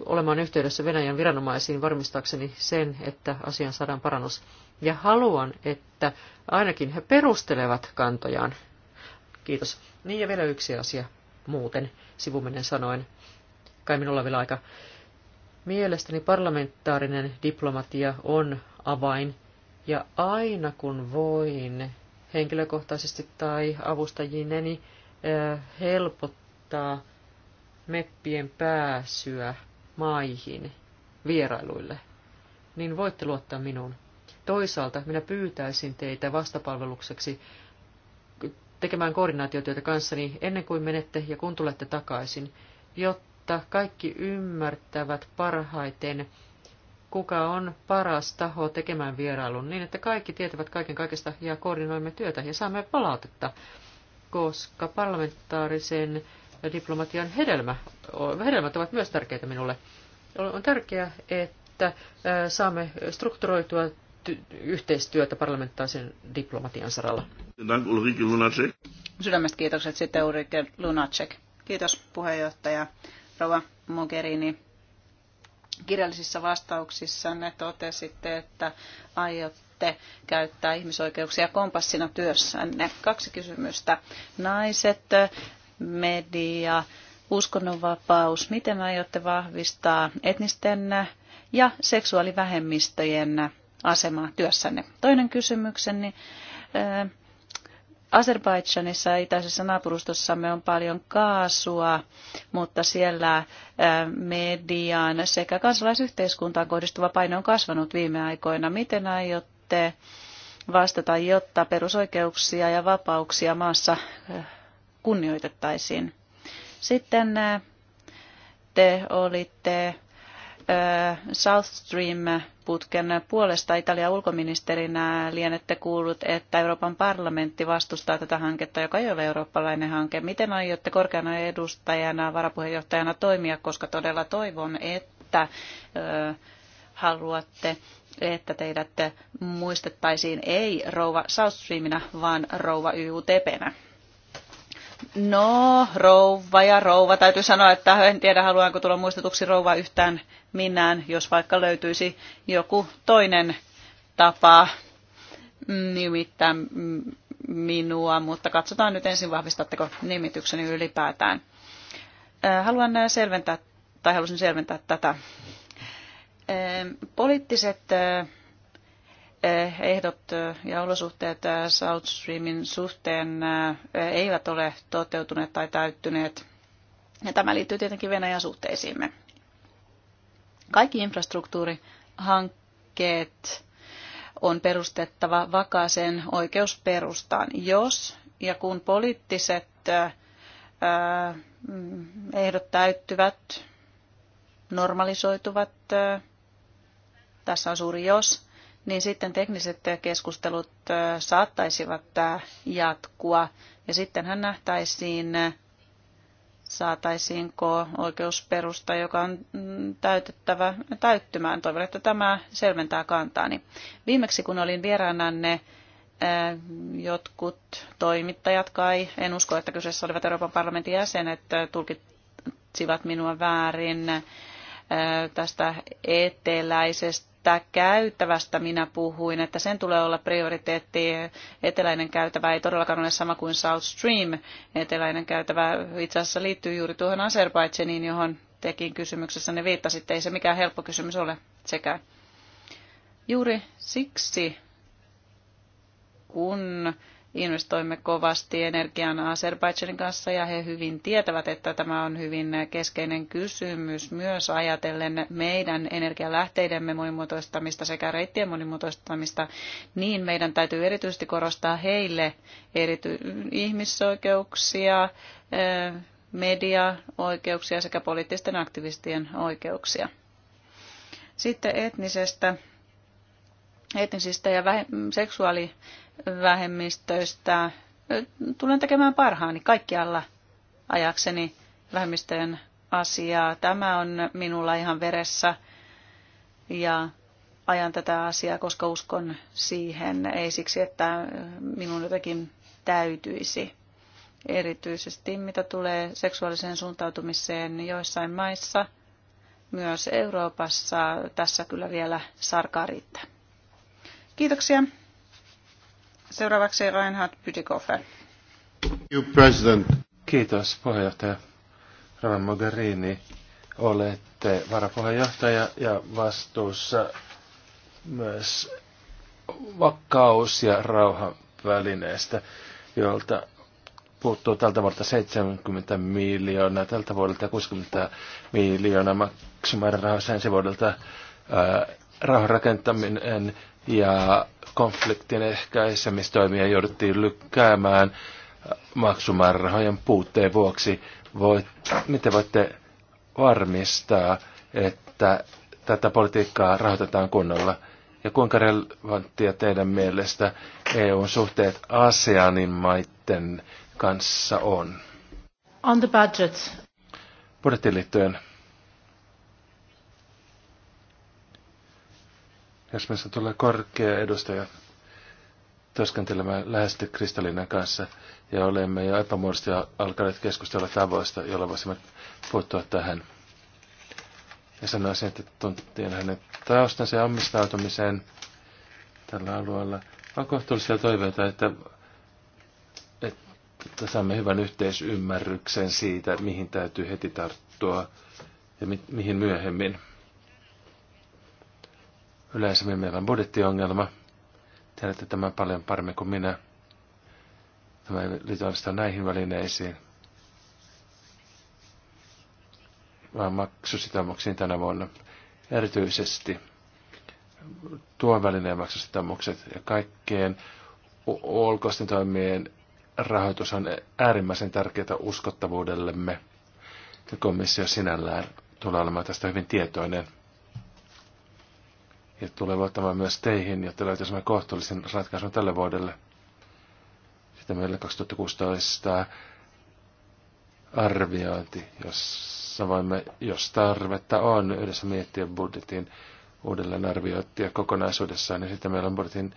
olemaan yhteydessä Venäjän viranomaisiin varmistaakseni sen, että asian saadaan parannus. Ja haluan, että ainakin he perustelevat kantojaan. Kiitos. Niin ja vielä yksi asia muuten, sivuminen sanoen. Kai minulla on vielä aika. Mielestäni parlamentaarinen diplomatia on avain, ja aina kun voin, henkilökohtaisesti tai avustajineni helpottaa meppien pääsyä maihin vierailuille, niin voitte luottaa minuun. Toisaalta minä pyytäisin teitä vastapalvelukseksi tekemään koordinaatiotyötä kanssani ennen kuin menette ja kun tulette takaisin, jotta kaikki ymmärtävät parhaiten kuka on paras taho tekemään vierailun, niin että kaikki tietävät kaiken kaikesta ja koordinoimme työtä ja saamme palautetta, koska parlamentaarisen diplomatian hedelmä, hedelmät ovat myös tärkeitä minulle. On tärkeää, että saamme strukturoitua yhteistyötä parlamentaarisen diplomatian saralla. Sydämestä kiitokset sitten Ulrike Lunacek. Kiitos puheenjohtaja Rova Mogherini kirjallisissa vastauksissanne totesitte, että aiotte käyttää ihmisoikeuksia kompassina työssänne. Kaksi kysymystä. Naiset, media, uskonnonvapaus. Miten aiotte vahvistaa etnisten ja seksuaalivähemmistöjen asemaa työssänne? Toinen kysymykseni Azerbaidžanissa itäisessä naapurustossamme on paljon kaasua, mutta siellä äh, median sekä kansalaisyhteiskuntaan kohdistuva paine on kasvanut viime aikoina. Miten aiotte vastata, jotta perusoikeuksia ja vapauksia maassa äh, kunnioitettaisiin? Sitten äh, te olitte South Stream-putken puolesta Italian ulkoministerinä lienette kuullut, että Euroopan parlamentti vastustaa tätä hanketta, joka ei ole eurooppalainen hanke. Miten aiotte korkeana edustajana, varapuheenjohtajana toimia, koska todella toivon, että haluatte että teidät muistettaisiin ei rouva South Streamina, vaan rouva YUTPnä. No, rouva ja rouva. Täytyy sanoa, että en tiedä haluanko tulla muistetuksi rouva yhtään minään, jos vaikka löytyisi joku toinen tapa mm, nimittää minua, mutta katsotaan nyt ensin vahvistatteko nimitykseni ylipäätään. Haluan selventää, tai halusin selventää tätä. Poliittiset Eh, ehdot eh, ja olosuhteet eh, South Streamin suhteen eivät ole toteutuneet tai täyttyneet. Ja tämä liittyy tietenkin Venäjän suhteisiimme. Kaikki infrastruktuurihankkeet on perustettava vakaaseen oikeusperustaan, jos ja kun poliittiset ehdot täyttyvät, normalisoituvat, tässä on suuri jos, niin sitten tekniset keskustelut saattaisivat jatkua. Ja sittenhän nähtäisiin, saataisiinko oikeusperusta, joka on mm, täytettävä täyttymään. Toivon, että tämä selventää kantaani. Viimeksi kun olin vieraananne, jotkut toimittajat kai, en usko, että kyseessä olivat Euroopan parlamentin jäsenet, tulkitsivat minua väärin tästä eteläisestä että käytävästä minä puhuin, että sen tulee olla prioriteetti. Eteläinen käytävä ei todellakaan ole sama kuin South Stream. Eteläinen käytävä itse asiassa liittyy juuri tuohon Azerbaidžaniin, johon tekin kysymyksessä ne viittasitte. Ei se mikään helppo kysymys ole sekään. Juuri siksi, kun investoimme kovasti energiaan Azerbaidžanin kanssa ja he hyvin tietävät, että tämä on hyvin keskeinen kysymys myös ajatellen meidän energialähteidemme monimuotoistamista sekä reittien monimuotoistamista, niin meidän täytyy erityisesti korostaa heille erity- ihmisoikeuksia, eh, mediaoikeuksia sekä poliittisten aktivistien oikeuksia. Sitten etnisestä etnisistä ja seksuaali- vähemmistöistä. Tulen tekemään parhaani kaikkialla ajakseni vähemmistöjen asiaa. Tämä on minulla ihan veressä ja ajan tätä asiaa, koska uskon siihen, ei siksi, että minun jotenkin täytyisi. Erityisesti mitä tulee seksuaaliseen suuntautumiseen joissain maissa, myös Euroopassa, tässä kyllä vielä sarkaa riittää. Kiitoksia. Seuraavaksi Reinhard Pytikoffer. Kiitos puheenjohtaja. Rava Mogherini, olette varapuheenjohtaja ja vastuussa myös vakaus- ja rauhavälineestä, jolta puuttuu tältä vuodelta 70 miljoonaa, tältä vuodelta 60 miljoonaa maksumäärän ensi vuodelta. rauhanrakentaminen ja konfliktin ehkäisemistoimia jouduttiin lykkäämään maksumäärärahojen puutteen vuoksi. Voit, miten voitte varmistaa, että tätä politiikkaa rahoitetaan kunnolla? Ja kuinka relevanttia teidän mielestä EUn suhteet ASEANin maiden kanssa on? On the budget. Budjettiin liittyen jos meistä tulee korkea edustaja työskentelemään läheisesti Kristallinen kanssa, ja olemme jo epämuodosti alkaneet keskustella tavoista, jolla voisimme puuttua tähän. Ja sanoisin, että tuntien hänen taustansa ja omistautumiseen tällä alueella on kohtuullisia toiveita, että, että saamme hyvän yhteisymmärryksen siitä, mihin täytyy heti tarttua ja mi- mihin myöhemmin. Yleisemmin meillä on budjettiongelma. Tiedätte tämän paljon paremmin kuin minä. Tämä ei ainoastaan näihin välineisiin, vaan maksusitamuksiin tänä vuonna. Erityisesti tuon välineen maksusitamukset ja kaikkeen ulkoisten toimien rahoitus on äärimmäisen tärkeää uskottavuudellemme. Ja komissio sinällään tulee olemaan tästä hyvin tietoinen ja tulee luottamaan myös teihin, jotta löytäisimme kohtuullisen ratkaisun tälle vuodelle. Sitten meillä 2016 arviointi, jossa voimme, jos tarvetta on, yhdessä miettiä budjetin uudelleen arviointia kokonaisuudessaan, ja sitten meillä on budjetin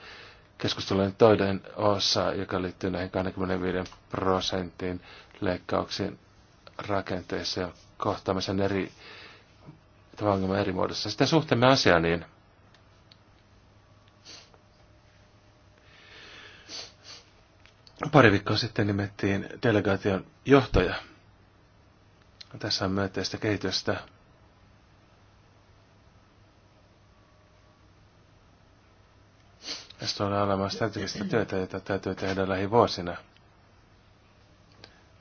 keskustelujen toinen osa, joka liittyy näihin 25 prosentin leikkauksiin rakenteissa ja kohtaamisen eri, eri muodossa. Sitten suhteemme asiaan, niin Pari viikkoa sitten nimettiin delegaation johtaja. Tässä on myönteistä kehitystä. Tässä on olemassa strategista työtä, jota täytyy tehdä lähivuosina.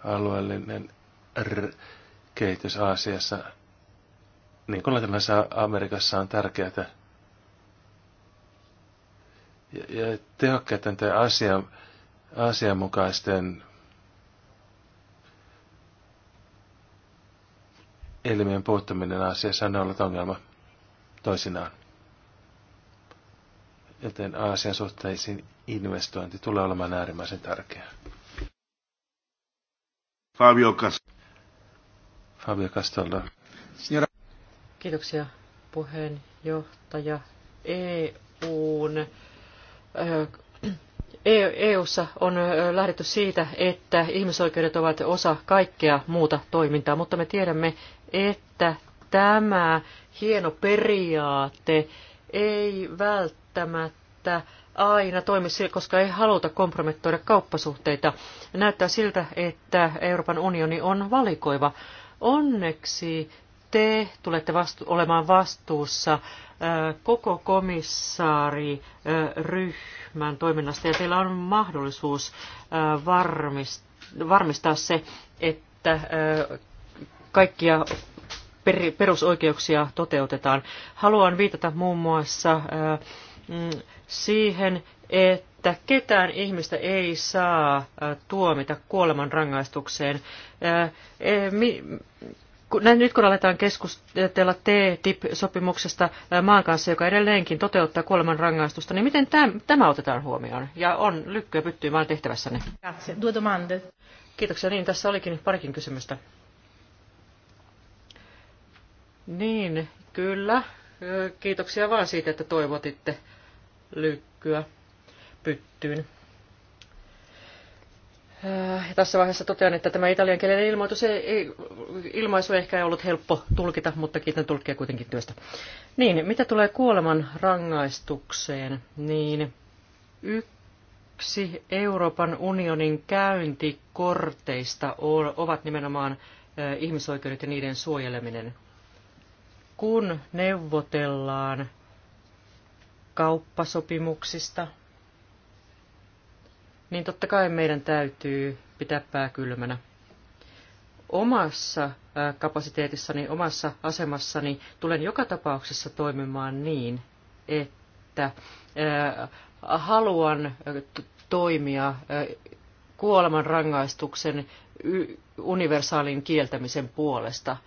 Alueellinen kehitys Aasiassa, niin kuin Latinalaisessa Amerikassa, on tärkeää. Ja, ja tehokkaiden tai asian asianmukaisten elimien puuttuminen asiassa on ollut ongelma toisinaan. Joten Aasian suhteisiin investointi tulee olemaan äärimmäisen tärkeää. Fabio Castaldo. Fabio Castaldo. Kiitoksia puheenjohtaja. EUn EU:ssa e on lähdetty siitä, että ihmisoikeudet ovat osa kaikkea muuta toimintaa, mutta me tiedämme, että tämä hieno periaate ei välttämättä aina toimi, koska ei haluta kompromettoida kauppasuhteita. Näyttää siltä, että Euroopan unioni on valikoiva. Onneksi te tulette vastu- olemaan vastuussa koko komissaariryhmän toiminnasta ja teillä on mahdollisuus varmistaa se, että kaikkia perusoikeuksia toteutetaan. Haluan viitata muun muassa mm, siihen, että ketään ihmistä ei saa tuomita kuoleman rangaistukseen nyt kun aletaan keskustella TTIP-sopimuksesta maan kanssa, joka edelleenkin toteuttaa kuolemanrangaistusta, rangaistusta, niin miten tämä otetaan huomioon? Ja on lykkyä pyttyy maan tehtävässänne. Kiitoksia. Niin, tässä olikin parikin kysymystä. Niin, kyllä. Kiitoksia vaan siitä, että toivotitte lykkyä pyttyyn. Äh, ja tässä vaiheessa totean, että tämä italiankielinen ilmoitus ei, ei, ilmaisu ehkä ei ollut helppo tulkita, mutta kiitän tulkkia kuitenkin työstä. Niin, mitä tulee kuoleman rangaistukseen, niin yksi Euroopan unionin käyntikorteista ovat nimenomaan äh, ihmisoikeudet ja niiden suojeleminen. Kun neuvotellaan kauppasopimuksista, niin totta kai meidän täytyy pitää pää kylmänä. Omassa kapasiteetissani, omassa asemassani tulen joka tapauksessa toimimaan niin, että haluan toimia kuoleman rangaistuksen universaalin kieltämisen puolesta,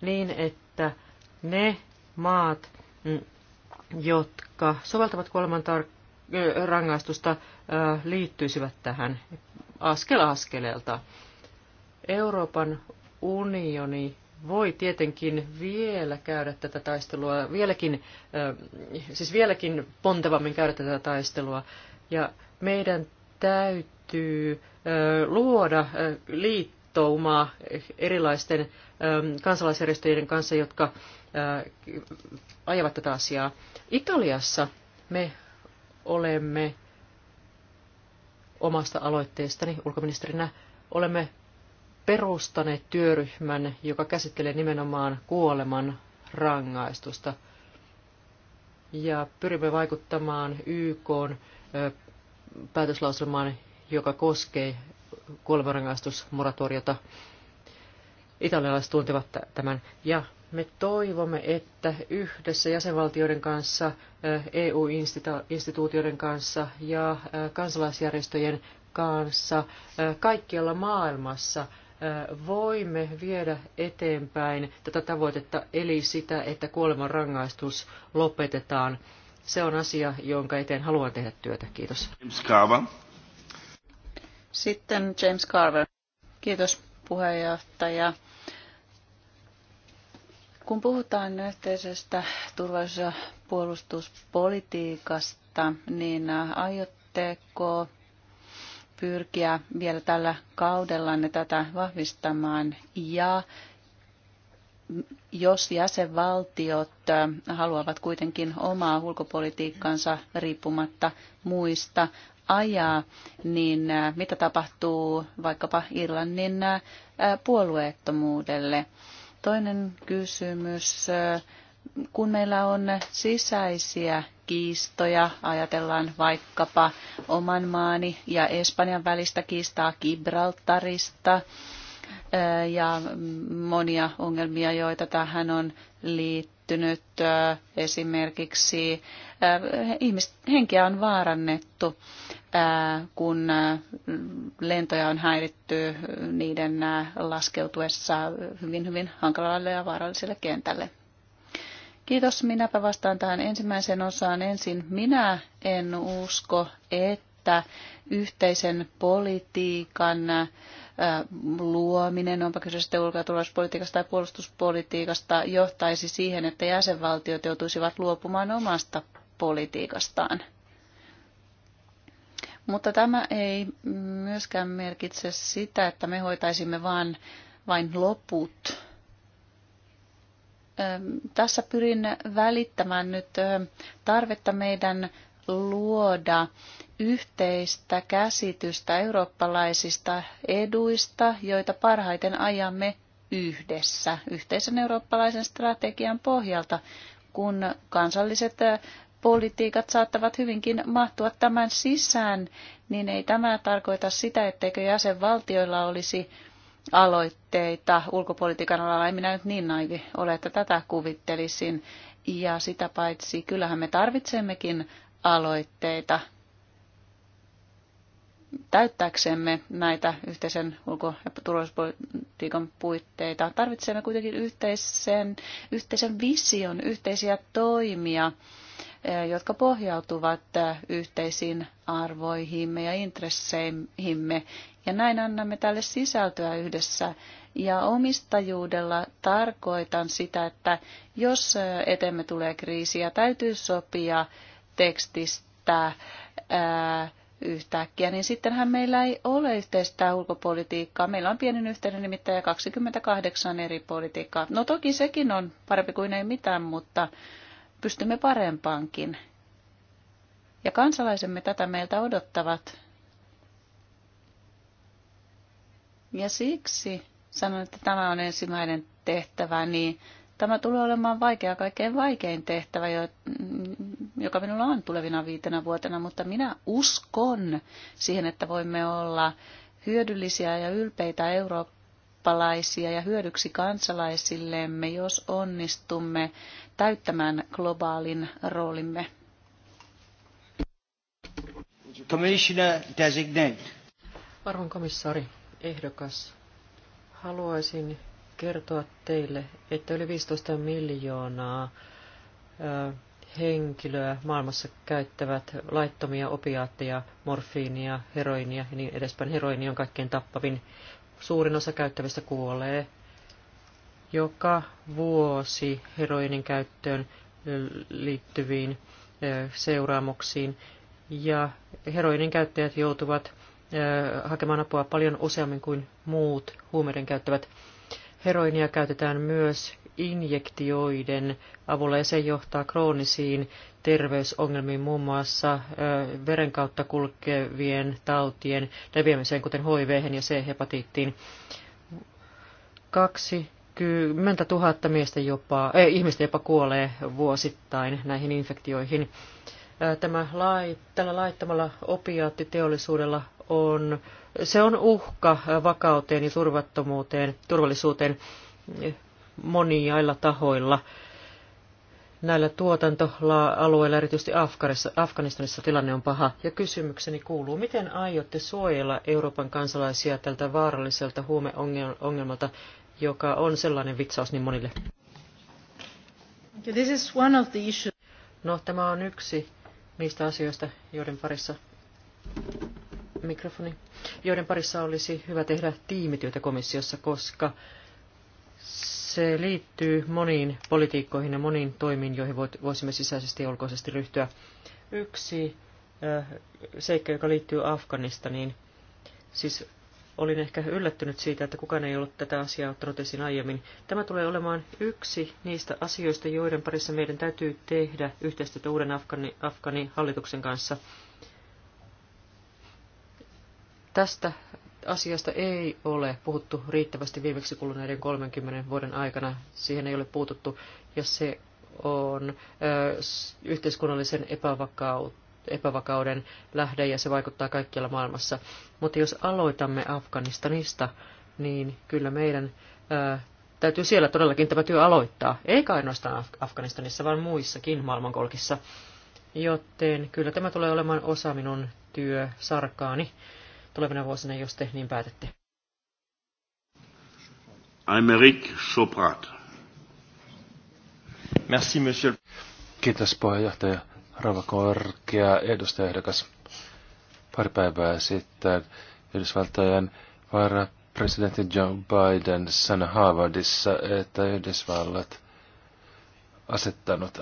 niin että ne maat, mm, jotka soveltavat kuoleman rangaistusta, liittyisivät tähän askel askeleelta. Euroopan unioni voi tietenkin vielä käydä tätä taistelua, vieläkin, siis vieläkin pontevammin käydä tätä taistelua. Ja meidän täytyy luoda liittoumaa erilaisten kansalaisjärjestöjen kanssa, jotka ajavat tätä asiaa. Italiassa me olemme omasta aloitteestani ulkoministerinä. Olemme perustaneet työryhmän, joka käsittelee nimenomaan kuoleman rangaistusta. Ja pyrimme vaikuttamaan YK päätöslauselmaan, joka koskee kuolemanrangaistusmoratoriota. Italialaiset tuntevat tämän. Ja me toivomme, että yhdessä jäsenvaltioiden kanssa, EU-instituutioiden eh, e kanssa ja eh, kansalaisjärjestöjen kanssa eh, kaikkialla maailmassa voimme viedä eteenpäin tätä tavoitetta, eli sitä, että kuoleman rangaistus lopetetaan. Se on asia, jonka eteen haluan tehdä työtä. Kiitos. James Carver. Sitten James Carver. Kiitos puheenjohtaja. Kun puhutaan yhteisestä turvallisuus- ja puolustuspolitiikasta, niin aiotteko pyrkiä vielä tällä kaudellanne tätä vahvistamaan ja jos jäsenvaltiot haluavat kuitenkin omaa ulkopolitiikkansa riippumatta muista ajaa, niin mitä tapahtuu vaikkapa Irlannin puolueettomuudelle? Toinen kysymys. Kun meillä on sisäisiä kiistoja, ajatellaan vaikkapa oman maani ja Espanjan välistä kiistaa Gibraltarista eh, ja monia ongelmia, joita tähän on liittynyt. Eh, esimerkiksi eh, ihmis- henkeä on vaarannettu kun äh, lentoja on häiritty äh, niiden äh, laskeutuessa hyvin, hyvin hankalalle ja vaaralliselle kentälle. Kiitos. Minäpä vastaan tähän ensimmäiseen osaan ensin. Minä en usko, että yhteisen politiikan luominen, onpa kyse sitten ulko- ja turvallisuuspolitiikasta tai puolustuspolitiikasta, johtaisi siihen, että jäsenvaltiot joutuisivat luopumaan omasta politiikastaan. Mutta tämä ei myöskään merkitse sitä, että me hoitaisimme vain, vain loput. Tässä pyrin välittämään nyt tarvetta meidän luoda yhteistä käsitystä eurooppalaisista eduista, joita parhaiten ajamme yhdessä yhteisen eurooppalaisen strategian pohjalta, kun kansalliset politiikat saattavat hyvinkin mahtua tämän sisään, niin ei tämä tarkoita sitä, etteikö jäsenvaltioilla olisi aloitteita ulkopolitiikan alalla. En minä nyt niin naivi ole, että tätä kuvittelisin. Ja sitä paitsi kyllähän me tarvitsemmekin aloitteita täyttääksemme näitä yhteisen ulko- ja turvallisuuspolitiikan puitteita. Tarvitsemme kuitenkin yhteisen, yhteisen vision, yhteisiä toimia Eh, jotka pohjautuvat eh, yhteisiin arvoihimme ja intresseihimme. Ja näin annamme tälle sisältöä yhdessä. Ja omistajuudella tarkoitan sitä, että jos eh, etemme tulee kriisiä, täytyy sopia tekstistä ää, yhtäkkiä, niin sittenhän meillä ei ole yhteistä ulkopolitiikkaa. Meillä on pienen yhteinen nimittäin 28 eri politiikkaa. No toki sekin on parempi kuin ei mitään, mutta pystymme parempaankin. Ja kansalaisemme tätä meiltä odottavat. Ja siksi sanon, että tämä on ensimmäinen tehtävä, niin tämä tulee olemaan vaikea, kaikkein vaikein tehtävä, joka minulla on tulevina viitenä vuotena, mutta minä uskon siihen, että voimme olla hyödyllisiä ja ylpeitä Euroopan eurooppalaisia ja hyödyksi kansalaisillemme, jos onnistumme täyttämään globaalin roolimme. Commissioner designate. Arvon komissaari, ehdokas, haluaisin kertoa teille, että yli 15 miljoonaa henkilöä maailmassa käyttävät laittomia opiaatteja, morfiinia, heroinia ja niin edespäin. Heroini on kaikkein tappavin suurin osa käyttävistä kuolee. Joka vuosi heroinin käyttöön liittyviin seuraamuksiin ja heroinin käyttäjät joutuvat hakemaan apua paljon useammin kuin muut huumeiden käyttävät. Heroinia käytetään myös injektioiden avulla ja se johtaa kroonisiin terveysongelmiin, muun muassa veren kautta kulkevien tautien leviämiseen, kuten HIV ja C-hepatiittiin. 20 000 miestä jopa, eh, ihmistä jopa kuolee vuosittain näihin infektioihin. Tämä lai, tällä laittamalla opiaattiteollisuudella on, se on uhka vakauteen ja turvattomuuteen, turvallisuuteen monilla tahoilla. Näillä tuotantoalueilla, erityisesti Afganistanissa, tilanne on paha. Ja kysymykseni kuuluu, miten aiotte suojella Euroopan kansalaisia tältä vaaralliselta huumeongelmalta, joka on sellainen vitsaus niin monille? This is one of the No, tämä on yksi niistä asioista, joiden parissa mikrofoni, joiden parissa olisi hyvä tehdä tiimityötä komissiossa, koska se liittyy moniin politiikkoihin ja moniin toimiin, joihin voisimme sisäisesti ja ulkoisesti ryhtyä. Yksi seikka, joka liittyy Afganistaniin. Siis olin ehkä yllättynyt siitä, että kukaan ei ollut tätä asiaa ottanut esiin aiemmin. Tämä tulee olemaan yksi niistä asioista, joiden parissa meidän täytyy tehdä yhteistyötä uuden Afgani, Afgani hallituksen kanssa. Tästä asiasta ei ole puhuttu riittävästi viimeksi kuluneiden 30 vuoden aikana. Siihen ei ole puututtu ja se on ö, yhteiskunnallisen epävakautta epävakauden lähde ja se vaikuttaa kaikkialla maailmassa. Mutta jos aloitamme Afganistanista, niin kyllä meidän ää, täytyy siellä todellakin tämä työ aloittaa, eikä ainoastaan Af- Afganistanissa, vaan muissakin maailmankolkissa. Joten kyllä tämä tulee olemaan osa minun työsarkaani tulevina vuosina, jos te niin päätätte. Aymeric Choprat. Merci, monsieur. Kiitos puheenjohtaja. Rava korkea edustajaehdokas. Pari päivää sitten Yhdysvaltojen presidentti Joe Biden sanoi Harvardissa, että Yhdysvallat asettanut,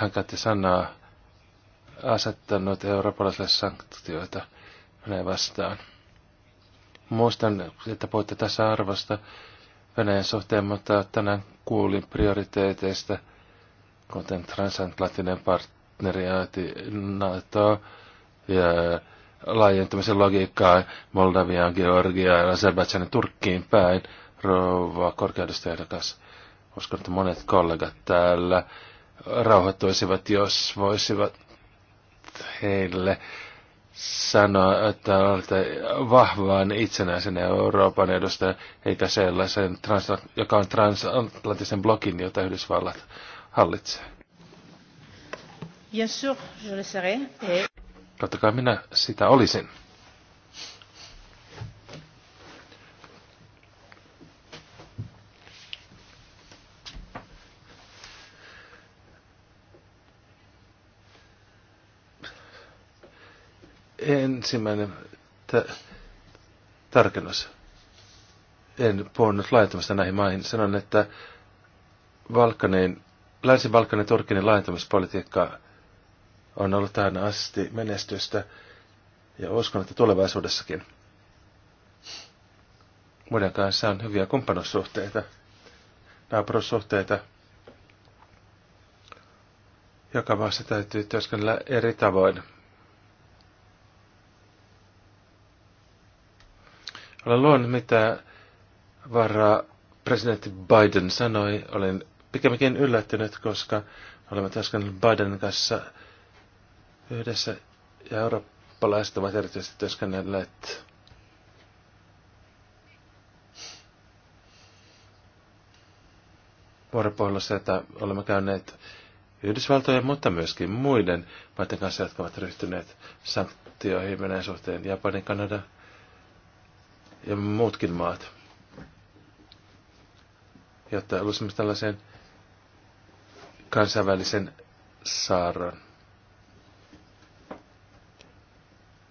hän käytti sanaa asettanut eurooppalaisille sanktioita – Venäjä vastaan. Muistan, että puhutte tässä arvosta Venäjän suhteen, mutta tänään kuulin prioriteeteista, kuten transatlanttinen partneriaati NATO ja laajentumisen logiikkaa Moldaviaan, Georgiaan, Azerbaidžanin Turkkiin päin, rouva korkeudustajakas. Uskon, että monet kollegat täällä rauhoittuisivat, jos voisivat heille sanoa, että olette vahvaan itsenäisen Euroopan edustaja, eikä sellaisen, trans, joka on transatlanttisen blokin, jota Yhdysvallat hallitsee. Bien sûr, je le serai. Totta kai minä sitä olisin. ensimmäinen t- tarkennus. En puhunut laajentamista näihin maihin. Sanon, että Balkanin, Länsi-Balkanin turkinen laajentamispolitiikka on ollut tähän asti menestystä ja uskon, että tulevaisuudessakin. Muiden kanssa on hyviä kumppanussuhteita, naapurussuhteita. Joka maassa täytyy työskennellä eri tavoin. Olen luonut, mitä varra presidentti Biden sanoi. Olen pikemminkin yllättynyt, koska olemme työskennelleet Bidenin kanssa yhdessä ja eurooppalaiset ovat erityisesti työskennelleet vuoropuolossa, että olemme käyneet Yhdysvaltojen, mutta myöskin muiden maiden kanssa, jotka ovat ryhtyneet sanktioihin Venäjän suhteen, Japanin, Kanada, ja muutkin maat. Jotta olisimme tällaisen kansainvälisen saaran.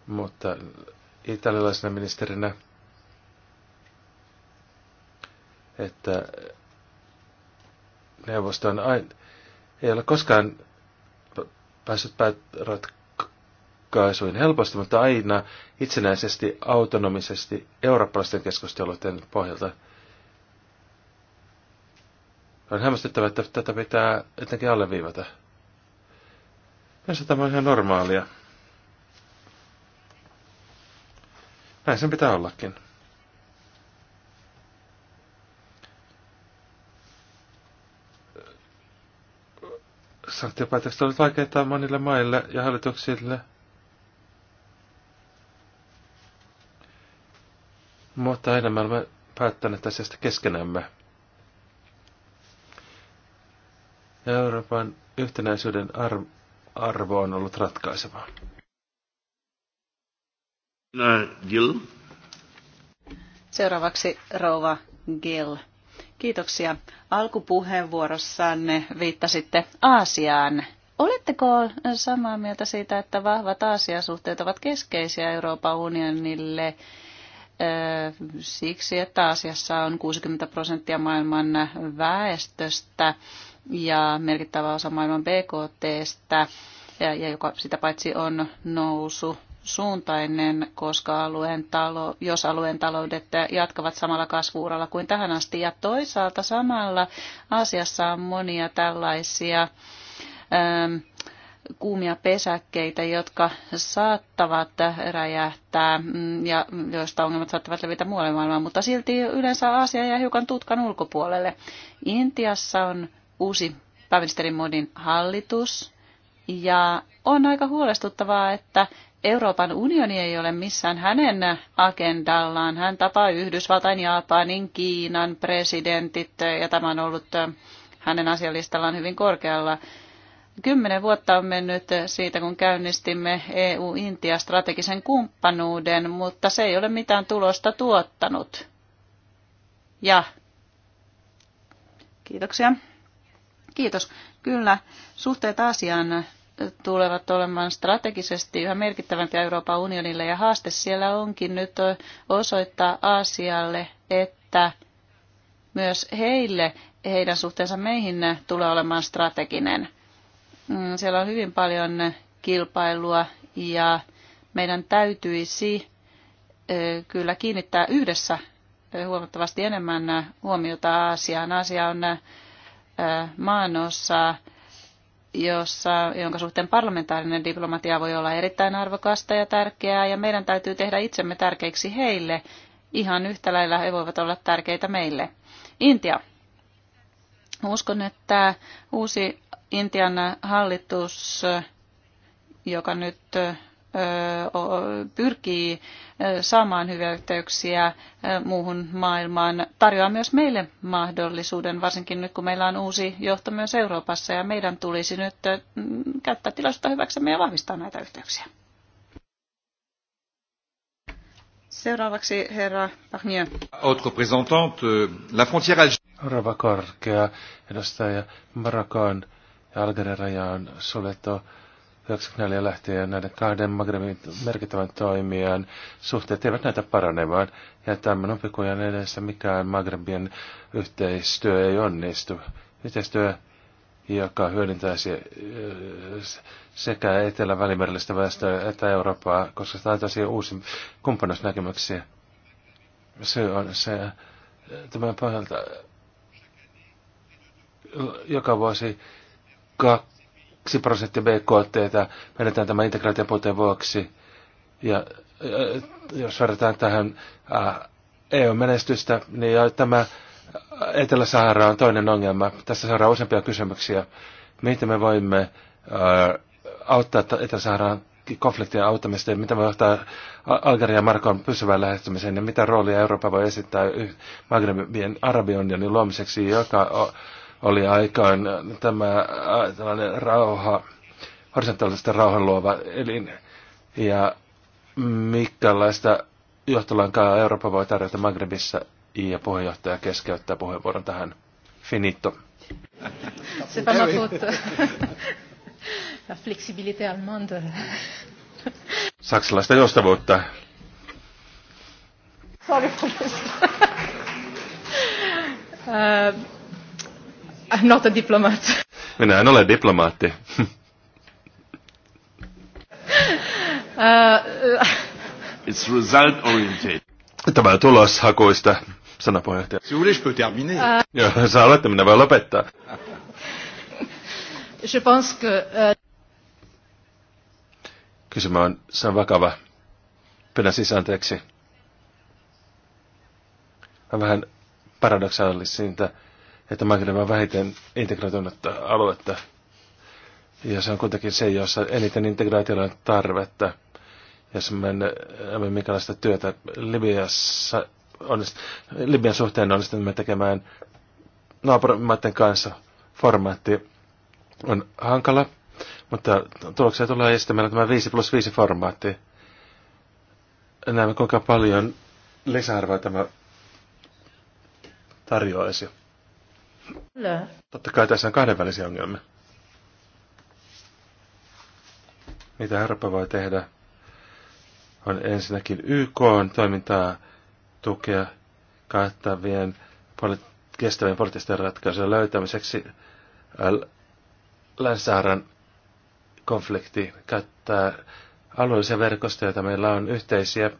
Mutta italialaisena ministerinä, että neuvosto on aina, ei ole koskaan päässyt päät, rat, ratkaisuin helposti, mutta aina itsenäisesti, autonomisesti, eurooppalaisten keskusteluiden pohjalta. On hämmästyttävää, että tätä pitää jotenkin alleviivata. Minusta tämä on ihan normaalia. Näin sen pitää ollakin. Sanktiopäätökset olivat vaikeita monille maille ja hallituksille – Mutta aina me olemme päättäneet asiasta keskenämme. Euroopan yhtenäisyyden ar- arvo on ollut ratkaiseva. No, Seuraavaksi rouva Gill. Kiitoksia. Alkupuheenvuorossanne viittasitte Aasiaan. Oletteko samaa mieltä siitä, että vahvat Aasiasuhteet ovat keskeisiä Euroopan unionille? siksi, että asiassa on 60 prosenttia maailman väestöstä ja merkittävä osa maailman BKTstä, ja, ja joka sitä paitsi on nousu suuntainen, koska alueen talo, jos alueen taloudet jatkavat samalla kasvuuralla kuin tähän asti. Ja toisaalta samalla asiassa on monia tällaisia ähm, kuumia pesäkkeitä, jotka saattavat räjähtää mm, ja joista ongelmat saattavat levitä muualle maailmaan, mutta silti yleensä asia jää hiukan tutkan ulkopuolelle. Intiassa on uusi pääministeri Modin hallitus ja on aika huolestuttavaa, että Euroopan unioni ei ole missään hänen agendallaan. Hän tapaa Yhdysvaltain, Japanin, Kiinan presidentit ja tämä on ollut hänen asialistallaan hyvin korkealla. Kymmenen vuotta on mennyt siitä, kun käynnistimme EU-Intia-strategisen kumppanuuden, mutta se ei ole mitään tulosta tuottanut. Ja kiitoksia. Kiitos. Kyllä, suhteet Aasiaan tulevat olemaan strategisesti yhä merkittävämpiä Euroopan unionille ja haaste siellä onkin nyt osoittaa Aasialle, että myös heille heidän suhteensa meihin tulee olemaan strateginen. Mm, siellä on hyvin paljon kilpailua ja meidän täytyisi kyllä kiinnittää yhdessä huomattavasti enemmän huomiota Aasiaan. Asia on maanossa, jossa, jonka suhteen parlamentaarinen diplomatia voi olla erittäin arvokasta ja tärkeää, ja meidän täytyy tehdä itsemme tärkeiksi heille. Ihan yhtä lailla he voivat olla tärkeitä meille. Intia. Uskon, että uusi Intian hallitus, joka nyt pyrkii saamaan hyviä yhteyksiä muuhun maailmaan, tarjoaa myös meille mahdollisuuden, varsinkin nyt kun meillä on uusi johto myös Euroopassa ja meidän tulisi nyt käyttää tilaisuutta hyväksemme ja vahvistaa näitä yhteyksiä. Seuraavaksi herra Pahnia. Autre présentante, la frontière Rava korkea edustaja Marakan ja Algerian raja on suljettu 94 lähtien näiden kahden Magrebin merkittävän toimijan suhteet eivät näitä paranemaan, ja tämän opikujan edessä mikään Magrebien yhteistyö ei onnistu. Yhteistyö, joka hyödyntäisi äh, sekä Etelä-Välimerellistä väestöä että Eurooppaa, koska se antaisi uusi kumppanuusnäkemyksiä. Se on se, äh, tämän pohjalta joka vuosi 2 prosenttia BKT menetään tämä integraatiopuuteen vuoksi. Ja jos verrataan tähän EU-menestystä, niin tämä Etelä-Sahara on toinen ongelma. Tässä saadaan useampia kysymyksiä. Miten me voimme auttaa Etelä-Saharan konfliktien auttamista ja mitä voi johtaa Algeria ja Markon pysyvään lähestymiseen ja mitä roolia Eurooppa voi esittää Magrebien arabiunionin luomiseksi, joka oli aikaan tämä tällainen rauha, horisontaalista rauhan luova elin ja minkälaista johtolankaa Eurooppa voi tarjota Magrebissa ja puheenjohtaja keskeyttää puheenvuoron tähän. Finito. C'est pas ma faute. La flexibilité allemande. Saksalaista joustavuutta. Sorry for this. uh, I'm not a diplomat. Minä en ole diplomaatti. uh, It's result oriented. Tämä on tuloshakuista, sana Si vous voulez, je peux terminer. Uh, Joo, saa aloittaa, minä voin lopettaa. Je pense que, uh... Kysymä on, se on vakava. Pyydän siis anteeksi. On vähän paradoksaalisinta että Maghreb on vähiten integroitunutta aluetta. Ja se on kuitenkin se, jossa eniten integraatiolla on tarvetta. Ja se emme minkälaista työtä Libiassa onnist, Libian suhteen onnistumme tekemään naapurimaiden kanssa. Formaatti on hankala, mutta tuloksia tulee estämällä tämä 5 plus 5 formaatti. Näemme kuinka paljon lisäarvoa tämä tarjoaisi. Kyllä. Totta kai tässä on kahdenvälisiä ongelmia. Mitä Eurooppa voi tehdä? On ensinnäkin YK on toimintaa tukea kattavien poli- kestävien poliittisten ratkaisujen löytämiseksi. Äh, Länsi-Saharan konflikti käyttää alueellisia verkostoja, joita meillä on yhteisiä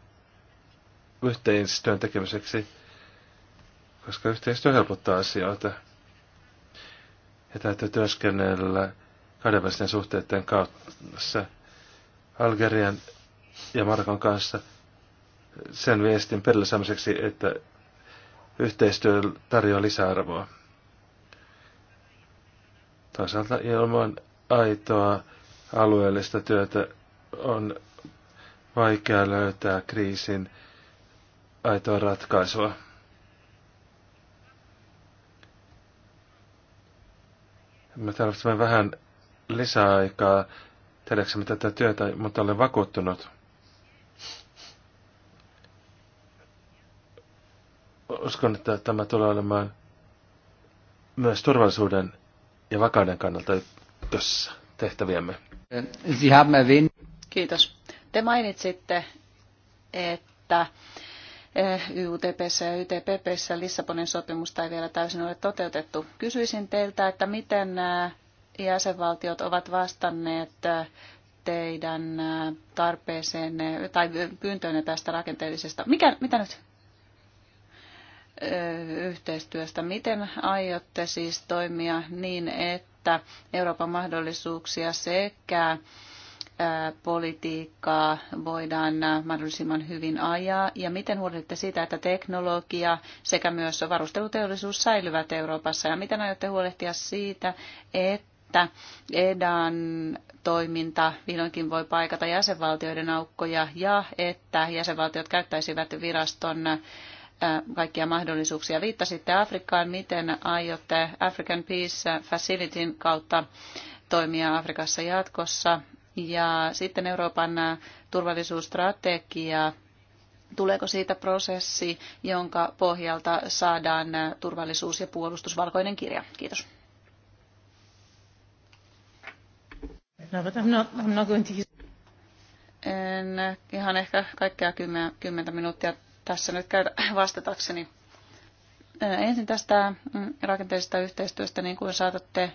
yhteistyön tekemiseksi, koska yhteistyö helpottaa asioita ja täytyy työskennellä kahdenvälisten suhteiden kanssa Algerian ja Marokon kanssa sen viestin perille saamiseksi, että yhteistyö tarjoaa lisäarvoa. Toisaalta ilman aitoa alueellista työtä on vaikea löytää kriisin aitoa ratkaisua. Me tarvitsemme vähän lisäaikaa tehdäksemme tätä työtä, mutta olen vakuuttunut. Uskon, että tämä tulee olemaan myös turvallisuuden ja vakauden kannalta tässä tehtäviämme. Kiitos. Te mainitsitte, että YUTPssä e ja YTPPssä Lissabonin sopimusta ei vielä täysin ole toteutettu. Kysyisin teiltä, että miten jäsenvaltiot ovat vastanneet teidän tarpeeseenne tai pyyntöönne tästä rakenteellisesta, mikä, mitä nyt yhteistyöstä. Miten aiotte siis toimia niin, että Euroopan mahdollisuuksia sekä politiikkaa voidaan mahdollisimman hyvin ajaa ja miten huolehditte siitä, että teknologia sekä myös varusteluteollisuus säilyvät Euroopassa ja miten aiotte huolehtia siitä, että EDAN toiminta vihdoinkin voi paikata jäsenvaltioiden aukkoja ja että jäsenvaltiot käyttäisivät viraston äh, kaikkia mahdollisuuksia. Viittasitte Afrikkaan, miten aiotte African Peace Facilityn kautta toimia Afrikassa jatkossa ja sitten Euroopan äh, turvallisuusstrategia, tuleeko siitä prosessi, jonka pohjalta saadaan äh, turvallisuus- ja puolustusvalkoinen kirja? Kiitos. No, en ihan ehkä kaikkea kymmentä minuuttia tässä nyt käydä vastatakseni. Äh, ensin tästä mm, rakenteellisesta yhteistyöstä, niin kuin saatatte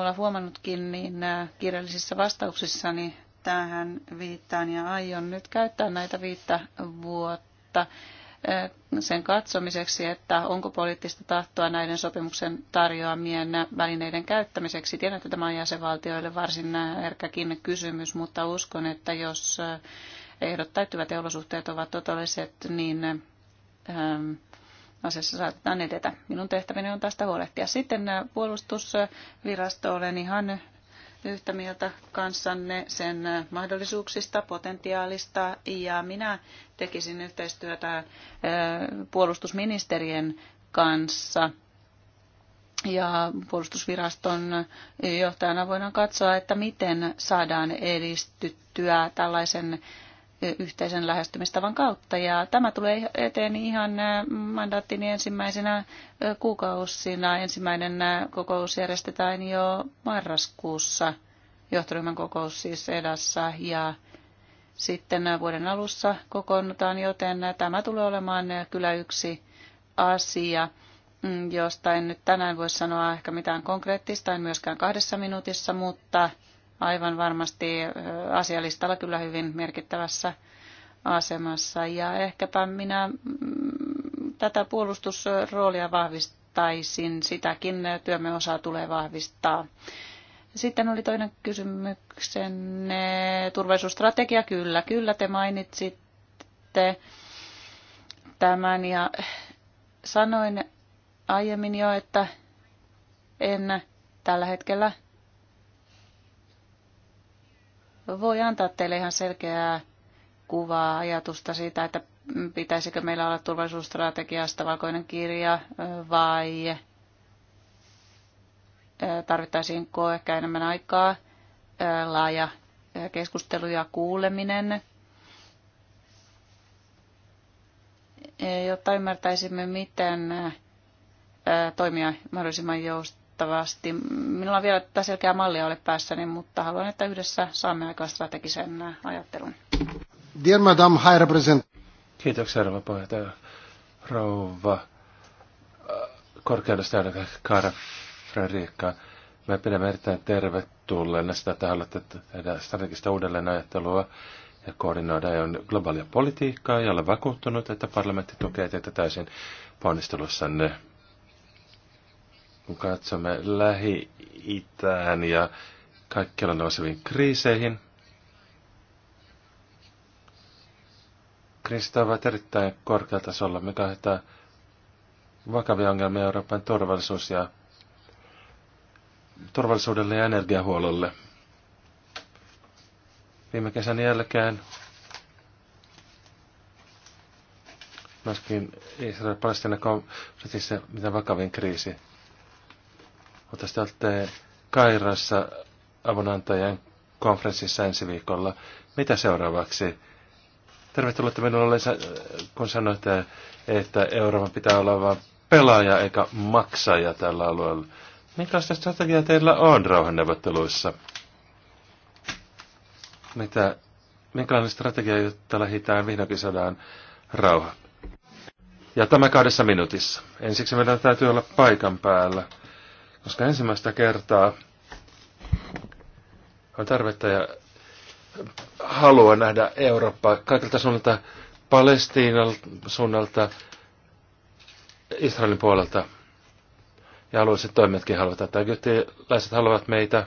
olla huomannutkin, niin äh, kirjallisissa vastauksissani tähän viittaan ja aion nyt käyttää näitä viittä vuotta äh, sen katsomiseksi, että onko poliittista tahtoa näiden sopimuksen tarjoamien välineiden käyttämiseksi. Tiedän, että tämä on jäsenvaltioille varsin äh, herkkäkin kysymys, mutta uskon, että jos ehdot täyttyvät ja olosuhteet ovat todelliset, niin ähm, asiassa saatetaan edetä. Minun tehtäväni on tästä huolehtia. Sitten äh, puolustusvirasto olen ihan yhtä mieltä kanssanne sen äh, mahdollisuuksista, potentiaalista ja minä tekisin yhteistyötä äh, puolustusministerien kanssa ja puolustusviraston johtajana voidaan katsoa, että miten saadaan edistyttyä tällaisen yhteisen lähestymistavan kautta. Ja tämä tulee eteen ihan äh, mandaattini ensimmäisenä äh, kuukausina. Ensimmäinen äh, kokous järjestetään jo marraskuussa, johtoryhmän kokous siis edassa. Ja sitten vuoden alussa kokoonnutaan, joten tämä tulee olemaan kyllä yksi asia, mm, josta en nyt tänään voi sanoa ehkä mitään konkreettista, en myöskään kahdessa minuutissa, mutta aivan varmasti asialistalla kyllä hyvin merkittävässä asemassa. Ja ehkäpä minä mm, tätä puolustusroolia vahvistaisin, sitäkin työmme osaa tulee vahvistaa. Sitten oli toinen kysymyksen turvallisuusstrategia, kyllä, kyllä te mainitsitte tämän ja sanoin aiemmin jo, että en tällä hetkellä voi antaa teille ihan selkeää kuvaa, ajatusta siitä, että pitäisikö meillä olla turvallisuusstrategiasta valkoinen kirja vai tarvittaisiinko ehkä enemmän aikaa, laaja keskustelu ja kuuleminen, e, jotta ymmärtäisimme, miten toimia mahdollisimman joustavasti toivottavasti. Minulla on vielä tätä selkeää mallia ole päässäni, mutta haluan, että yhdessä saamme aikaan strategisen äh, ajattelun. Dear Madame High Representative. Kiitoksia, rouva puheenjohtaja. Rouva äh, korkeudesta Kaara Fredrikka. Me pidämme erittäin tervetulleena sitä, että haluatte tehdä strategista uudelleenajattelua ja koordinoida on globaalia politiikkaa ja olen vakuuttunut, että parlamentti tukee teitä täysin ponnistelussanne kun katsomme Lähi-Itään ja kaikkialla nouseviin kriiseihin, kriisit ovat erittäin korkealla tasolla, mikä aiheuttaa vakavia ongelmia Euroopan turvallisuus ja turvallisuudelle ja energiahuollolle. Viime kesän jälkeen myöskin Israel-Palestina konfliktissa mitä vakavin kriisi mutta sitä olette Kairassa avunantajan konferenssissa ensi viikolla. Mitä seuraavaksi? Tervetuloa minulle, kun sanoitte, että Euroopan pitää olla vain pelaaja eikä maksaja tällä alueella. Minkälaista strategiaa teillä on rauhanneuvotteluissa? Mitä, minkälainen strategia, jotta lähitään vihdoinkin saadaan rauha? Ja tämä kahdessa minuutissa. Ensiksi meidän täytyy olla paikan päällä koska ensimmäistä kertaa on tarvetta ja halua nähdä Eurooppaa kaikilta suunnalta, Palestiinan suunnalta, Israelin puolelta. Ja alueelliset toimijatkin haluavat, että egyptiläiset haluavat meitä,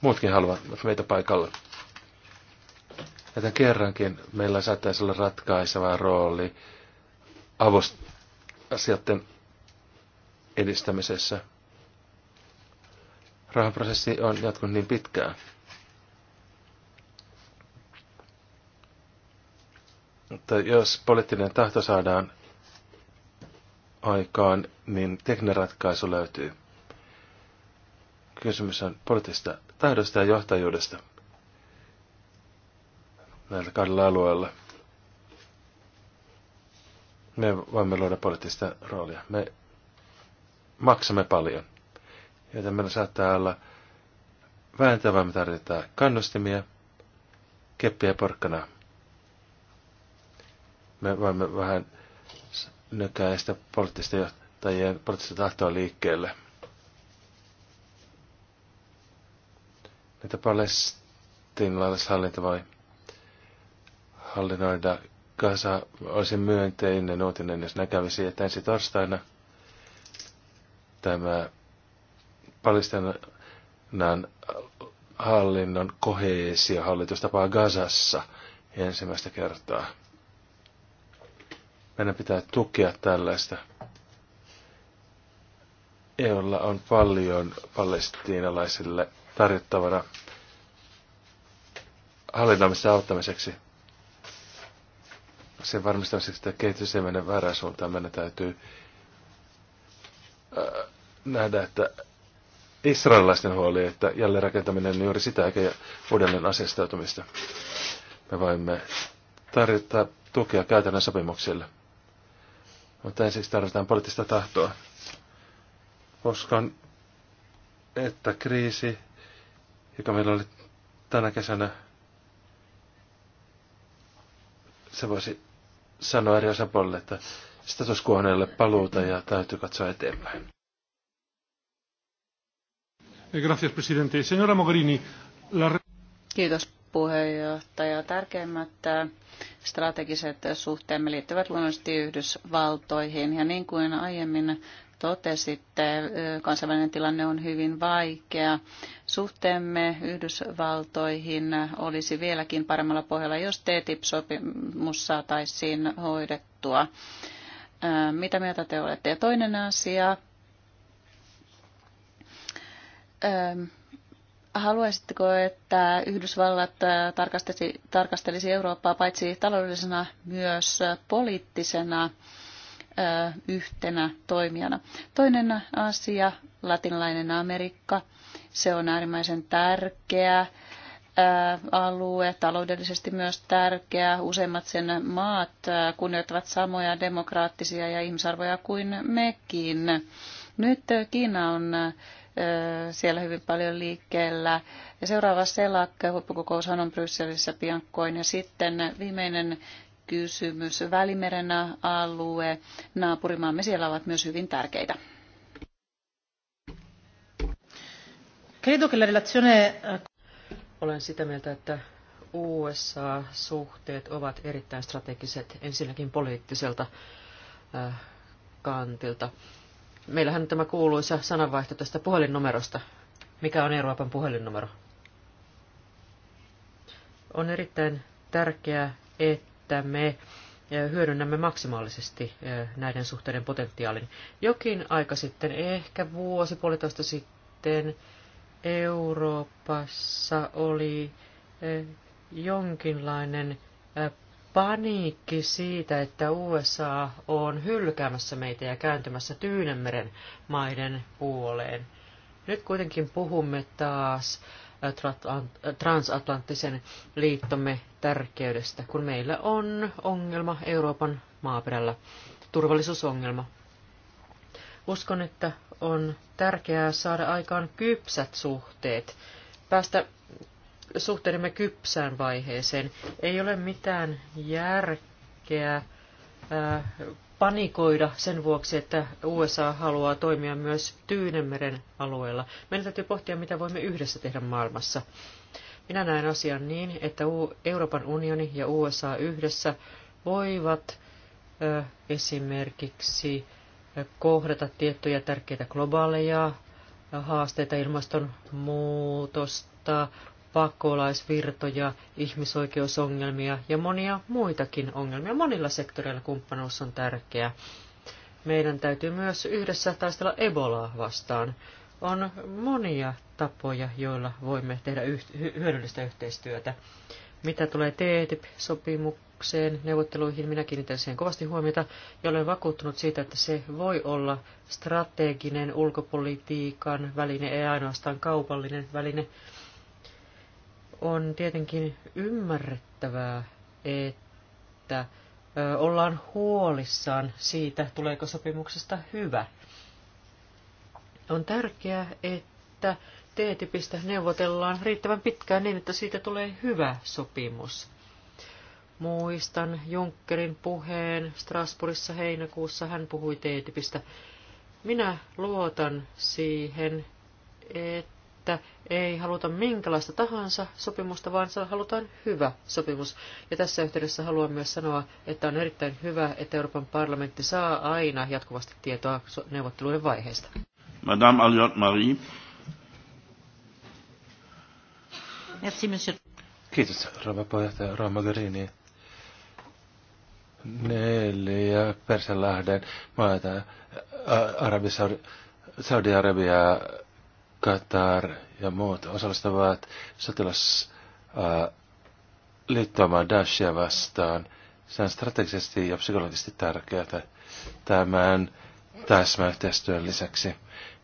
muutkin haluavat meitä paikalla. Joten kerrankin meillä saattaisi olla ratkaiseva rooli avust- edistämisessä rauhanprosessi on jatkunut niin pitkään. Mutta jos poliittinen tahto saadaan aikaan, niin tekninen ratkaisu löytyy. Kysymys on poliittisesta tahdosta ja johtajuudesta näillä kahdella alueella. Me voimme luoda poliittista roolia. Me maksamme paljon joten meillä saattaa olla vääntävää, me tarvitaan kannustimia, keppiä ja porkkanaa. Me voimme vähän nykäistä poliittisten johtajien poliittista tahtoa liikkeelle. Mitä palestinalaishallinto voi hallinnoida kasa olisi myönteinen uutinen, jos näkävisi, että ensi torstaina tämä Palestinan hallinnon koheesia hallitus tapaa Gazassa ensimmäistä kertaa. Meidän pitää tukea tällaista. Eolla on paljon palestiinalaisille tarjottavana hallinnoimista auttamiseksi. Sen varmistamiseksi, että kehitys ei mene väärään suuntaan, meidän täytyy nähdä, että israelilaisten huoli, että jälleenrakentaminen on juuri sitä eikä uudelleen asiastautumista. Me voimme tarjota tukea käytännön sopimuksille. Mutta ensiksi tarvitaan poliittista tahtoa. Uskon, että kriisi, joka meillä oli tänä kesänä, se voisi sanoa eri osapuolille, että status quo paluuta ja täytyy katsoa eteenpäin. Eh, gracias, presidente. Señora Mogherini, la... Kiitos puheenjohtaja. Tärkeimmät eh, strategiset suhteemme liittyvät luonnollisesti Yhdysvaltoihin. Ja niin kuin aiemmin totesitte, eh, kansainvälinen tilanne on hyvin vaikea. Suhteemme Yhdysvaltoihin olisi vieläkin paremmalla pohjalla, jos TTIP-sopimus saataisiin hoidettua. Mitä mieltä te olette? Ja toinen asia, haluaisitteko, että Yhdysvallat äh, tarkastelisi, tarkastelisi Eurooppaa paitsi taloudellisena myös äh, poliittisena äh, yhtenä toimijana? Toinen asia, latinalainen Amerikka, se on äärimmäisen tärkeä alue, taloudellisesti myös tärkeä. Useimmat sen maat kunnioittavat samoja demokraattisia ja ihmisarvoja kuin mekin. Nyt Kiina on siellä hyvin paljon liikkeellä. Ja seuraava selak, huippukokoushan on Brysselissä piankkoin. Ja sitten viimeinen kysymys, Välimeren alue, naapurimaamme siellä ovat myös hyvin tärkeitä. Eh, Olen sitä mieltä, että USA-suhteet ovat erittäin strategiset ensinnäkin poliittiselta eh, kantilta. Meillähän tämä kuuluisa sananvaihto tästä puhelinnumerosta. Mikä on Euroopan puhelinnumero? On erittäin tärkeää, että me eh, hyödynnämme maksimaalisesti eh, näiden suhteiden potentiaalin. Jokin aika sitten, ehkä vuosi puolitoista sitten, Euroopassa oli eh, jonkinlainen paniikki siitä, että USA on hylkäämässä meitä ja kääntymässä Tyynemeren maiden puoleen. Nyt kuitenkin puhumme taas äh, äh, transatlanttisen liittomme tärkeydestä, kun meillä on ongelma Euroopan maaperällä, turvallisuusongelma. Uskon, että on tärkeää saada aikaan kypsät suhteet, päästä suhteudemme kypsään vaiheeseen. Ei ole mitään järkeä äh, panikoida sen vuoksi, että USA haluaa toimia myös Tyynemeren alueella. Meidän täytyy pohtia, mitä voimme yhdessä tehdä maailmassa. Minä näen asian niin, että Euroopan unioni ja USA yhdessä voivat äh, esimerkiksi äh, kohdata tiettyjä tärkeitä globaaleja haasteita, ilmastonmuutosta, pakolaisvirtoja, ihmisoikeusongelmia ja monia muitakin ongelmia. Monilla sektoreilla kumppanuus on tärkeä. Meidän täytyy myös yhdessä taistella Ebolaa vastaan. On monia tapoja, joilla voimme tehdä hyödyllistä yhteistyötä. Mitä tulee TTIP-sopimukseen, e neuvotteluihin, minä kiinnitän siihen kovasti huomiota ja olen vakuuttunut siitä, että se voi olla strateginen ulkopolitiikan väline, ei ainoastaan kaupallinen väline on tietenkin ymmärrettävää, että ollaan huolissaan siitä, tuleeko sopimuksesta hyvä. On tärkeää, että TTIPistä neuvotellaan riittävän pitkään niin, että siitä tulee hyvä sopimus. Muistan Junckerin puheen Strasbourgissa heinäkuussa, hän puhui TTIPistä. Minä luotan siihen, että että ei haluta minkälaista tahansa sopimusta, vaan halutaan hyvä sopimus. Ja tässä yhteydessä haluan myös sanoa, että on erittäin hyvä, että Euroopan parlamentti saa aina jatkuvasti tietoa neuvotteluiden vaiheesta. Madame Aliot Marie. Merci, monsieur. Kiitos, rouva puheenjohtaja rouva Mogherini. Neljä Persianlahden maata, Arabi, Saudi-Arabia, Qatar ja muut osallistuvat sotilasliittoumaan äh, Daeshia vastaan. Se on strategisesti ja psykologisesti tärkeää tämän täsmäyhteistyön lisäksi.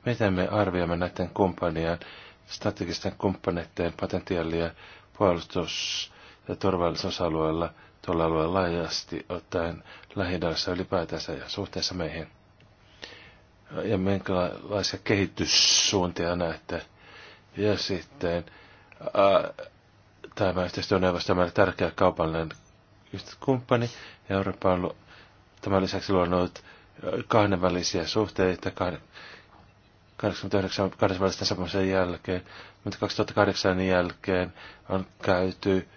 Miten me arvioimme näiden kumppanien, strategisten kumppaneiden potentiaalia puolustus- ja turvallisuusalueella tuolla alueella laajasti ottaen lähidaassa ylipäätänsä ja suhteessa meihin? ja minkälaisia kehityssuuntia näette. Ja sitten ää, tämä yhteistyöneuvosto on meille tärkeä kaupallinen kumppani ja Eurooppa on ollut, tämän lisäksi luonut kahdenvälisiä suhteita kahden, 89 kahdenvälisten sopimuksen jälkeen, mutta 2008 jälkeen on käyty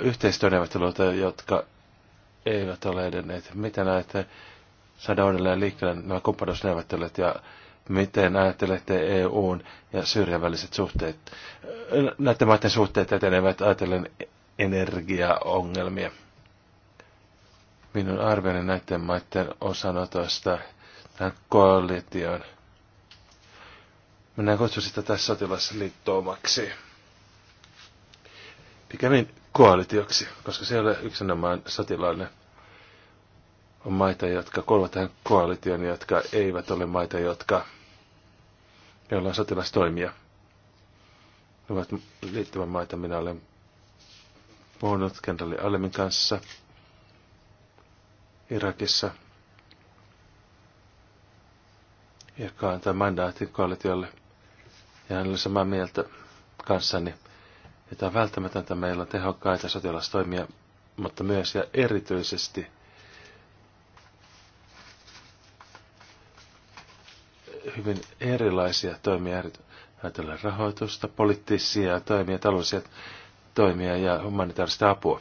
yhteistyöneuvotteluita, jotka eivät ole edenneet. Mitä näette saada uudelleen liikkeelle nämä kumppanuusneuvottelut ja miten ajattelette EUn ja Syyrian väliset suhteet, näiden maiden suhteet etenevät ajatellen energiaongelmia? Minun arvioni näiden maiden osanotosta tähän koalitioon. Minä kutsun sitä tässä sotilasliittoumaksi. Pikemmin koalitioksi, koska se ei ole yksinomaan sotilaallinen on maita, jotka kuuluvat tähän koalitioon, jotka eivät ole maita, jotka, joilla on sotilastoimia. Ne ovat liittyvän maita. Minä olen puhunut kenraali Alemin kanssa Irakissa, joka antaa mandaatin koalitiolle. Ja hän oli samaa mieltä kanssani, että on välttämätöntä meillä on tehokkaita sotilastoimia, mutta myös ja erityisesti – hyvin erilaisia toimia, ajatellaan rahoitusta, poliittisia toimia, taloudellisia toimia ja humanitaarista apua.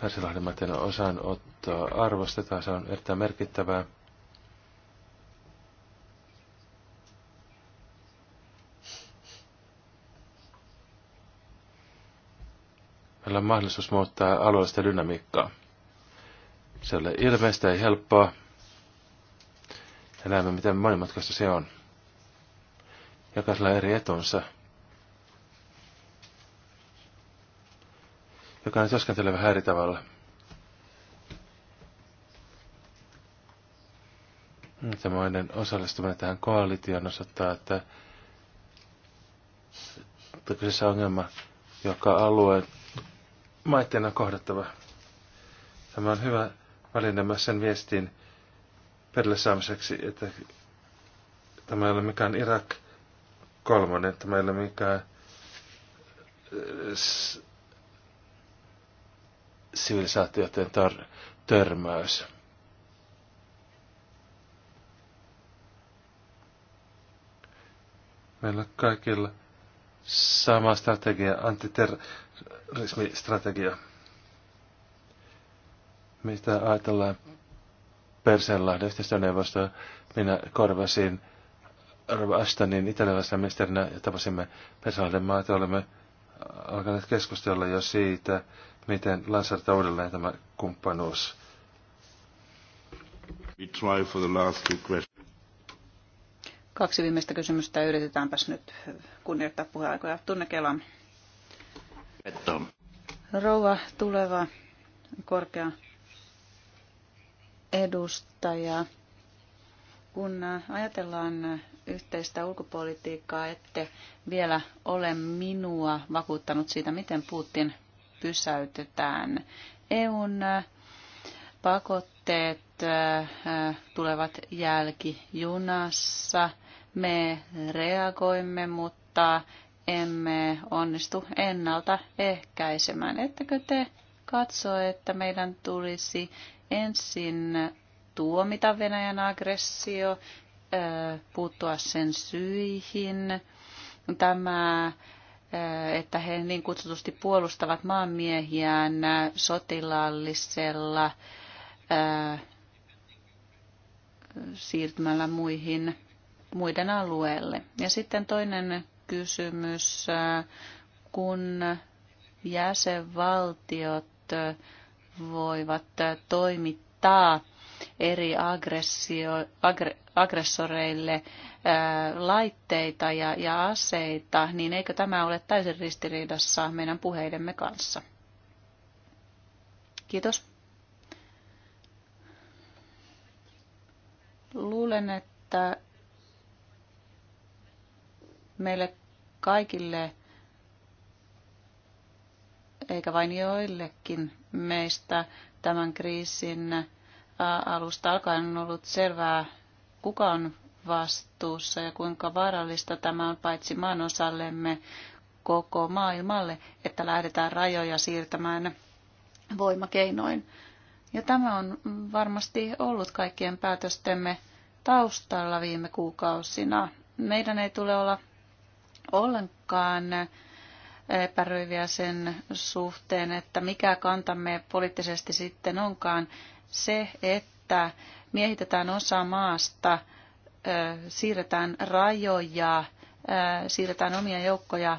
Pärsilahden Matin osanottoa arvostetaan, se on erittäin merkittävää. Meillä on mahdollisuus muuttaa alueellista dynamiikkaa. Se ei ole ilmeistä, ja helppoa ja näemme, miten se on. Jokaisella eri etonsa. Jokainen työskentelee vähän eri tavalla. Tämmöinen osallistuminen tähän koalitioon osoittaa, että, kyseessä on ongelma, joka alueen maitteena on kohdattava. Tämä on hyvä valinnan myös sen viestin, perille saamiseksi, että tämä ei ole mikään Irak kolmonen, tämä ei ole mikään eh, sivilisaatioiden tar- törmäys. Meillä kaikilla sama strategia, antiterrorismistrategia. Mitä ajatellaan Persenlahden neuvostoa. Minä korvasin Arva Ashtonin italialaisena ministerinä ja tapasimme Persenlahden maata. olemme alkaneet keskustella jo siitä, miten lansarta uudelleen tämä kumppanuus. We try for the last two Kaksi viimeistä kysymystä. Yritetäänpäs nyt kunnioittaa puheaikoja. Tunne Kelan. Rouva tuleva korkea edustaja. Kun ajatellaan yhteistä ulkopolitiikkaa, ette vielä ole minua vakuuttanut siitä, miten Putin pysäytetään. EUn pakotteet äh, tulevat jälkijunassa. Me reagoimme, mutta emme onnistu ennalta ehkäisemään. Ettekö te katso, että meidän tulisi ensin tuomita Venäjän aggressio, puuttua sen syihin. Tämä, että he niin kutsutusti puolustavat maanmiehiään sotilaallisella siirtymällä muihin, muiden alueelle. Ja sitten toinen kysymys, kun jäsenvaltiot voivat toimittaa eri aggressio, agre, aggressoreille ää, laitteita ja, ja aseita, niin eikö tämä ole täysin ristiriidassa meidän puheidemme kanssa? Kiitos. Luulen, että meille kaikille eikä vain joillekin meistä tämän kriisin alusta alkaen on ollut selvää, kuka on vastuussa ja kuinka vaarallista tämä on paitsi maan osallemme koko maailmalle, että lähdetään rajoja siirtämään voimakeinoin. Ja tämä on varmasti ollut kaikkien päätöstemme taustalla viime kuukausina. Meidän ei tule olla ollenkaan epäröiviä sen suhteen, että mikä kantamme poliittisesti sitten onkaan se, että miehitetään osa maasta, siirretään rajoja, siirretään omia joukkoja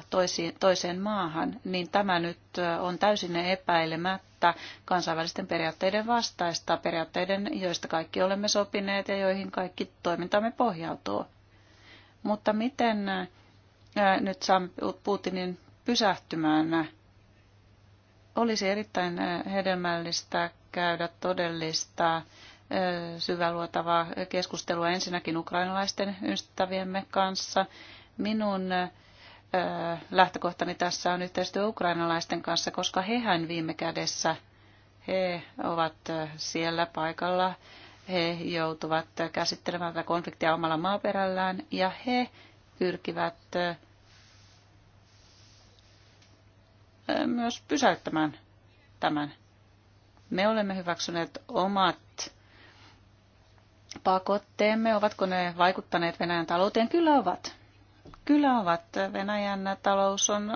toiseen maahan, niin tämä nyt on täysin epäilemättä kansainvälisten periaatteiden vastaista, periaatteiden, joista kaikki olemme sopineet ja joihin kaikki toimintamme pohjautuu. Mutta miten nyt Putinin pysähtymään. Olisi erittäin eh, hedelmällistä käydä todellista eh, syväluotavaa keskustelua ensinnäkin ukrainalaisten ystäviemme kanssa. Minun eh, lähtökohtani tässä on yhteistyö ukrainalaisten kanssa, koska hehän viime kädessä, he ovat siellä paikalla, he joutuvat käsittelemään tätä konfliktia omalla maaperällään ja he pyrkivät myös pysäyttämään tämän. Me olemme hyväksyneet omat pakotteemme. Ovatko ne vaikuttaneet Venäjän talouteen? Kyllä ovat. Kyllä ovat. Venäjän talous on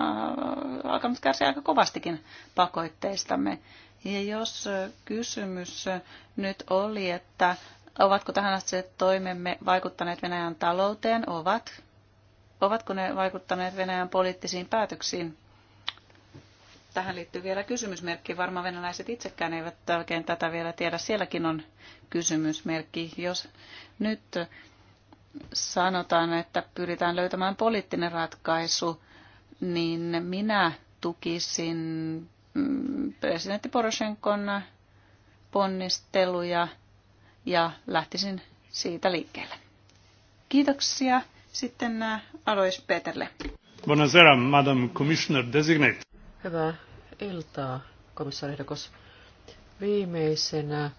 alkanut kärsiä aika kovastikin pakotteistamme. Ja jos kysymys nyt oli, että ovatko tähän asti toimemme vaikuttaneet Venäjän talouteen, ovat. Ovatko ne vaikuttaneet Venäjän poliittisiin päätöksiin? tähän liittyy vielä kysymysmerkki. Varmaan venäläiset itsekään eivät oikein tätä vielä tiedä. Sielläkin on kysymysmerkki. Jos nyt sanotaan, että pyritään löytämään poliittinen ratkaisu, niin minä tukisin mm, presidentti Poroshenkon ponnisteluja ja lähtisin siitä liikkeelle. Kiitoksia sitten äh, Alois Peterle. Buonasera, Madam Commissioner Designate. Hyvää iltaa, komissaari Hedokos. Viimeisenä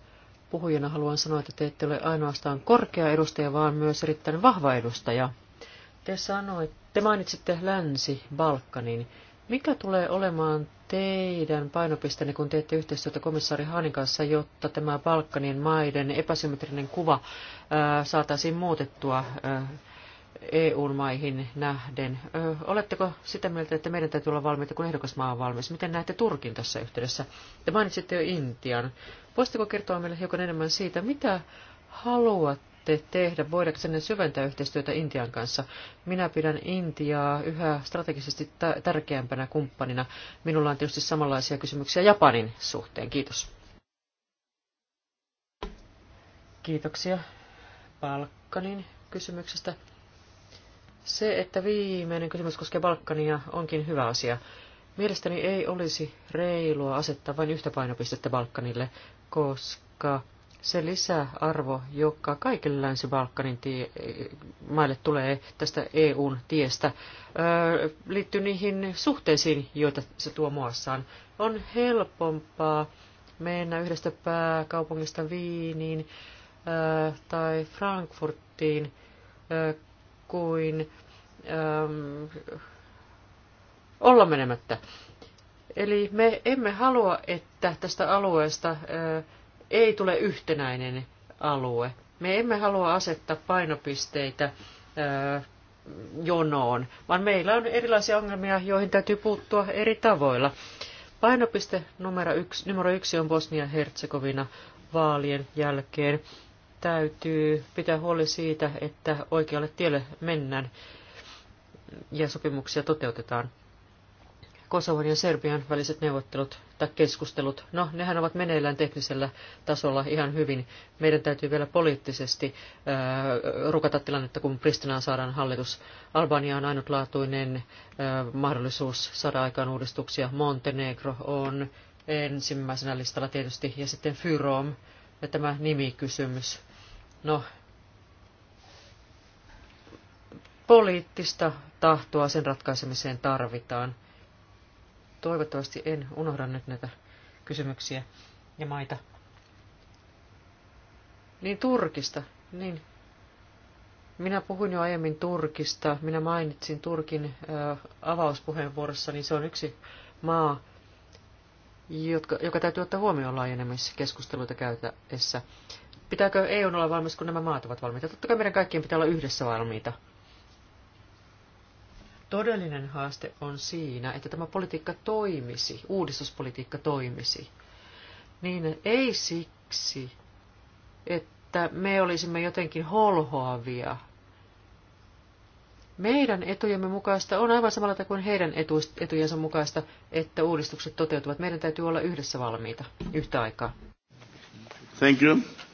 puhujana haluan sanoa, että te ette ole ainoastaan korkea edustaja, vaan myös erittäin vahva edustaja. Te sanoitte, te mainitsitte Länsi-Balkanin. Mikä tulee olemaan teidän painopisteenne, kun teette yhteistyötä komissaari Haanin kanssa, jotta tämä Balkanin maiden epäsymmetrinen kuva ää, saataisiin muutettua ää, EU-maihin nähden. Oletteko sitä mieltä, että meidän täytyy olla valmiita, kun ehdokasmaa on valmis? Miten näette Turkin tässä yhteydessä? Te mainitsitte jo Intian. Voisitteko kertoa meille hiukan enemmän siitä, mitä haluatte tehdä, sinne syventää yhteistyötä Intian kanssa? Minä pidän Intiaa yhä strategisesti tärkeämpänä kumppanina. Minulla on tietysti samanlaisia kysymyksiä Japanin suhteen. Kiitos. Kiitoksia Balkanin kysymyksestä. Se, että viimeinen kysymys koskee Balkania, onkin hyvä asia. Mielestäni ei olisi reilua asettaa vain yhtä painopistettä Balkanille, koska se lisäarvo, joka kaikille Länsi-Balkanin tie- maille tulee tästä EUn tiestä, liittyy niihin suhteisiin, joita se tuo muassaan. On helpompaa mennä yhdestä pääkaupungista Viiniin tai Frankfurtiin, kuin äm, olla menemättä. Eli me emme halua, että tästä alueesta ä, äh, ei tule yhtenäinen alue. Me emme halua asettaa painopisteitä ä, äh, jonoon, vaan meillä on erilaisia ongelmia, joihin täytyy puuttua eri tavoilla. Painopiste numero yksi, numero yksi on Bosnia-Herzegovina vaalien jälkeen täytyy pitää huoli siitä, että oikealle tielle mennään ja sopimuksia toteutetaan. Kosovon ja Serbian väliset neuvottelut tai keskustelut, no nehän ovat meneillään teknisellä tasolla ihan hyvin. Meidän täytyy vielä poliittisesti äh, rukata tilannetta, kun Pristinaan saadaan hallitus. Albania on ainutlaatuinen äh, mahdollisuus saada aikaan uudistuksia. Montenegro on ensimmäisenä listalla tietysti, ja sitten Fyrom, ja tämä nimikysymys. No, poliittista tahtoa sen ratkaisemiseen tarvitaan. Toivottavasti en unohda nyt näitä kysymyksiä ja maita. Niin Turkista, niin. Minä puhuin jo aiemmin Turkista, minä mainitsin Turkin ö, avauspuheenvuorossa, niin se on yksi maa, jotka, joka täytyy ottaa huomioon laajenemissa keskusteluita käytäessä. Pitääkö EU olla valmis, kun nämä maat ovat valmiita? Totta kai meidän kaikkien pitää olla yhdessä valmiita. Todellinen haaste on siinä, että tämä politiikka toimisi, uudistuspolitiikka toimisi. Niin ei siksi, että me olisimme jotenkin holhoavia meidän etujemme mukaista on aivan samalla kuin heidän etujensa mukaista, että uudistukset toteutuvat. Meidän täytyy olla yhdessä valmiita yhtä aikaa. Thank you.